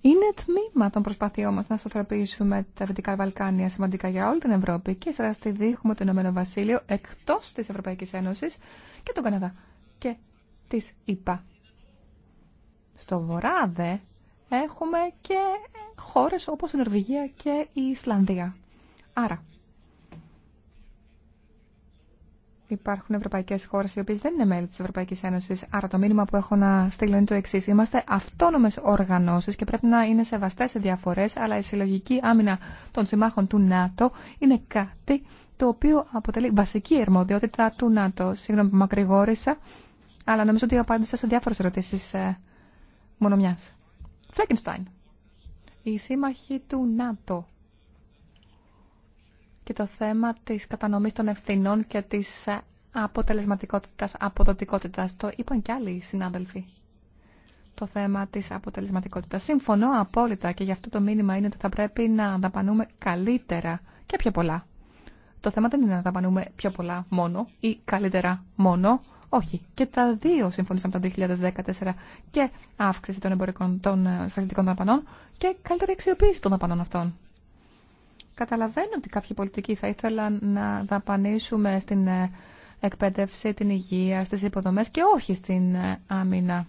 είναι τμήμα των προσπαθειών μας να σταθεροποιήσουμε τα Δυτικά Βαλκάνια σημαντικά για όλη την Ευρώπη και δείχνουμε το Ηνωμένο Βασίλειο εκτός της Ευρωπαϊκής Ένωσης και τον Καναδά και της ΙΠΑ. Στο βορρά δε έχουμε και χώρες όπως η Νορβηγία και η Ισλανδία. Άρα υπάρχουν ευρωπαϊκέ χώρε οι οποίε δεν είναι μέλη τη Ευρωπαϊκή Ένωση. Άρα το μήνυμα που έχω να στείλω είναι το εξή. Είμαστε αυτόνομε οργανώσει και πρέπει να είναι σεβαστέ σε διαφορέ, αλλά η συλλογική άμυνα των συμμάχων του ΝΑΤΟ είναι κάτι το οποίο αποτελεί βασική ερμοδιότητα του ΝΑΤΟ. Συγγνώμη που μακρηγόρησα, αλλά νομίζω ότι απάντησα σε διάφορε ερωτήσει ε, μόνο μια. Φλέκενστάιν. Οι σύμμαχοι του ΝΑΤΟ και το θέμα της κατανομής των ευθυνών και της ε, αποτελεσματικότητας, αποδοτικότητας. Το είπαν και άλλοι συνάδελφοι. Το θέμα της αποτελεσματικότητας. Συμφωνώ απόλυτα και γι' αυτό το μήνυμα είναι ότι θα πρέπει να δαπανούμε καλύτερα και πιο πολλά. Το θέμα δεν είναι να δαπανούμε πιο πολλά μόνο ή καλύτερα μόνο. Όχι. Και τα δύο συμφωνήσαμε το 2014 και αύξηση των εμπορικών των ε, στρατιωτικών δαπανών και καλύτερη αξιοποίηση των δαπανών αυτών. Καταλαβαίνω ότι κάποιοι πολιτικοί θα ήθελαν να δαπανίσουμε στην ε, εκπαίδευση, την υγεία, στις υποδομές και όχι στην ε, άμυνα.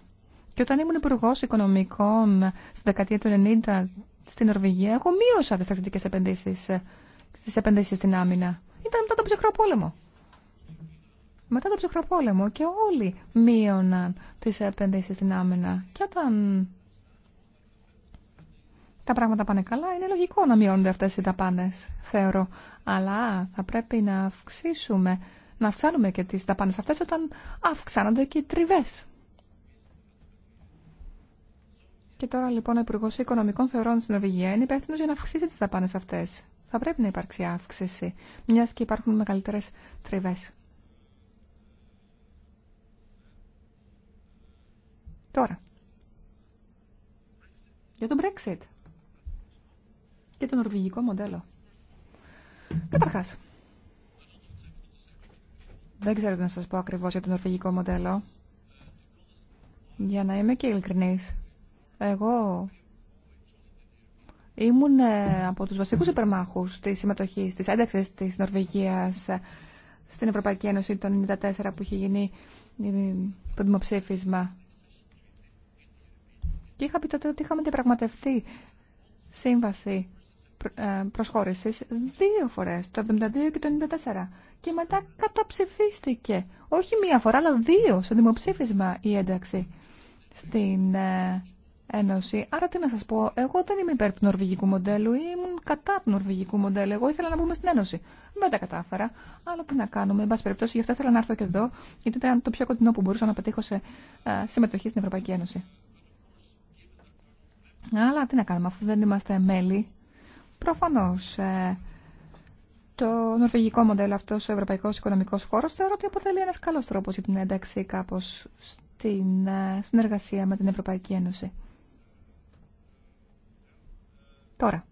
Και όταν ήμουν υπουργό οικονομικών στη δεκαετία του 90 στην Νορβηγία, εγώ μείωσα τις τακτικές επενδύσεις, ε, τις επενδύσεις στην άμυνα. Ήταν μετά τον ψυχρό πόλεμο. Μετά τον ψυχρό πόλεμο και όλοι μείωναν τις επενδύσεις στην άμυνα. Και όταν τα πράγματα πάνε καλά, είναι λογικό να μειώνονται αυτές οι ταπάνες, θεωρώ. Αλλά θα πρέπει να αυξήσουμε, να αυξάνουμε και τις ταπάνες αυτές όταν αυξάνονται και οι τριβές. Και τώρα λοιπόν ο Υπουργό Οικονομικών Θεωρών στην Νορβηγία είναι υπεύθυνο για να αυξήσει τι δαπάνε αυτέ. Θα πρέπει να υπάρξει αύξηση, μια και υπάρχουν μεγαλύτερε τριβέ. Τώρα, για το Brexit και το νορβηγικό μοντέλο. Καταρχά, δεν ξέρω τι να σα πω ακριβώ για το νορβηγικό μοντέλο. Για να είμαι και ειλικρινή, εγώ ήμουν ε, από του βασικού υπερμάχου τη συμμετοχή, τη ένταξη τη Νορβηγία ε, στην Ευρωπαϊκή Ένωση το 1994 που είχε γίνει ε, το δημοψήφισμα. Και είχα πει τότε ότι είχαμε διαπραγματευτεί σύμβαση ε, προσχώρησης δύο φορές, το 72 και το 94. Και μετά καταψηφίστηκε, όχι μία φορά, αλλά δύο, στο δημοψήφισμα η ένταξη στην ε, Ένωση. Άρα τι να σας πω, εγώ δεν είμαι υπέρ του νορβηγικού μοντέλου, ήμουν κατά του νορβηγικού μοντέλου, εγώ ήθελα να μπούμε στην Ένωση. Δεν τα κατάφερα, αλλά τι να κάνουμε, εν πάση περιπτώσει, γι' αυτό ήθελα να έρθω και εδώ, γιατί ήταν το πιο κοντινό που μπορούσα να πετύχω σε ε, συμμετοχή στην Ευρωπαϊκή Ένωση. Αλλά τι να κάνουμε, αφού δεν είμαστε μέλη Προφανώς ε, το νορβηγικό μοντέλο αυτό ο Ευρωπαϊκός Οικονομικός Χώρος θεωρώ ότι αποτελεί ένας καλός τρόπος για την ένταξη κάπως στην ε, συνεργασία με την Ευρωπαϊκή Ένωση. Τώρα.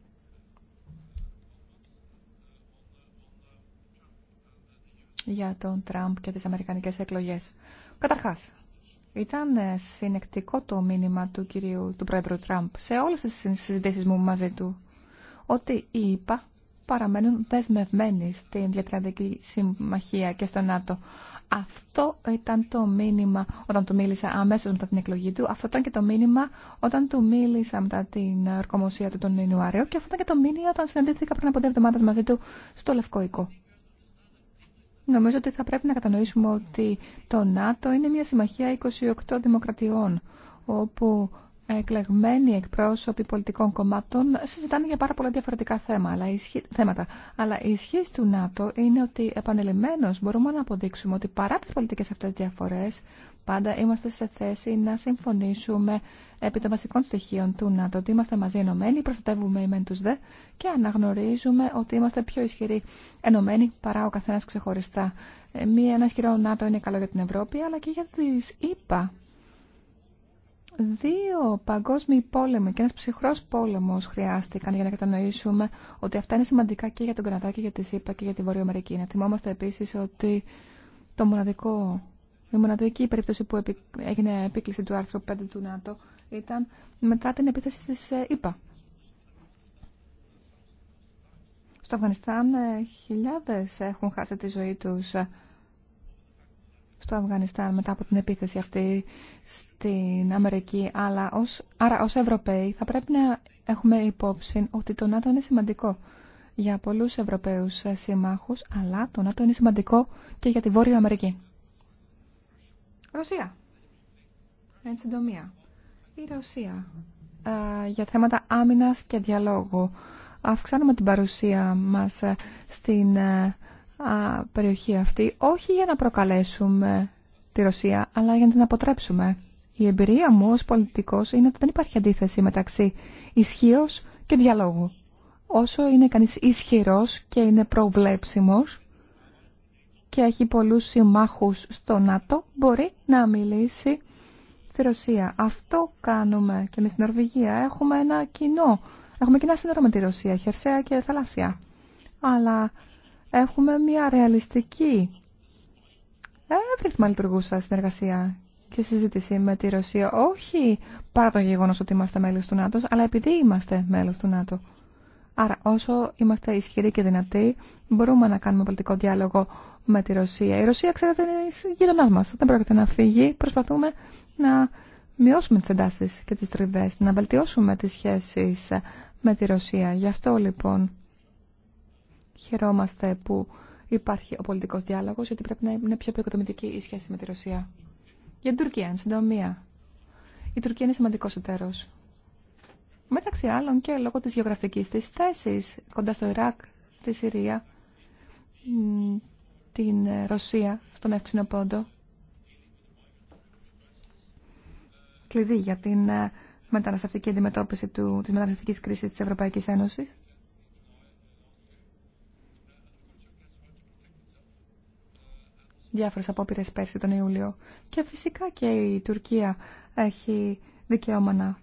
για τον Τραμπ και τις Αμερικανικές εκλογές. Καταρχάς, ήταν ε, συνεκτικό το μήνυμα του κυρίου του Πρόεδρου Τραμπ σε όλες τις συζητήσεις μου μαζί του ότι οι ΙΠΑ παραμένουν δεσμευμένοι στην Διατλαντική Συμμαχία και στο ΝΑΤΟ. Αυτό ήταν το μήνυμα όταν του μίλησα αμέσως μετά την εκλογή του. Αυτό ήταν και το μήνυμα όταν του μίλησα μετά την ορκομοσία του τον Ιανουάριο. Και αυτό ήταν και το μήνυμα όταν συναντήθηκα πριν από δύο εβδομάδες μαζί του στο Λευκό Οικό. Νομίζω ότι θα πρέπει να κατανοήσουμε ότι το ΝΑΤΟ είναι μια συμμαχία 28 δημοκρατιών, όπου εκλεγμένοι εκπρόσωποι πολιτικών κομμάτων συζητάνε για πάρα πολλά διαφορετικά θέματα. Αλλά η, ισχύ, θέματα. Αλλά η ισχύ του ΝΑΤΟ είναι ότι επανελειμμένω μπορούμε να αποδείξουμε ότι παρά τι πολιτικέ αυτέ διαφορέ πάντα είμαστε σε θέση να συμφωνήσουμε επί των βασικών στοιχείων του ΝΑΤΟ ότι είμαστε μαζί ενωμένοι, προστατεύουμε οι μεν του δε και αναγνωρίζουμε ότι είμαστε πιο ισχυροί ενωμένοι παρά ο καθένα ξεχωριστά. Ε, μία, ένα ισχυρό ΝΑΤΟ είναι καλό για την Ευρώπη αλλά και για τι ΗΠΑ Δύο παγκόσμιοι πόλεμοι και ένας ψυχρός πόλεμος χρειάστηκαν για να κατανοήσουμε ότι αυτά είναι σημαντικά και για τον Καναδά και για τη ΣΥΠΑ και για τη Βορειοαμερική. Αμερική. Να θυμόμαστε επίσης ότι το μοναδικό, η μοναδική περίπτωση που έγινε επίκληση του άρθρου 5 του ΝΑΤΟ ήταν μετά την επίθεση της ΙΠΑ. Ε, Στο Αφγανιστάν ε, χιλιάδες έχουν χάσει τη ζωή τους ε, στο Αφγανιστάν μετά από την επίθεση αυτή στην Αμερική. Αλλά ως, άρα ως Ευρωπαίοι θα πρέπει να έχουμε υπόψη ότι το ΝΑΤΟ είναι σημαντικό για πολλούς Ευρωπαίους ε, συμμάχους, αλλά το ΝΑΤΟ είναι σημαντικό και για τη Βόρεια Αμερική. Ρωσία. Εν συντομία. Η Ρωσία. Ε, για θέματα άμυνας και διαλόγου. Αυξάνουμε την παρουσία μας ε, στην α, περιοχή αυτή όχι για να προκαλέσουμε τη Ρωσία, αλλά για να την αποτρέψουμε. Η εμπειρία μου ως πολιτικός είναι ότι δεν υπάρχει αντίθεση μεταξύ ισχύω και διαλόγου. Όσο είναι κανείς ισχυρός και είναι προβλέψιμος και έχει πολλούς συμμάχους στο ΝΑΤΟ, μπορεί να μιλήσει στη Ρωσία. Αυτό κάνουμε και με στην Νορβηγία. Έχουμε ένα κοινό. Έχουμε κοινά σύνορα με τη Ρωσία, χερσαία και θαλάσσια. Αλλά έχουμε μια ρεαλιστική εύρυθμα λειτουργούσα συνεργασία και συζήτηση με τη Ρωσία. Όχι παρά το γεγονός ότι είμαστε μέλος του ΝΑΤΟ, αλλά επειδή είμαστε μέλος του ΝΑΤΟ. Άρα όσο είμαστε ισχυροί και δυνατοί, μπορούμε να κάνουμε πολιτικό διάλογο με τη Ρωσία. Η Ρωσία, ξέρετε, είναι γειτονά μας. Δεν πρόκειται να φύγει. Προσπαθούμε να μειώσουμε τις εντάσεις και τις τριβές, να βελτιώσουμε τις σχέσεις με τη Ρωσία. Γι' αυτό λοιπόν χαιρόμαστε που υπάρχει ο πολιτικό διάλογο, γιατί πρέπει να είναι πιο επικοδομητική η σχέση με τη Ρωσία. Για την Τουρκία, εν συντομία. Η Τουρκία είναι σημαντικό εταίρο. Μεταξύ άλλων και λόγω τη γεωγραφική τη θέση κοντά στο Ιράκ, τη Συρία, την ε, Ρωσία, στον Εύξηνο Πόντο. Κλειδί για την ε, μεταναστευτική αντιμετώπιση του, της μεταναστευτικής κρίσης της Ευρωπαϊκής Ένωσης. διάφορες απόπειρες πέρσι τον Ιούλιο. Και φυσικά και η Τουρκία έχει δικαίωμα να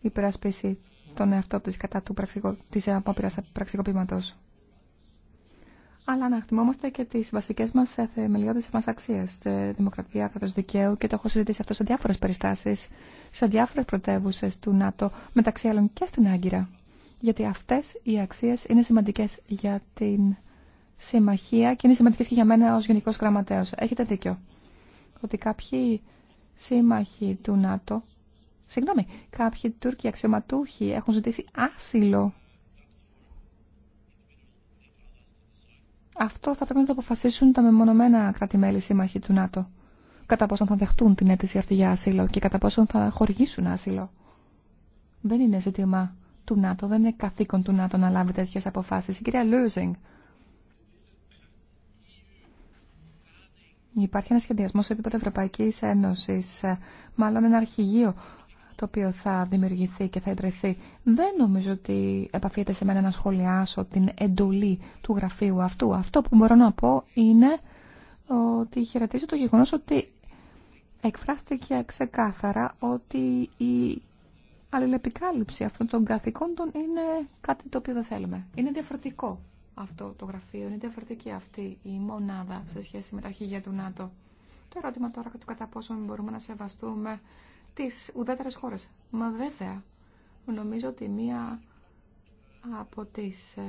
υπερασπίσει τον εαυτό της κατά του πραξικο... της απόπειρας πραξικοπήματος. Αλλά να θυμόμαστε και τις βασικές μας θεμελιώδεις μας αξίες. Ε, δημοκρατία, κράτος δικαίου και το έχω συζητήσει αυτό σε διάφορες περιστάσεις, σε διάφορες πρωτεύουσε του ΝΑΤΟ, μεταξύ άλλων και στην Άγκυρα. Γιατί αυτές οι αξίες είναι σημαντικές για την συμμαχία και είναι σημαντικές και για μένα ως Γενικός Γραμματέος. Έχετε δίκιο ότι κάποιοι σύμμαχοι του ΝΑΤΟ, συγγνώμη, κάποιοι Τούρκοι αξιωματούχοι έχουν ζητήσει άσυλο. Αυτό θα πρέπει να το αποφασίσουν τα μεμονωμενα κρατημέλη σύμμαχοι του ΝΑΤΟ. Κατά πόσον θα δεχτούν την αίτηση αυτή για άσυλο και κατά πόσον θα χορηγήσουν άσυλο. Δεν είναι ζήτημα του ΝΑΤΟ, δεν είναι καθήκον του ΝΑΤΟ να λάβει τέτοιε αποφάσει. Η κυρία Λούζινγκ Υπάρχει ένα σχεδιασμό σε επίπεδο Ευρωπαϊκή Ένωση, ε, μάλλον ένα αρχηγείο το οποίο θα δημιουργηθεί και θα ιδρυθεί. Δεν νομίζω ότι επαφείται σε μένα να σχολιάσω την εντολή του γραφείου αυτού. Αυτό που μπορώ να πω είναι ότι χαιρετίζω το γεγονός ότι εκφράστηκε ξεκάθαρα ότι η αλληλεπικάλυψη αυτών των καθηκόντων είναι κάτι το οποίο δεν θέλουμε. Είναι διαφορετικό αυτό το γραφείο. Είναι διαφορετική αυτή η μονάδα σε σχέση με τα αρχηγεία του ΝΑΤΟ. Το ερώτημα τώρα του κατά πόσο μπορούμε να σεβαστούμε τι ουδέτερε χώρε. Μα βέβαια, νομίζω ότι μία από τις, ε,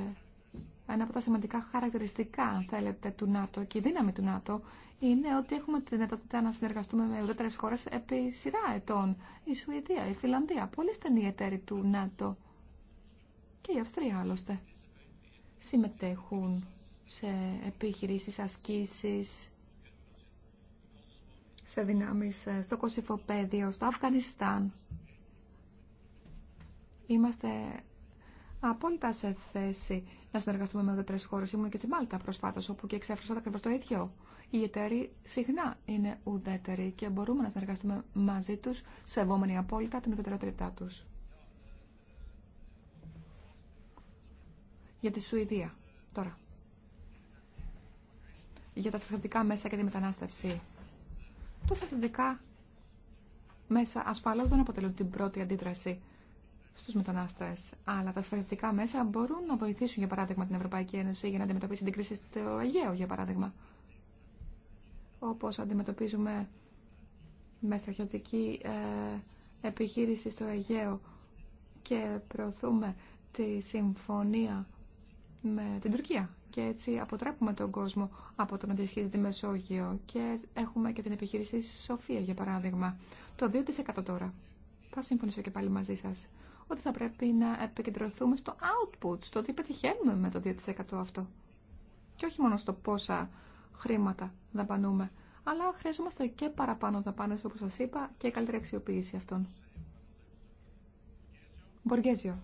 ένα από τα σημαντικά χαρακτηριστικά, αν θέλετε, του ΝΑΤΟ και η δύναμη του ΝΑΤΟ είναι ότι έχουμε τη δυνατότητα να συνεργαστούμε με ουδέτερε χώρε επί σειρά ετών. Η Σουηδία, η Φιλανδία, πολύ στενή εταίροι του ΝΑΤΟ και η Αυστρία άλλωστε συμμετέχουν σε επιχειρήσεις, ασκήσεις, σε δυνάμεις ε, στο Κωσυφοπέδιο, στο Αφγανιστάν. Είμαστε απόλυτα σε θέση να συνεργαστούμε με οδετρές χώρες. Ήμουν και στη Μάλτα προσφάτως, όπου και εξέφρασα ακριβώς το ίδιο. Οι εταίροι συχνά είναι ουδέτεροι και μπορούμε να συνεργαστούμε μαζί τους, σεβόμενοι απόλυτα την ουδετερότητά τους. για τη Σουηδία τώρα. Για τα θρησκευτικά μέσα και τη μετανάστευση. Τα θρησκευτικά μέσα ασφαλώς δεν αποτελούν την πρώτη αντίδραση στους μετανάστες. Αλλά τα στρατιωτικά μέσα μπορούν να βοηθήσουν, για παράδειγμα, την Ευρωπαϊκή Ένωση για να αντιμετωπίσει την κρίση στο Αιγαίο, για παράδειγμα. Όπως αντιμετωπίζουμε με στρατιωτική ε, επιχείρηση στο Αιγαίο και προωθούμε τη συμφωνία την Τουρκία. Και έτσι αποτρέπουμε τον κόσμο από το να διασχίζει τη Μεσόγειο. Και έχουμε και την επιχείρηση Σοφία, για παράδειγμα. Το 2% τώρα. Θα συμφωνήσω και πάλι μαζί σα. ότι θα πρέπει να επικεντρωθούμε στο output, στο τι πετυχαίνουμε με το 2% αυτό. Και όχι μόνο στο πόσα χρήματα δαπανούμε, αλλά χρειαζόμαστε και παραπάνω δαπάνες, όπως σας είπα, και καλύτερη αξιοποίηση αυτών. Μποργέζιο.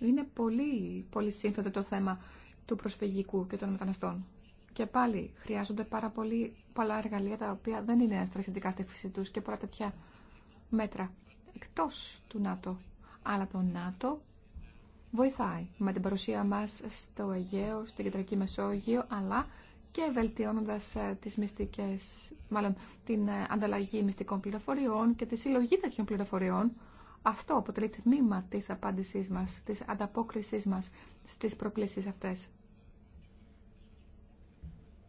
Είναι πολύ, πολύ σύνθετο το θέμα του προσφυγικού και των μεταναστών. Και πάλι χρειάζονται πάρα πολύ, πολλά εργαλεία τα οποία δεν είναι στρατιωτικά στη φύση του και πολλά τέτοια μέτρα εκτός του ΝΑΤΟ. Αλλά το ΝΑΤΟ βοηθάει με την παρουσία μα στο Αιγαίο, στην Κεντρική Μεσόγειο, αλλά και βελτιώνοντας ε, τις μυστικέ, μάλλον την ε, ανταλλαγή μυστικών πληροφοριών και τη συλλογή τέτοιων πληροφοριών αυτό αποτελεί τμήμα της απάντησής μας, της ανταπόκρισής μας στις προκλήσεις αυτές.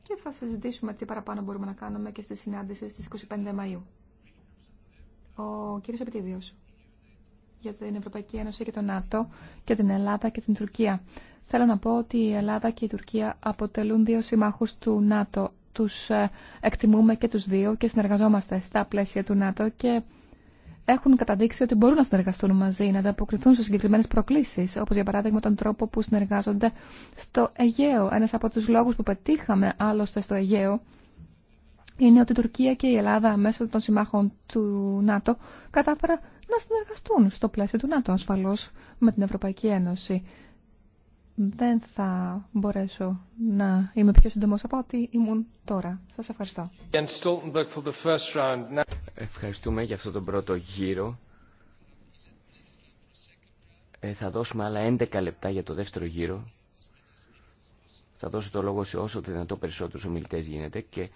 Και θα συζητήσουμε τι παραπάνω μπορούμε να κάνουμε και στη συνάντηση στις 25 Μαΐου. Ο κύριος Επιτίδιος για την Ευρωπαϊκή Ένωση και τον ΝΑΤΟ και την Ελλάδα και την Τουρκία. Θέλω να πω ότι η Ελλάδα και η Τουρκία αποτελούν δύο συμμάχους του ΝΑΤΟ. Τους ε, εκτιμούμε και τους δύο και συνεργαζόμαστε στα πλαίσια του ΝΑΤΟ και έχουν καταδείξει ότι μπορούν να συνεργαστούν μαζί, να ανταποκριθούν σε συγκεκριμένε προκλήσει, όπω για παράδειγμα τον τρόπο που συνεργάζονται στο Αιγαίο. Ένα από του λόγου που πετύχαμε άλλωστε στο Αιγαίο είναι ότι η Τουρκία και η Ελλάδα μέσω των συμμάχων του ΝΑΤΟ κατάφεραν να συνεργαστούν στο πλαίσιο του ΝΑΤΟ ασφαλώ με την Ευρωπαϊκή Ένωση δεν θα μπορέσω να είμαι πιο συντομό από ό,τι ήμουν τώρα. Σα ευχαριστώ. Ευχαριστούμε για αυτό τον πρώτο γύρο. Ε, θα δώσουμε άλλα 11 λεπτά για το δεύτερο γύρο. Θα δώσω το λόγο σε όσο το δυνατό περισσότερου ομιλητέ γίνεται και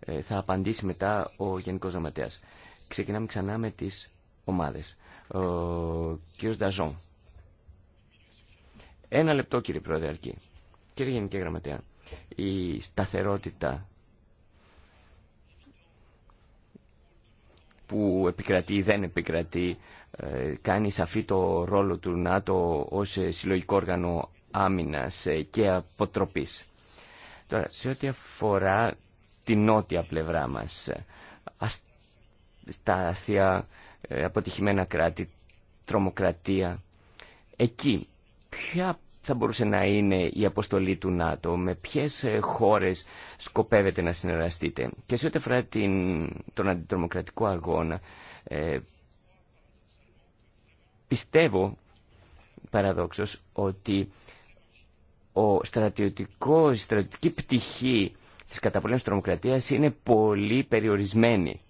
ε, θα απαντήσει μετά ο Γενικό Δαματέα. Ξεκινάμε ξανά με τι ομάδε. Ο κ. Νταζόν. Ένα λεπτό κύριε Πρόεδρε Αρκή. Κύριε Γενική Γραμματεία, η σταθερότητα που επικρατεί ή δεν επικρατεί ε, κάνει σαφή το ρόλο του ΝΑΤΟ ως ε, συλλογικό όργανο άμυνας ε, και αποτροπής. Τώρα, σε ό,τι αφορά την νότια πλευρά μας, αστάθεια, αποτυχημένα κράτη, τρομοκρατία, εκεί ποια θα μπορούσε να είναι η αποστολή του ΝΑΤΟ, με ποιες ε, χώρες σκοπεύετε να συνεργαστείτε. Και σε ό,τι αφορά την, τον αντιτρομοκρατικό αγώνα, ε, πιστεύω παραδόξως ότι ο στρατιωτικό, η στρατιωτική πτυχή της καταπολέμησης της τρομοκρατίας είναι πολύ περιορισμένη.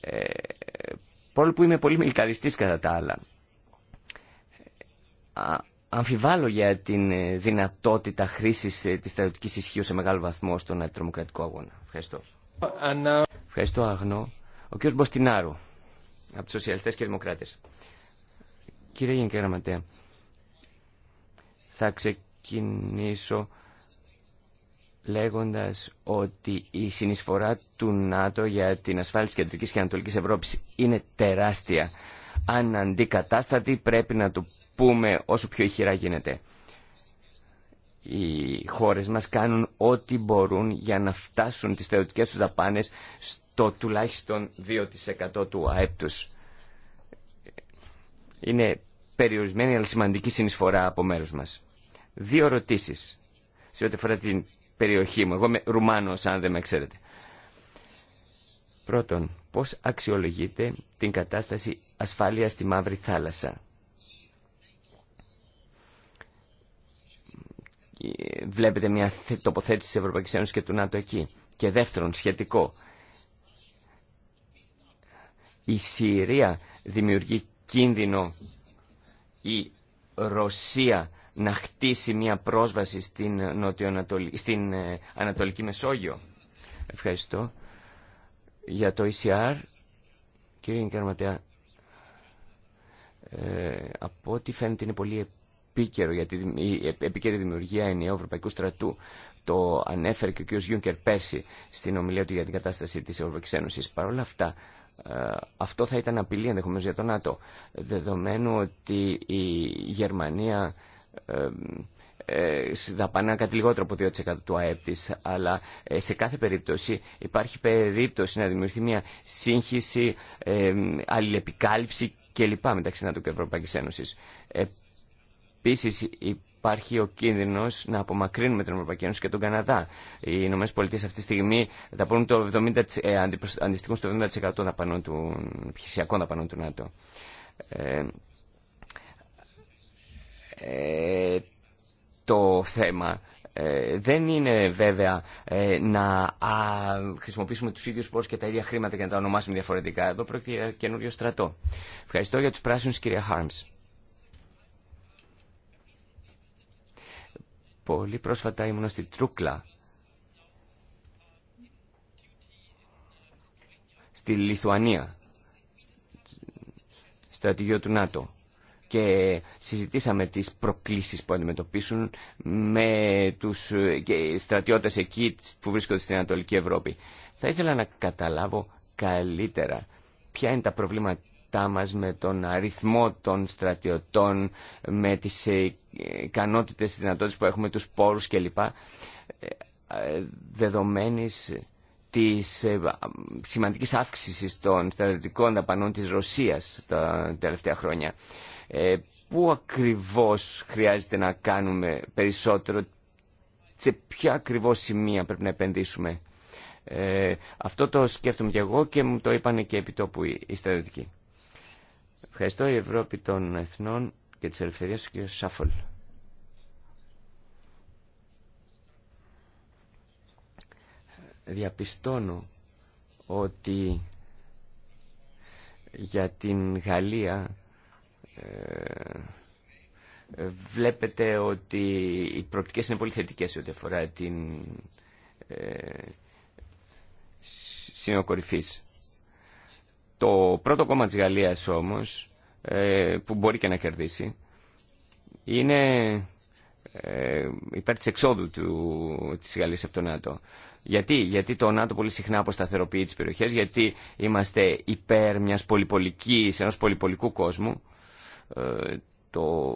Ε, Παρόλο που είμαι πολύ μιλικαριστής κατά τα άλλα αμφιβάλλω για την ε, δυνατότητα χρήσης ε, της στρατιωτικής ισχύω σε μεγάλο βαθμό στον αντιτρομοκρατικό αγώνα. Ευχαριστώ. Ευχαριστώ Άγνο. Ο κ. Μποστινάρου, από τους Σοσιαλιστές και Δημοκράτες. Κύριε Γενική Γραμματέα, θα ξεκινήσω λέγοντας ότι η συνεισφορά του ΝΑΤΟ για την ασφάλεια τη Κεντρικής και Ανατολικής Ευρώπης είναι τεράστια αν αντικατάστατη πρέπει να το πούμε όσο πιο ηχηρά γίνεται. Οι χώρες μας κάνουν ό,τι μπορούν για να φτάσουν τις θεωτικές τους δαπάνες στο τουλάχιστον 2% του ΑΕΠ τους. Είναι περιορισμένη αλλά σημαντική συνεισφορά από μέρους μας. Δύο ερωτήσεις σε ό,τι αφορά την περιοχή μου. Εγώ είμαι Ρουμάνος αν δεν με ξέρετε. Πρώτον, πώς αξιολογείται την κατάσταση ασφάλειας στη Μαύρη Θάλασσα. Βλέπετε μια τοποθέτηση της Ευρωπαϊκής Ένωσης και του ΝΑΤΟ εκεί. Και δεύτερον, σχετικό. Η Συρία δημιουργεί κίνδυνο η Ρωσία να χτίσει μια πρόσβαση στην, στην ε, Ανατολική Μεσόγειο. Ευχαριστώ. Για το ECR, Κύριε Γενικαρματέα, ε, από ό,τι φαίνεται είναι πολύ επίκαιρο γιατί η επίκαιρη δημιουργία ενιαίου Ευρωπαϊκού Στρατού. Το ανέφερε και ο κ. Γιούνκερ πέρσι στην ομιλία του για την κατάσταση της Ευρωπαϊκή Ένωση. Παρ' όλα αυτά, ε, αυτό θα ήταν απειλή ενδεχομένω για το ΝΑΤΟ, δεδομένου ότι η Γερμανία... Ε, ε, δαπανά κάτι λιγότερο από 2% του ΑΕΠ της, αλλά ε, σε κάθε περίπτωση υπάρχει περίπτωση να δημιουργηθεί μια σύγχυση, ε, αλληλεπικάλυψη κλπ. μεταξύ ΝΑΤΟ και Ευρωπαϊκής Ένωσης. Επίσης υπάρχει ο κίνδυνος να απομακρύνουμε την Ευρωπαϊκή Ένωση και τον Καναδά. Οι Ηνωμένες Πολιτείες αυτή τη στιγμή το 70, αντιστοιχούν στο 70% δαπανών του, επιχειρησιακών δαπανών του ΝΑΤΟ. ε, το θέμα. Ε, δεν είναι βέβαια ε, να χρησιμοποιήσουμε τους ίδιους πόρους και τα ίδια χρήματα και να τα ονομάσουμε διαφορετικά. Εδώ πρόκειται για καινούριο στρατό. Ευχαριστώ για τους πράσινους, κυρία Χάρμς. Πολύ πρόσφατα ήμουν στη Τρούκλα, στη Λιθουανία, στρατηγείο του ΝΑΤΟ και συζητήσαμε τις προκλήσεις που αντιμετωπίσουν με τους στρατιώτες εκεί που βρίσκονται στην Ανατολική Ευρώπη. Θα ήθελα να καταλάβω καλύτερα ποια είναι τα προβλήματά μας με τον αριθμό των στρατιωτών, με τις ε, ικανότητες, τις δυνατότητες που έχουμε, τους πόρους κλπ. Ε, δεδομένης της ε, σημαντικής αύξησης των στρατιωτικών δαπανών της Ρωσίας τα τελευταία χρόνια. Ε, πού ακριβώς χρειάζεται να κάνουμε περισσότερο, σε ποια ακριβώς σημεία πρέπει να επενδύσουμε. Ε, αυτό το σκέφτομαι και εγώ και μου το είπαν και επί τόπου οι στρατιωτικοί. Ευχαριστώ η Ευρώπη των Εθνών και της Ελευθερίας και κ. Σάφολ. Διαπιστώνω ότι για την Γαλλία ε, βλέπετε ότι οι προοπτικές είναι πολύ θετικές ό,τι αφορά την ε, Το πρώτο κόμμα της Γαλλίας όμως, ε, που μπορεί και να κερδίσει, είναι ε, υπέρ της εξόδου του, της Γαλλίας από το ΝΑΤΟ. Γιατί? Γιατί το ΝΑΤΟ πολύ συχνά αποσταθεροποιεί τις περιοχές, γιατί είμαστε υπέρ μιας πολυπολικής, ενός πολυπολικού κόσμου, ε, το,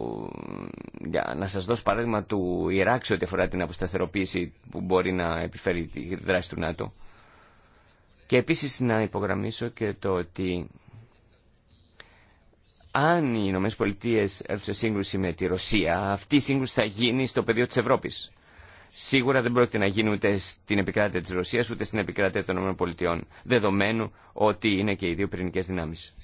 για να σας δώσω παράδειγμα του Ιράκ ό,τι αφορά την αποσταθεροποίηση που μπορεί να επιφέρει τη δράση του ΝΑΤΟ. Και επίσης να υπογραμμίσω και το ότι αν οι Ηνωμένες Πολιτείες έρθουν σε σύγκρουση με τη Ρωσία, αυτή η σύγκρουση θα γίνει στο πεδίο της Ευρώπης. Σίγουρα δεν πρόκειται να γίνει ούτε στην επικράτεια της Ρωσίας, ούτε στην επικράτεια των ΗΠΑ, δεδομένου ότι είναι και οι δύο πυρηνικές δυνάμεις.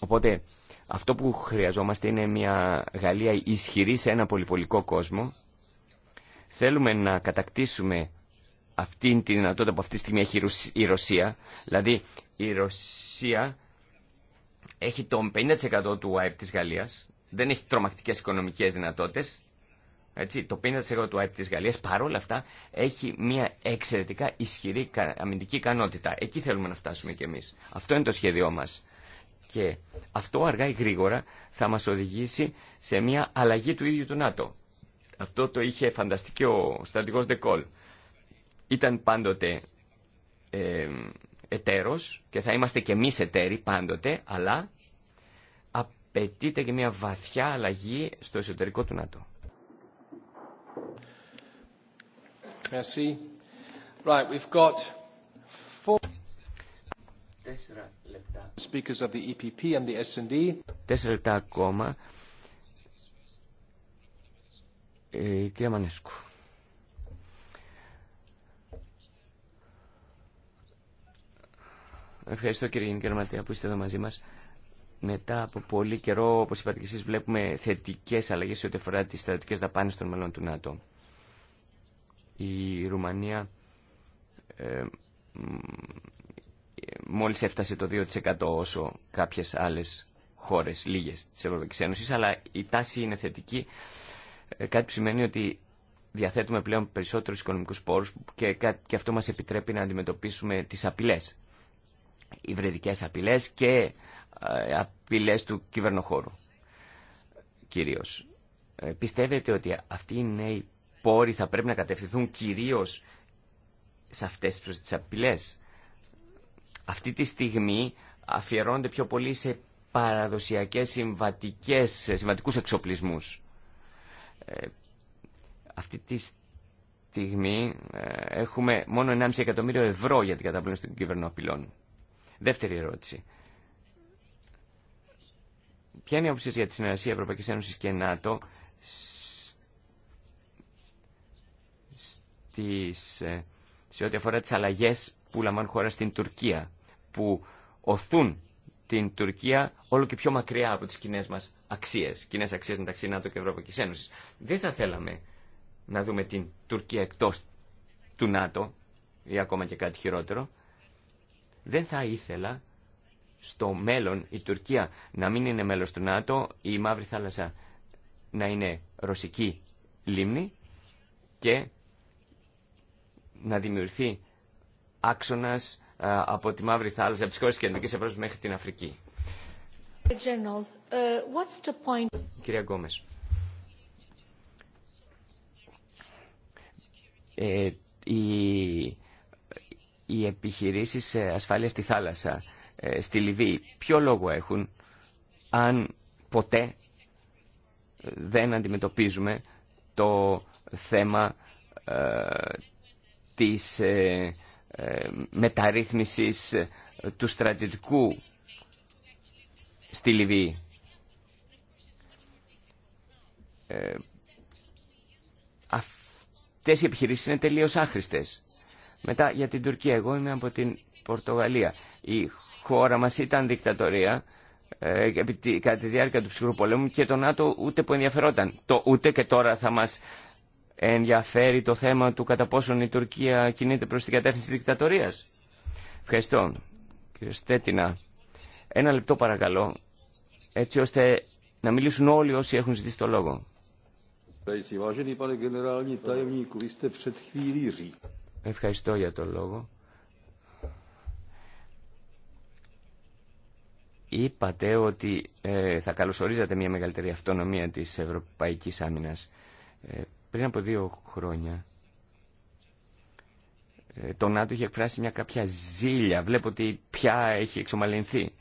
Οπότε αυτό που χρειαζόμαστε είναι μια Γαλλία ισχυρή σε ένα πολυπολικό κόσμο. Θέλουμε να κατακτήσουμε αυτή τη δυνατότητα που αυτή τη στιγμή έχει η Ρωσία. Δηλαδή η Ρωσία έχει το 50% του ΑΕΠ της Γαλλίας. Δεν έχει τρομακτικές οικονομικές δυνατότητες. Έτσι, το 50% του ΑΕΠ της Γαλλίας παρόλα αυτά έχει μια εξαιρετικά ισχυρή αμυντική ικανότητα. Εκεί θέλουμε να φτάσουμε κι εμείς. Αυτό είναι το σχέδιό μας. Και αυτό αργά ή γρήγορα θα μας οδηγήσει σε μια αλλαγή του ίδιου του ΝΑΤΟ. Αυτό το είχε φανταστεί ο στρατηγός Ντεκόλ. Ήταν πάντοτε ε, εταίρος και θα είμαστε και εμείς εταίροι πάντοτε, αλλά απαιτείται και μια βαθιά αλλαγή στο εσωτερικό του ΝΑΤΟ. Merci. Τέσσερα λεπτά. ακόμα. Ε, κύριε Μανέσκου. Ευχαριστώ κύριε Γενική Γραμματέα που είστε εδώ μαζί μας. Μετά από πολύ καιρό, όπως είπατε και εσείς, βλέπουμε θετικές αλλαγές σε ό,τι αφορά τις στρατιωτικές δαπάνες των μελών του ΝΑΤΟ. Η Ρουμανία ε, μόλις έφτασε το 2% όσο κάποιες άλλες χώρες, λίγες της Ευρωπαϊκής Ένωσης, αλλά η τάση είναι θετική, ε, κάτι που σημαίνει ότι διαθέτουμε πλέον περισσότερους οικονομικούς πόρους και, και αυτό μας επιτρέπει να αντιμετωπίσουμε τις απειλές, υβριδικές απειλές και ε, απειλές του κυβερνοχώρου κυρίως. Ε, πιστεύετε ότι αυτοί οι νέοι πόροι θα πρέπει να κατευθυνθούν κυρίως σε αυτές τις απειλές αυτή τη στιγμή αφιερώνονται πιο πολύ σε παραδοσιακές συμβατικές, συμβατικούς εξοπλισμούς. Ε, αυτή τη στιγμή ε, έχουμε μόνο 1,5 εκατομμύριο ευρώ για την καταπλήρωση των κυβερνόπυλων. Δεύτερη ερώτηση. Ποια είναι η όψη για τη συνεργασία Ευρωπαϊκής Ένωσης και ΝΑΤΟ ε, σε ό,τι αφορά τις αλλαγές που λαμβάνουν χώρα στην Τουρκία, που οθούν την Τουρκία όλο και πιο μακριά από τι κοινέ μα αξίε, κοινέ αξίε μεταξύ ΝΑΤΟ και Ευρωπαϊκή Ένωση. Δεν θα θέλαμε να δούμε την Τουρκία εκτός του ΝΑΤΟ ή ακόμα και κάτι χειρότερο. Δεν θα ήθελα στο μέλλον η Τουρκία να μην είναι μέλο του ΝΑΤΟ, η Μαύρη Θάλασσα να μην ειναι μελο του ρωσική λίμνη και να δημιουργηθεί ε, από τη Μαύρη Θάλασσα, από τις χώρε τη Κεντρική Ευρώπη μέχρι την Αφρική. Ε, Κυρία Γκόμες, ε, οι, οι επιχειρήσεις ε, ασφάλειας στη θάλασσα, στη Λιβύη, ποιο λόγο έχουν αν ποτέ δεν αντιμετωπίζουμε το θέμα ε, της ε, μεταρρύθμισης ε, του στρατιωτικού στη Λιβύη. Ε, αυτές οι επιχειρήσεις είναι τελείως άχρηστες. Μετά για την Τουρκία. Εγώ είμαι από την Πορτογαλία. Η χώρα μας ήταν δικτατορία κατά τη διάρκεια του ψυχρού πολέμου και το ΝΑΤΟ ούτε που ενδιαφερόταν. Το ούτε και τώρα θα μας ενδιαφέρει το θέμα του κατά πόσον η Τουρκία κινείται προς την κατεύθυνση της δικτατορίας. Ευχαριστώ. Κύριε Στέτινα, ένα λεπτό παρακαλώ, έτσι ώστε να μιλήσουν όλοι όσοι έχουν ζητήσει το λόγο. Ευχαριστώ για το λόγο. Είπατε ότι ε, θα καλωσορίζατε μια μεγαλύτερη αυτονομία της Ευρωπαϊκής Άμυνας. Ε, πριν από δύο χρόνια ε, το ΝΑΤΟ είχε εκφράσει μια κάποια ζήλια. Βλέπω ότι πια έχει εξομαλυνθεί.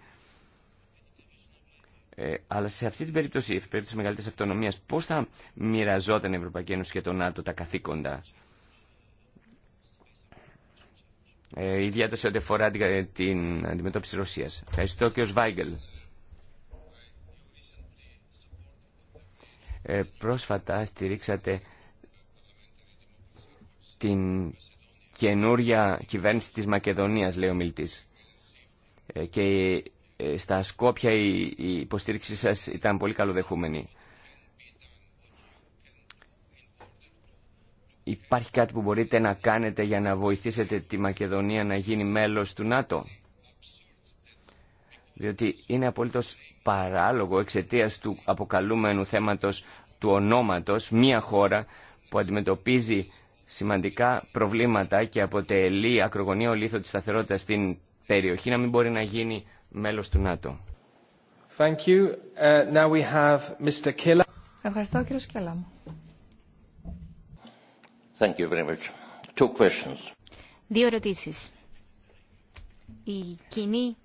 Ε, αλλά σε αυτή την περίπτωση, η περίπτωση μεγαλύτερη αυτονομία, πώ θα μοιραζόταν η Ευρωπαϊκή Ένωση και το ΝΑΤΟ τα καθήκοντα. Ε, ιδιαίτερα σε ό,τι αφορά την, ε, αντιμετώπιση τη Ρωσία. Ευχαριστώ και ο Σβάγκελ. Ε, πρόσφατα στηρίξατε την καινούρια κυβέρνηση της Μακεδονίας, λέει ο μιλτής. Ε, και ε, στα Σκόπια η υποστήριξή σας ήταν πολύ καλοδεχούμενη. Υπάρχει κάτι που μπορείτε να κάνετε για να βοηθήσετε τη Μακεδονία να γίνει μέλος του ΝΑΤΟ. Διότι είναι απολύτως παράλογο εξαιτία του αποκαλούμενου θέματος του ονόματος μια χώρα που αντιμετωπίζει σημαντικά προβλήματα και αποτελεί ακρογωνία ολίθο της σταθερότητας στην περιοχή να μην μπορεί να γίνει μέλος του ΝΑΤΟ. Uh, Ευχαριστώ κύριο Σκέλα. Δύο ερωτήσεις. Η κοινή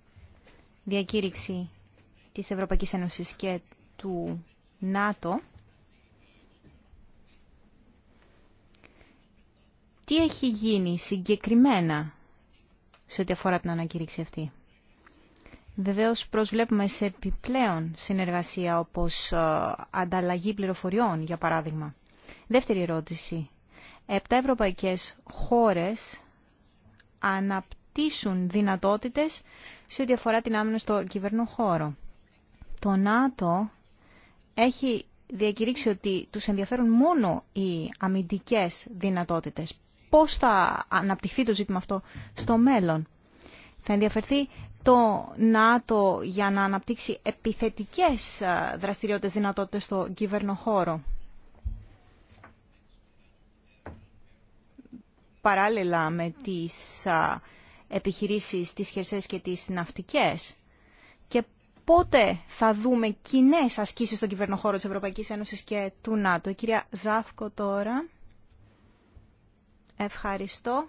διακήρυξη της Ευρωπαϊκής Ένωσης και του ΝΑΤΟ Τι έχει γίνει συγκεκριμένα σε ό,τι αφορά την ανακήρυξη αυτή. Βεβαίως προσβλέπουμε σε επιπλέον συνεργασία όπως ε, ανταλλαγή πληροφοριών, για παράδειγμα. Δεύτερη ερώτηση. Επτά ευρωπαϊκές χώρες αναπτύσσουν δυνατότητες σε ό,τι αφορά την άμυνα στο χώρο. Το ΝΑΤΟ έχει διακηρύξει ότι τους ενδιαφέρουν μόνο οι αμυντικές δυνατότητες πώς θα αναπτυχθεί το ζήτημα αυτό στο μέλλον. Θα ενδιαφερθεί το ΝΑΤΟ για να αναπτύξει επιθετικές ε, δραστηριότητες δυνατότητες στο κυβερνοχώρο. Παράλληλα με τις ε, επιχειρήσεις της χερσές και τις ναυτικές. Και πότε θα δούμε κοινέ ασκήσεις στον κυβερνοχώρο της Ευρωπαϊκής Ένωσης και του ΝΑΤΟ. Η κυρία Ζάφκο τώρα. Ευχαριστώ.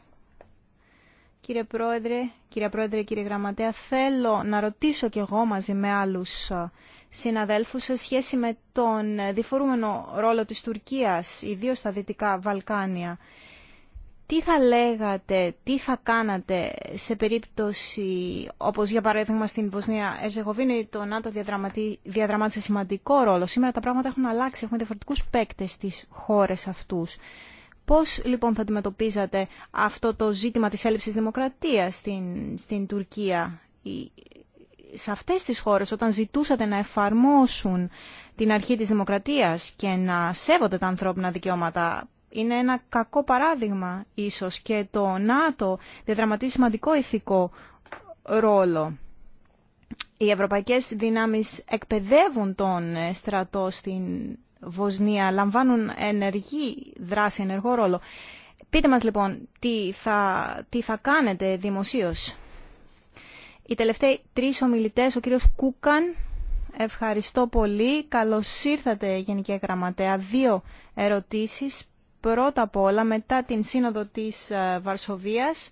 Κύριε Πρόεδρε, κύριε Πρόεδρε, κύριε Γραμματέα, θέλω να ρωτήσω κι εγώ μαζί με άλλους ε, συναδέλφους σε σχέση με τον διφορούμενο ρόλο της Τουρκίας, ιδίως στα Δυτικά Βαλκάνια. Τι θα λέγατε, τι θα κάνατε σε περίπτωση, όπως για παράδειγμα στην Βοσνία Ερζεγοβίνη, το ΝΑΤΟ διαδραμάτισε σημαντικό ρόλο. Σήμερα τα πράγματα έχουν αλλάξει, έχουμε διαφορετικούς παίκτες στις χώρες αυτούς. Πώς λοιπόν θα αντιμετωπίζατε αυτό το ζήτημα της έλλειψης δημοκρατίας στην, στην Τουρκία σε αυτές τις χώρες όταν ζητούσατε να εφαρμόσουν την αρχή της δημοκρατίας και να σέβονται τα ανθρώπινα δικαιώματα είναι ένα κακό παράδειγμα ίσως και το ΝΑΤΟ διαδραματίζει σημαντικό ηθικό ρόλο. Οι ευρωπαϊκές δυνάμεις εκπαιδεύουν τον στρατό στην Βοσνία λαμβάνουν ενεργή δράση, ενεργό ρόλο. Πείτε μας λοιπόν τι θα, τι θα κάνετε δημοσίως. Οι τελευταίοι τρεις ομιλητές, ο κύριος Κούκαν, ευχαριστώ πολύ. Καλώς ήρθατε Γενική Γραμματέα. Δύο ερωτήσεις. Πρώτα απ' όλα, μετά την σύνοδο της ε, Βαρσοβίας,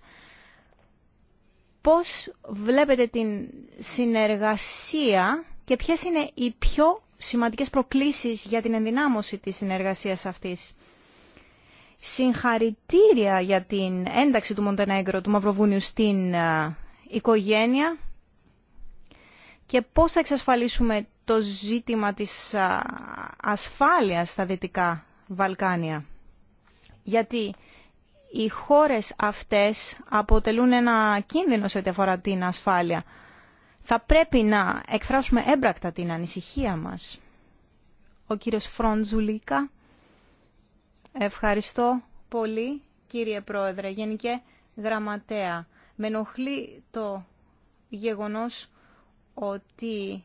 πώς βλέπετε την συνεργασία και ποιες είναι οι πιο σημαντικές προκλήσεις για την ενδυνάμωση της συνεργασίας αυτής. Συγχαρητήρια για την ένταξη του Μοντενέγκρο, του Μαυροβούνιου στην ε, οικογένεια και πώς θα εξασφαλίσουμε το ζήτημα της ε, ασφάλειας στα Δυτικά Βαλκάνια. Γιατί οι χώρες αυτές αποτελούν ένα κίνδυνο σε ό,τι αφορά την ασφάλεια. Θα πρέπει να εκφράσουμε έμπρακτα την ανησυχία μας. Ο κύριος Φροντζουλίκα. Ευχαριστώ πολύ, κύριε Πρόεδρε, Γενικέ Γραμματέα. Με ενοχλεί το γεγονός ότι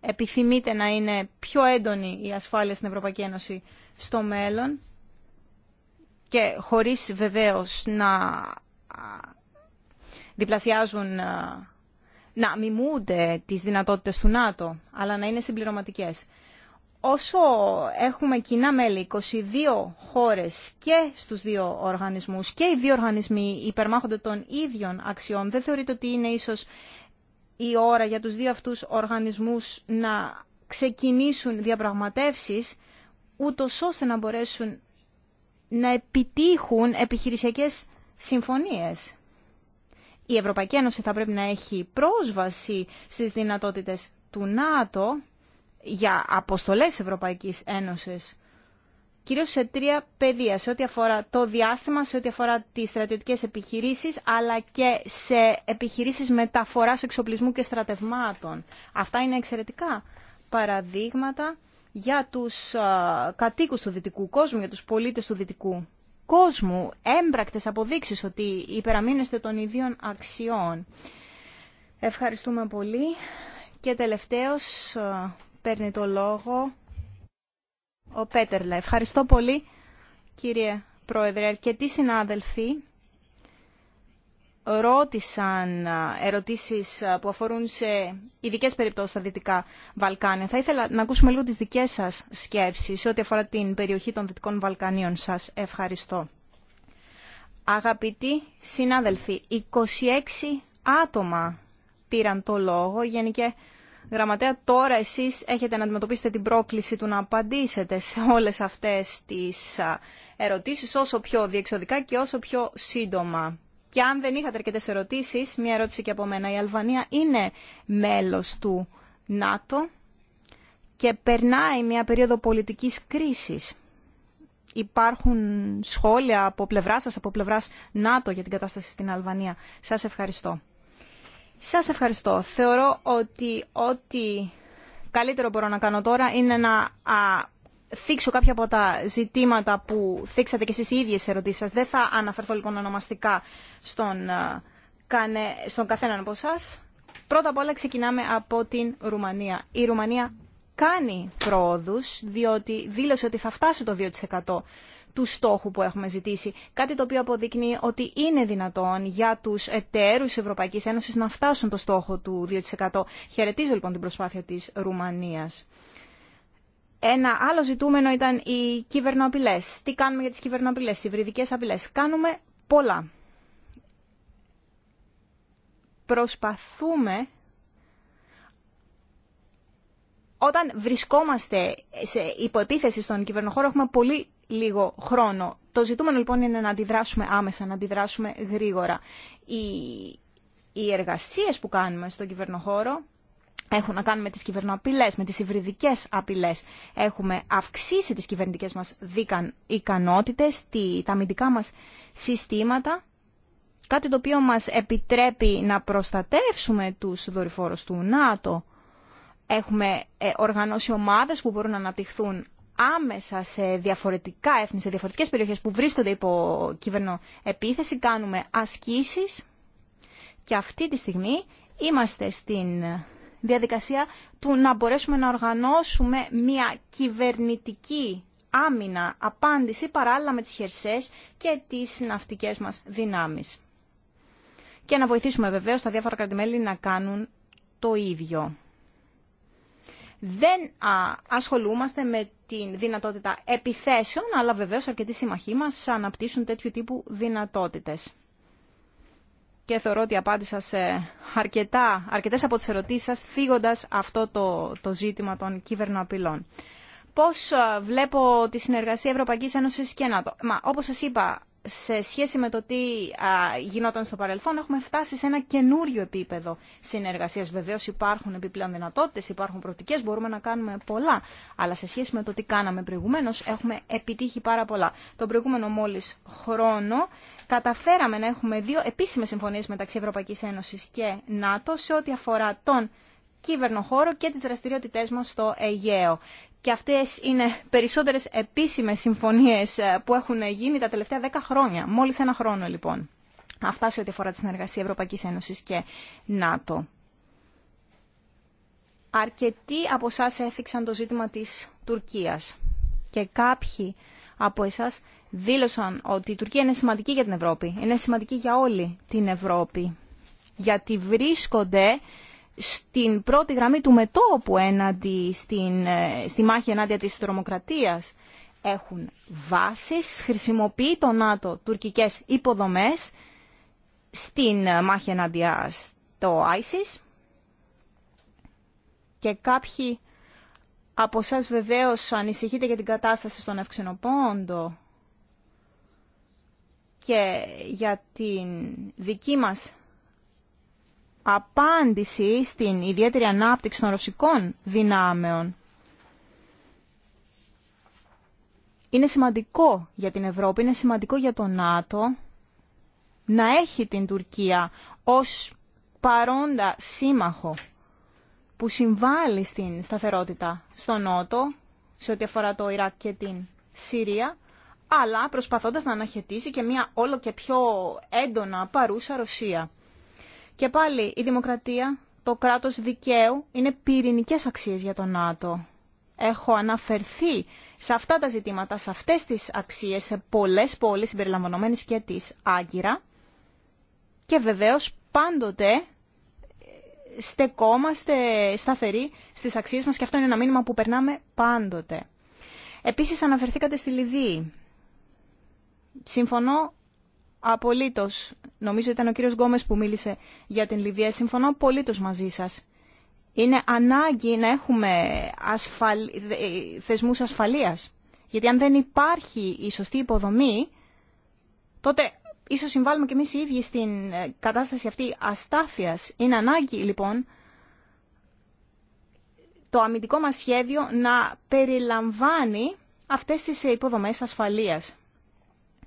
επιθυμείτε να είναι πιο έντονη η ασφάλεια στην Ευρωπαϊκή Ένωση στο μέλλον και χωρίς βεβαίως να διπλασιάζουν να μιμούνται τις δυνατότητες του ΝΑΤΟ, αλλά να είναι συμπληρωματικές. Όσο έχουμε κοινά μέλη 22 χώρες και στους δύο οργανισμούς και οι δύο οργανισμοί υπερμάχονται των ίδιων αξιών, δεν θεωρείτε ότι είναι ίσως η ώρα για τους δύο αυτούς οργανισμούς να ξεκινήσουν διαπραγματεύσεις, ούτω ώστε να μπορέσουν να επιτύχουν επιχειρησιακές συμφωνίες η Ευρωπαϊκή Ένωση θα πρέπει να έχει πρόσβαση στις δυνατότητες του ΝΑΤΟ για αποστολές Ευρωπαϊκής Ένωσης. Κυρίως σε τρία πεδία, σε ό,τι αφορά το διάστημα, σε ό,τι αφορά τις στρατιωτικές επιχειρήσεις, αλλά και σε επιχειρήσεις μεταφοράς εξοπλισμού και στρατευμάτων. Αυτά είναι εξαιρετικά παραδείγματα για τους κατοίκους του δυτικού κόσμου, για τους πολίτες του δυτικού κόσμου έμπρακτες αποδείξεις ότι υπεραμείνεστε των ιδίων αξιών. Ευχαριστούμε πολύ. Και τελευταίος ε, παίρνει το λόγο ο Πέτερλα. Ευχαριστώ πολύ κύριε Πρόεδρε. Αρκετοί συνάδελφοι ρώτησαν ερωτήσεις που αφορούν σε ειδικέ περιπτώσεις στα Δυτικά Βαλκάνια. Θα ήθελα να ακούσουμε λίγο τις δικές σας σκέψεις σε ό,τι αφορά την περιοχή των Δυτικών Βαλκανίων. Σας ευχαριστώ. Αγαπητοί συνάδελφοι, 26 άτομα πήραν το λόγο. Γενικέ Γραμματέα, τώρα εσείς έχετε να αντιμετωπίσετε την πρόκληση του να απαντήσετε σε όλες αυτές τις ερωτήσεις όσο πιο διεξοδικά και όσο πιο σύντομα. Και αν δεν είχατε αρκετέ ερωτήσει, μια ερώτηση και από μένα. Η Αλβανία είναι μέλο του ΝΑΤΟ και περνάει μια περίοδο πολιτικής κρίσης. Υπάρχουν σχόλια από πλευρά σα, από πλευράς ΝΑΤΟ για την κατάσταση στην Αλβανία. Σας ευχαριστώ. Σας ευχαριστώ. Θεωρώ ότι ό,τι καλύτερο μπορώ να κάνω τώρα είναι να θίξω κάποια από τα ζητήματα που θίξατε και εσείς οι ίδιες ερωτήσεις σας. Δεν θα αναφερθώ λοιπόν ονομαστικά στον, ε, στον καθέναν από εσά. Πρώτα απ' όλα ξεκινάμε από την Ρουμανία. Η Ρουμανία κάνει πρόοδους, διότι δήλωσε ότι θα φτάσει το 2% του στόχου που έχουμε ζητήσει. Κάτι το οποίο αποδεικνύει ότι είναι δυνατόν για τους εταίρους Ευρωπαϊκής Ένωσης να φτάσουν το στόχο του 2%. Χαιρετίζω λοιπόν την προσπάθεια της Ρουμανίας. Ένα άλλο ζητούμενο ήταν οι κυβερνοαπειλές. Τι κάνουμε για τις κυβερνοαπειλές, οι υβριδικέ απειλέ, Κάνουμε πολλά. Προσπαθούμε όταν βρισκόμαστε σε υποεπίθεση στον κυβερνοχώρο έχουμε πολύ λίγο χρόνο. Το ζητούμενο λοιπόν είναι να αντιδράσουμε άμεσα, να αντιδράσουμε γρήγορα. Οι, οι εργασίες που κάνουμε στον κυβερνοχώρο έχουν να κάνουν με τις κυβερνοαπειλές, με τις υβριδικές απειλές. Έχουμε αυξήσει τις κυβερνητικές μας δίκαν ικανότητες, τα αμυντικά μας συστήματα, κάτι το οποίο μας επιτρέπει να προστατεύσουμε τους δορυφόρους του ΝΑΤΟ. Έχουμε ε, οργανώσει ομάδες που μπορούν να αναπτυχθούν άμεσα σε διαφορετικά έθνη, σε διαφορετικές περιοχές που βρίσκονται υπό κυβερνοεπίθεση. Κάνουμε ασκήσεις και αυτή τη στιγμή είμαστε στην διαδικασία του να μπορέσουμε να οργανώσουμε μια κυβερνητική άμυνα απάντηση παράλληλα με τις χερσές και τις ναυτικές μας δυνάμεις. Και να βοηθήσουμε βεβαίως τα διάφορα κρατημέλη να κάνουν το ίδιο. Δεν ασχολούμαστε με την δυνατότητα επιθέσεων, αλλά βεβαίως αρκετοί συμμαχοί μας αναπτύσσουν τέτοιου τύπου δυνατότητες και θεωρώ ότι απάντησα σε αρκετά, αρκετές από τις ερωτήσεις σας θίγοντας αυτό το, το ζήτημα των κυβερνοαπειλών. Πώς ε, βλέπω τη συνεργασία Ευρωπαϊκής Ένωσης και ΝΑΤΟ. Μα, όπως σας είπα, σε σχέση με το τι γινόταν στο παρελθόν, έχουμε φτάσει σε ένα καινούριο επίπεδο συνεργασίας. Βεβαίως υπάρχουν επιπλέον δυνατότητες, υπάρχουν προοπτικές, μπορούμε να κάνουμε πολλά. Αλλά σε σχέση με το τι κάναμε προηγουμένως, έχουμε επιτύχει πάρα πολλά. Τον προηγούμενο μόλις χρόνο καταφέραμε να έχουμε δύο επίσημες συμφωνίες μεταξύ Ευρωπαϊκής Ένωσης και ΝΑΤΟ σε ό,τι αφορά τον κύβερνο χώρο και τις δραστηριότητές μας στο Αιγαίο και αυτές είναι περισσότερες επίσημες συμφωνίες ε, που έχουν γίνει τα τελευταία δέκα χρόνια, μόλις ένα χρόνο λοιπόν. Αυτά σε ό,τι αφορά τη συνεργασία Ευρωπαϊκής Ένωσης και ΝΑΤΟ. Αρκετοί από εσά έθιξαν το ζήτημα της Τουρκίας και κάποιοι από εσά δήλωσαν ότι η Τουρκία είναι σημαντική για την Ευρώπη, είναι σημαντική για όλη την Ευρώπη, γιατί βρίσκονται στην πρώτη γραμμή του μετόπου έναντι στην, ε, στη μάχη ενάντια της τρομοκρατίας έχουν βάσεις, χρησιμοποιεί το ΝΑΤΟ τουρκικές υποδομές στην ε, μάχη ενάντια στο ISIS και κάποιοι από εσά βεβαίως ανησυχείτε για την κατάσταση στον Ευξενοπόντο και για την δική μας απάντηση στην ιδιαίτερη ανάπτυξη των ρωσικών δυνάμεων. Είναι σημαντικό για την Ευρώπη, είναι σημαντικό για το ΝΑΤΟ να έχει την Τουρκία ως παρόντα σύμμαχο που συμβάλλει στην σταθερότητα στο Νότο, σε ό,τι αφορά το Ιράκ και την Συρία, αλλά προσπαθώντας να αναχαιτήσει και μια όλο και πιο έντονα παρούσα Ρωσία. Και πάλι η δημοκρατία, το κράτος δικαίου είναι πυρηνικές αξίες για τον ΝΑΤΟ. Έχω αναφερθεί σε αυτά τα ζητήματα, σε αυτές τις αξίες, σε πολλές πόλεις συμπεριλαμβανομένες και της Άγκυρα. Και βεβαίως πάντοτε ε, στεκόμαστε σταθεροί στις αξίες μας και αυτό είναι ένα μήνυμα που περνάμε πάντοτε. Επίσης αναφερθήκατε στη Λιβύη. Συμφωνώ Απολύτως. Νομίζω ήταν ο κύριος Γκόμες που μίλησε για την Λιβύα. Συμφωνώ απολύτως μαζί σας. Είναι ανάγκη να έχουμε ασφαλ... Ε, θεσμούς ασφαλείας. Γιατί αν δεν υπάρχει η σωστή υποδομή, τότε ίσως συμβάλλουμε και εμεί οι ίδιοι στην ε, κατάσταση αυτή αστάθεια Είναι ανάγκη λοιπόν το αμυντικό μας σχέδιο να περιλαμβάνει αυτές τις ε, υποδομές ασφαλείας.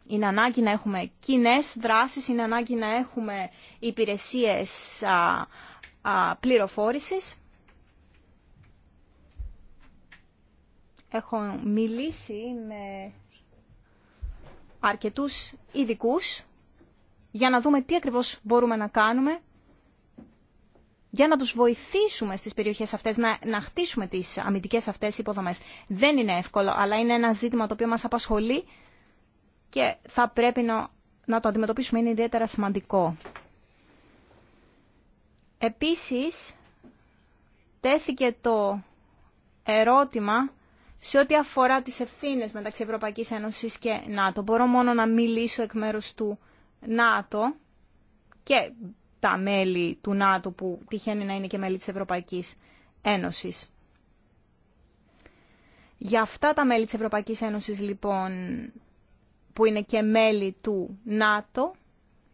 Είναι ανάγκη να έχουμε κοινέ δράσεις, είναι ανάγκη να έχουμε υπηρεσίες πληροφόρηση. πληροφόρησης. Έχω μιλήσει με αρκετούς ειδικού για να δούμε τι ακριβώς μπορούμε να κάνουμε για να τους βοηθήσουμε στις περιοχές αυτές να, να χτίσουμε τις αμυντικές αυτές υποδομές. Δεν είναι εύκολο, αλλά είναι ένα ζήτημα το οποίο μας απασχολεί και θα πρέπει να, το αντιμετωπίσουμε, είναι ιδιαίτερα σημαντικό. Επίσης, τέθηκε το ερώτημα σε ό,τι αφορά τις ευθύνες μεταξύ Ευρωπαϊκής Ένωσης και ΝΑΤΟ. Μπορώ μόνο να μιλήσω εκ μέρους του ΝΑΤΟ και τα μέλη του ΝΑΤΟ που τυχαίνει να είναι και μέλη της Ευρωπαϊκής Ένωσης. Για αυτά τα μέλη της Ευρωπαϊκής Ένωσης, λοιπόν, που είναι και μέλη του ΝΑΤΟ,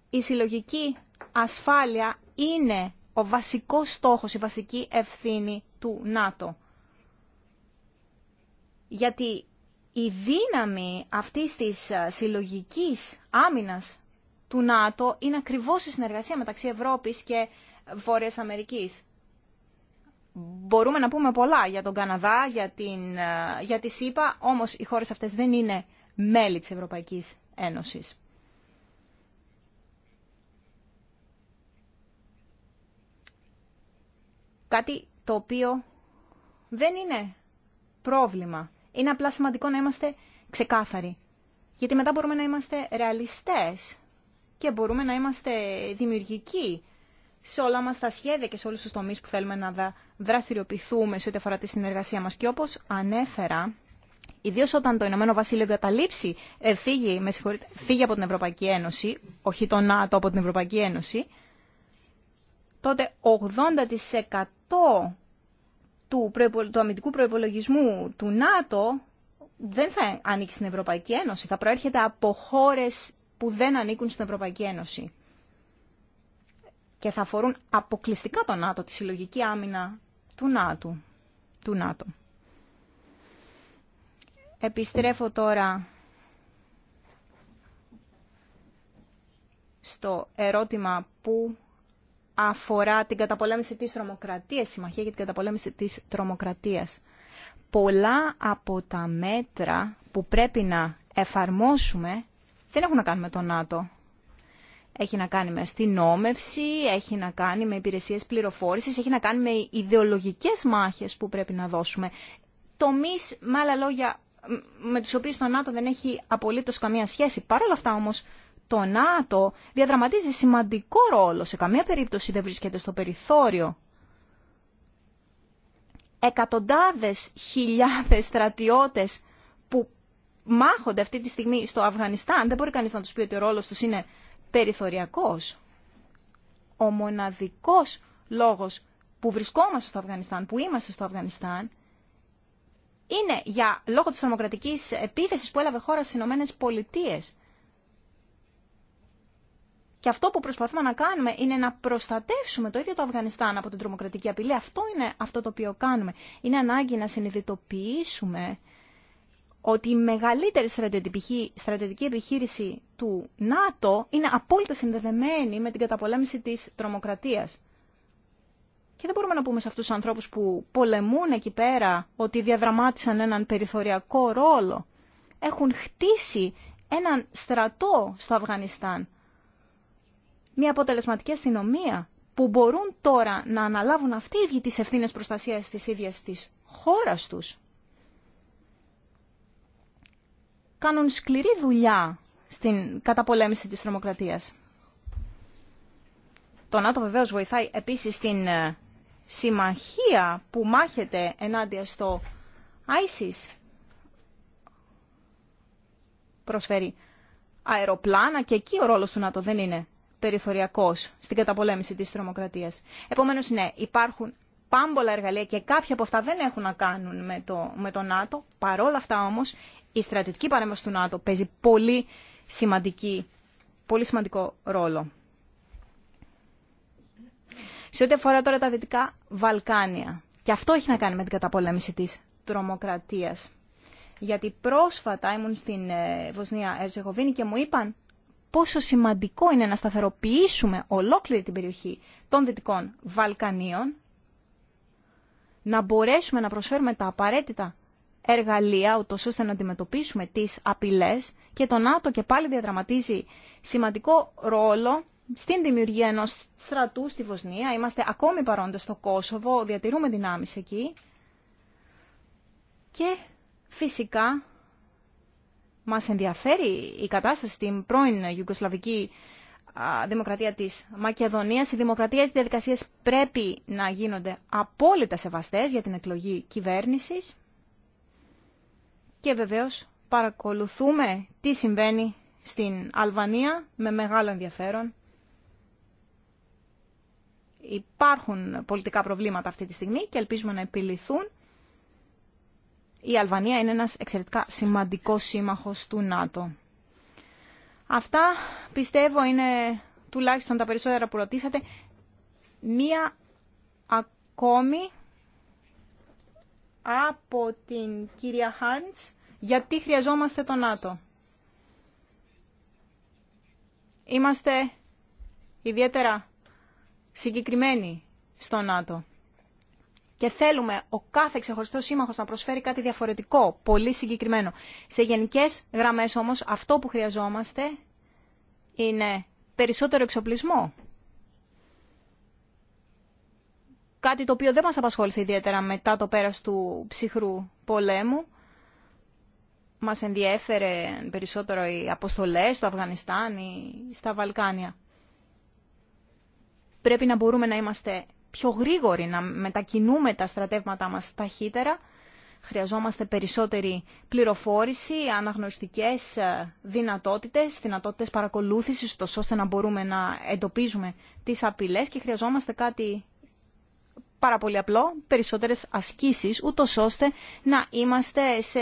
η συλλογική ασφάλεια είναι ο βασικός στόχος, η βασική ευθύνη του ΝΑΤΟ. Γιατί η δύναμη αυτής της ε, συλλογικής άμυνας του ΝΑΤΟ είναι ακριβώς η συνεργασία μεταξύ Ευρώπης και Βόρειας Αμερικής. Μπορούμε να πούμε πολλά για τον Καναδά, για, την, ε, για τη ΣΥΠΑ, όμως οι χώρες αυτές δεν είναι μέλη της Ευρωπαϊκής Ένωσης. Κάτι το οποίο δεν είναι πρόβλημα. Είναι απλά σημαντικό να είμαστε ξεκάθαροι. Γιατί μετά μπορούμε να είμαστε ρεαλιστές και μπορούμε να είμαστε δημιουργικοί σε όλα μας τα σχέδια και σε όλους τους τομείς που θέλουμε να δραστηριοποιηθούμε σε ό,τι αφορά τη συνεργασία μας. Και όπως ανέφερα, ιδίω όταν το Ηνωμένο Βασίλειο καταλήψει, ε, φύγει, με φύγει από την Ευρωπαϊκή Ένωση, όχι το ΝΑΤΟ από την Ευρωπαϊκή Ένωση, τότε 80% του, του αμυντικού προπολογισμού του ΝΑΤΟ δεν θα ανήκει στην Ευρωπαϊκή Ένωση, θα προέρχεται από χώρες που δεν ανήκουν στην Ευρωπαϊκή Ένωση και θα αφορούν αποκλειστικά το ΝΑΤΟ, τη συλλογική άμυνα του ΝΑΤΟ. Του ΝΑΤΟ. Επιστρέφω τώρα στο ερώτημα που αφορά την καταπολέμηση της τρομοκρατίας, συμμαχία για την καταπολέμηση της τρομοκρατίας. Πολλά από τα μέτρα που πρέπει να εφαρμόσουμε δεν έχουν να κάνουν με τον ΝΑΤΟ. Έχει να κάνει με αστυνόμευση, έχει να κάνει με υπηρεσίες πληροφόρησης, έχει να κάνει με ιδεολογικές μάχες που πρέπει να δώσουμε. Τομείς, με άλλα λόγια, με τους οποίους το ΝΑΤΟ δεν έχει απολύτως καμία σχέση. Παρ' όλα αυτά όμως το ΝΑΤΟ διαδραματίζει σημαντικό ρόλο. Σε καμία περίπτωση δεν βρίσκεται στο περιθώριο. Εκατοντάδες χιλιάδες στρατιώτες που μάχονται αυτή τη στιγμή στο Αφγανιστάν, δεν μπορεί κανείς να τους πει ότι ο ρόλος τους είναι περιθωριακός. Ο μοναδικός λόγος που βρισκόμαστε στο Αφγανιστάν, που είμαστε στο Αφγανιστάν, είναι για λόγω της τρομοκρατικής επίθεσης που έλαβε χώρα στις Ηνωμένε Πολιτείε. Και αυτό που προσπαθούμε να κάνουμε είναι να προστατεύσουμε το ίδιο το Αφγανιστάν από την τρομοκρατική απειλή. Αυτό είναι αυτό το οποίο κάνουμε. Είναι ανάγκη να συνειδητοποιήσουμε ότι η μεγαλύτερη στρατιωτική επιχείρηση του ΝΑΤΟ είναι απόλυτα συνδεδεμένη με την καταπολέμηση της τρομοκρατίας. Και δεν μπορούμε να πούμε σε αυτούς τους ανθρώπους που πολεμούν εκεί πέρα ότι διαδραμάτισαν έναν περιθωριακό ρόλο. Έχουν χτίσει έναν στρατό στο Αφγανιστάν. Μια αποτελεσματική αστυνομία που μπορούν τώρα να αναλάβουν αυτοί οι ίδιοι τις ευθύνες προστασίας της ίδιας της χώρας τους. Κάνουν σκληρή δουλειά στην καταπολέμηση της τρομοκρατίας. Το ΝΑΤΟ βεβαίως βοηθάει επίσης στην ε, συμμαχία που μάχεται ενάντια στο ISIS προσφέρει αεροπλάνα και εκεί ο ρόλος του ΝΑΤΟ δεν είναι περιθωριακός στην καταπολέμηση της τρομοκρατίας. Επομένως, ναι, υπάρχουν πάμπολα εργαλεία και κάποια από αυτά δεν έχουν να κάνουν με το, με το ΝΑΤΟ. Παρόλα αυτά όμως, η στρατιωτική παρέμβαση του ΝΑΤΟ παίζει πολύ, σημαντική, πολύ σημαντικό ρόλο. Σε ό,τι αφορά τώρα τα Δυτικά Βαλκάνια. Και αυτό έχει να κάνει με την καταπολέμηση της τρομοκρατίας. Γιατί πρόσφατα ήμουν στην ε, Βοσνία Ερζεγοβίνη και μου είπαν πόσο σημαντικό είναι να σταθεροποιήσουμε ολόκληρη την περιοχή των Δυτικών Βαλκανίων, να μπορέσουμε να προσφέρουμε τα απαραίτητα εργαλεία, ούτως ώστε να αντιμετωπίσουμε τις απειλές και το ΝΑΤΟ και πάλι διαδραματίζει σημαντικό ρόλο στην δημιουργία ενό στρατού στη Βοσνία. Είμαστε ακόμη παρόντες στο Κόσοβο, διατηρούμε δυνάμεις εκεί. Και φυσικά μας ενδιαφέρει η κατάσταση στην πρώην Ιουγκοσλαβική Δημοκρατία της Μακεδονίας. Οι δημοκρατίε οι διαδικασίες πρέπει να γίνονται απόλυτα σεβαστές για την εκλογή κυβέρνησης. Και βεβαίως παρακολουθούμε τι συμβαίνει στην Αλβανία με μεγάλο ενδιαφέρον. Υπάρχουν πολιτικά προβλήματα αυτή τη στιγμή και ελπίζουμε να επιληθούν. Η Αλβανία είναι ένας εξαιρετικά σημαντικός σύμμαχος του ΝΑΤΟ. Αυτά πιστεύω είναι τουλάχιστον τα περισσότερα που ρωτήσατε. Μία ακόμη από την κυρία Χάρντς γιατί χρειαζόμαστε το ΝΑΤΟ. Είμαστε ιδιαίτερα συγκεκριμένοι στο ΝΑΤΟ. Και θέλουμε ο κάθε ξεχωριστό σύμμαχος να προσφέρει κάτι διαφορετικό, πολύ συγκεκριμένο. Σε γενικές γραμμές όμως αυτό που χρειαζόμαστε είναι περισσότερο εξοπλισμό. Κάτι το οποίο δεν μας απασχόλησε ιδιαίτερα μετά το πέρας του ψυχρού πολέμου. Μας ενδιέφερε περισσότερο οι αποστολές στο Αφγανιστάν ή στα Βαλκάνια. Πρέπει να μπορούμε να είμαστε πιο γρήγοροι, να μετακινούμε τα στρατεύματά μας ταχύτερα. Χρειαζόμαστε περισσότερη πληροφόρηση, αναγνωριστικές ε, δυνατότητες, δυνατότητες παρακολούθησης, τόσο ώστε να μπορούμε να εντοπίζουμε τις απειλές και χρειαζόμαστε κάτι πάρα πολύ απλό, περισσότερες ασκήσεις, ούτω ώστε να είμαστε σε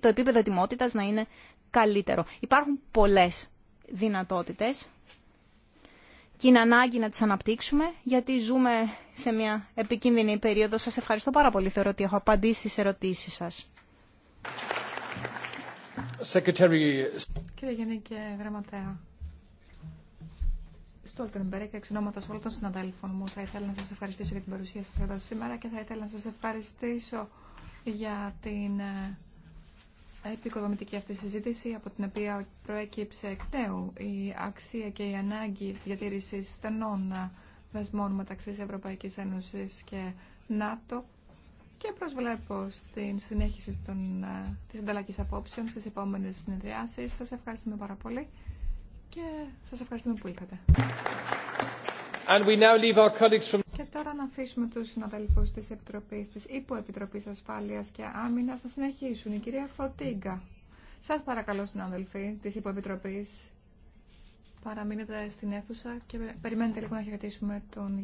το επίπεδο ετοιμότητας να είναι καλύτερο. Υπάρχουν πολλές δυνατότητες και είναι ανάγκη να τις αναπτύξουμε γιατί ζούμε σε μια επικίνδυνη περίοδο. Σας ευχαριστώ πάρα πολύ. Θεωρώ ότι έχω απαντήσει στις ερωτήσεις σας. Secretary... Κύριε Γενική Γραμματέα, στο Ολτενμπερέκ, εξ ονόματος όλων των συναδέλφων μου, θα ήθελα να σας ευχαριστήσω για την παρουσία σας εδώ σήμερα και θα ήθελα να σας ευχαριστήσω για την ε, επικοδομητική αυτή συζήτηση από την οποία προέκυψε εκ νέου η αξία και η ανάγκη διατήρηση στενών δεσμών μεταξύ Ευρωπαϊκής Ένωσης και ΝΑΤΟ και προσβλέπω στην συνέχιση των, ε, της ανταλλαγής απόψεων στις επόμενες συνεδριάσεις. Σας ευχαριστούμε πάρα πολύ και σας ευχαριστούμε που ήρθατε. And we now leave our και τώρα να αφήσουμε τους συναδελφούς της Επιτροπής, της Υποεπιτροπής Ασφάλειας και Άμυνας να συνεχίσουν. Η κυρία Φωτίγκα. Σας παρακαλώ συναδελφοί της Υποεπιτροπής. Παραμείνετε στην αίθουσα και περιμένετε λίγο να χαιρετήσουμε τον